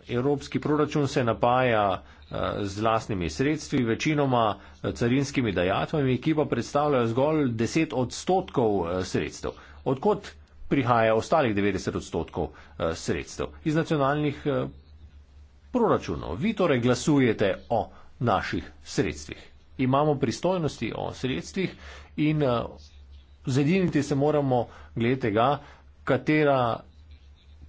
Evropski proračun se napaja eh, z vlastnimi sredstvi, večinoma carinskimi dajatvami, ki pa predstavljajo zgolj 10 odstotkov sredstev. Odkot prihaja ostalih 90 odstotkov sredstev? Iz nacionalnih proračunov. Vi torej glasujete o naših sredstvih. Imamo pristojnosti o sredstvih in eh, zediniti se moramo glede tega, katera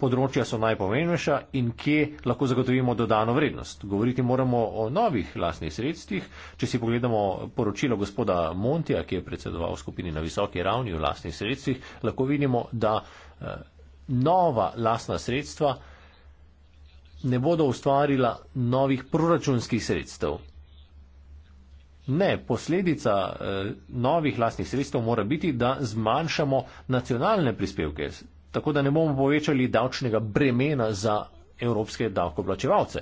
področja so najpomembnejša in kje lahko zagotovimo dodano vrednost. Govoriti moramo o novih lasnih sredstvih. Če si pogledamo poročilo gospoda Montija, ki je predsedoval skupini na visoki ravni v lasnih sredstvih, lahko vidimo, da eh, nova lasna sredstva ne bodo ustvarila novih proračunskih sredstev. Ne, posledica eh, novih lastnih sredstev mora biti, da zmanjšamo nacionalne prispevke, tako da ne bomo povečali davčnega bremena za evropske davkoplačevalce.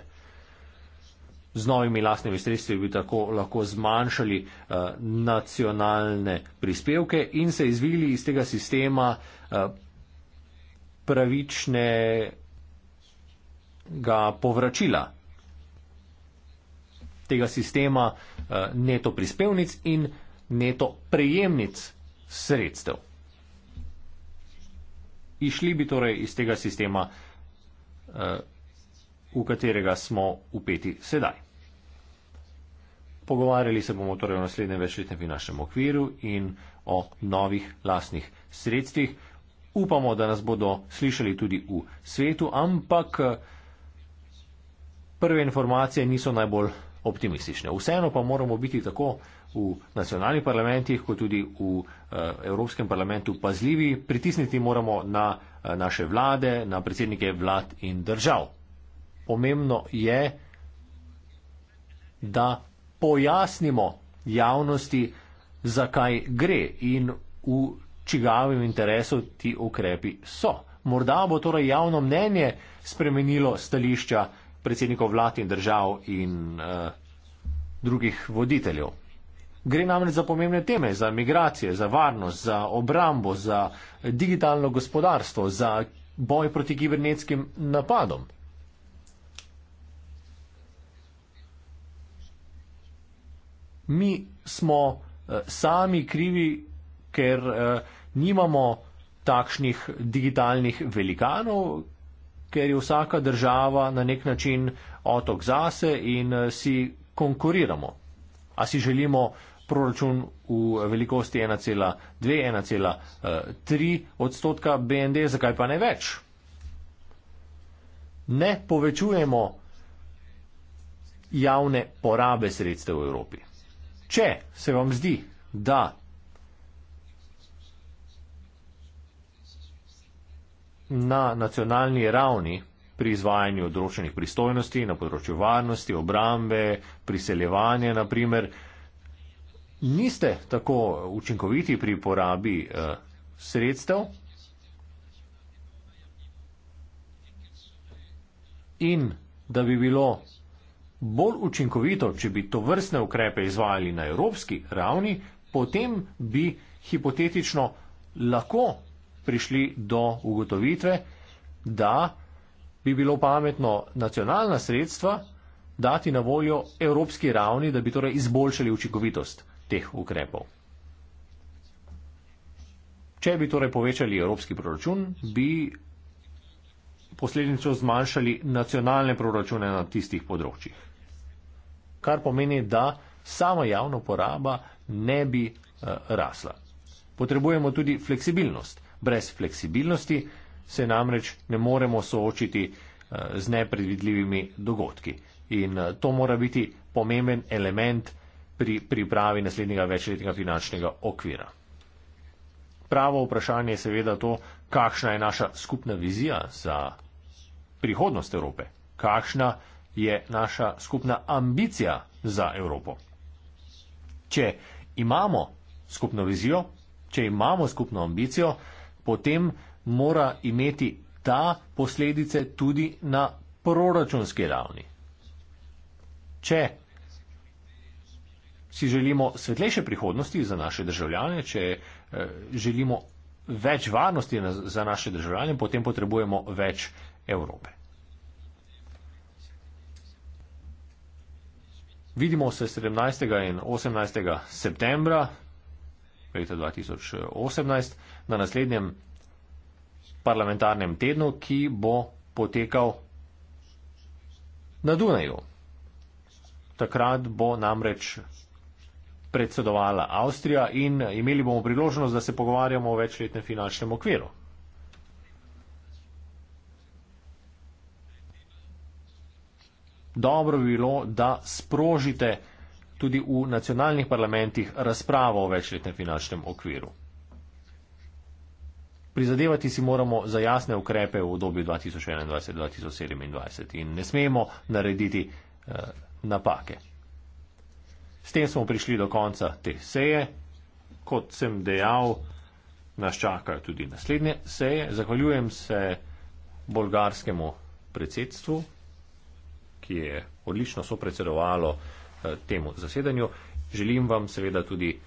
Z novimi lastnimi sredstvi bi tako lahko zmanjšali uh, nacionalne prispevke in se izvili iz tega sistema uh, pravične ga povračila tega sistema eh, neto prispevnic in neto prejemnic sredstev. Išli bi torej iz tega sistema, eh, v katerega smo upeti sedaj. Pogovarjali se bomo torej o naslednjem večletnem finančnem okviru in o novih lastnih sredstvih. Upamo, da nas bodo slišali tudi v svetu, ampak eh, prve informacije niso najbolj optimistične. Vseeno pa moramo biti tako v nacionalnih parlamentih, kot tudi v uh, Evropskem parlamentu pazljivi, pritisniti moramo na uh, naše vlade, na predsednike vlad in držav. Pomembno je, da pojasnimo javnosti, zakaj gre in v čigavem interesu ti ukrepi so. Morda bo torej javno mnenje spremenilo stališča predsednikov vlad in držav in uh, drugih voditeljev. Gre namreč za pomembne teme, za migracije, za varnost, za obrambo, za digitalno gospodarstvo, za boj proti kibernetskim napadom. Mi smo eh, sami krivi, ker eh, nimamo takšnih digitalnih velikanov, ker je vsaka država na nek način otok zase in eh, si konkuriramo. A si želimo proračun v velikosti 1,2-1,3 eh, odstotka BND, zakaj pa ne več? Ne povečujemo javne porabe sredstev v Evropi. Če se vam zdi, da na nacionalni ravni pri izvajanju odročenih pristojnosti na področju varnosti, obrambe, priseljevanja naprimer, niste tako učinkoviti pri porabi eh, sredstev in da bi bilo bolj učinkovito, če bi to vrstne ukrepe izvajali na evropski ravni, potem bi hipotetično lahko prišli do ugotovitve, da bi bilo pametno nacionalna sredstva dati na voljo evropski ravni, da bi torej izboljšali učinkovitost teh ukrepov. Če bi torej povečali evropski proračun, bi posledično zmanjšali nacionalne proračune na tistih področjih. Kar pomeni, da sama javna poraba ne bi eh, rasla. Potrebujemo tudi fleksibilnost. Brez fleksibilnosti se namreč ne moremo soočiti eh, z nepredvidljivimi dogodki. In eh, to mora biti pomemben element pri pripravi naslednjega večletnega finančnega okvira. Pravo vprašanje je seveda to, kakšna je naša skupna vizija za prihodnost Evrope, kakšna je naša skupna ambicija za Evropo. Če imamo skupno vizijo, če imamo skupno ambicijo, potem mora imeti ta posledice tudi na proračunski ravni. Če si želimo svetlejše prihodnosti za naše državljane, če eh, želimo več varnosti za naše državljane, potem potrebujemo več Evrope. Vidimo se 17. in 18. septembra, leta 2018 na naslednjem parlamentarnem tednu, ki bo potekal na Dunaju. Takrat bo namreč predsedovala Avstrija in imeli bomo priložnost, da se pogovarjamo o večletnem finančnem okviru. Dobro bi bilo, da sprožite tudi v nacionalnih parlamentih razpravo o večletnem finančnem okviru. Prizadevati si moramo za jasne ukrepe v obdobju 2021-2027 in ne smemo narediti eh, napake. S tem smo prišli do konca te seje. Kot sem dejal, nas čakajo tudi naslednje seje. Zahvaljujem se bolgarskemu predsedstvu, ki je odlično sopredsedovalo. Eh, temu zasedanju. Želim vam seveda tudi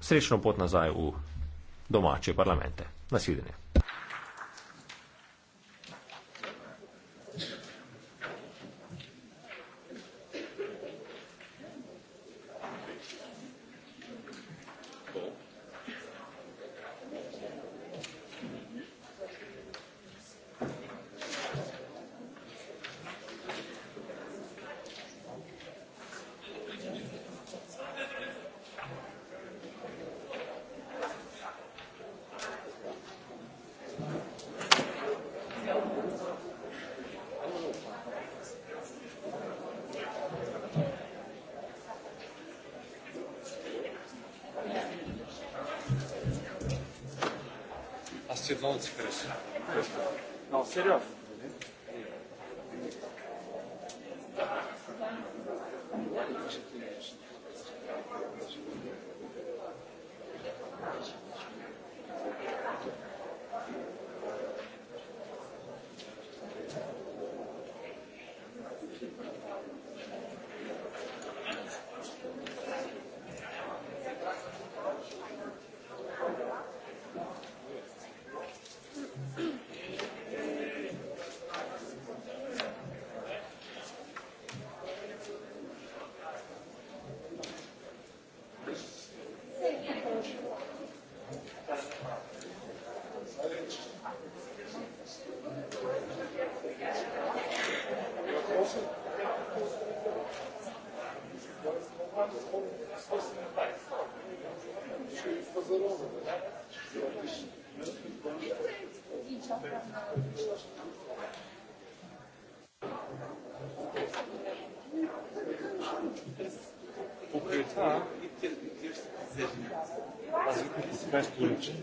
srečno pot nazaj v domače parlamente. Nasvidenje. best religion.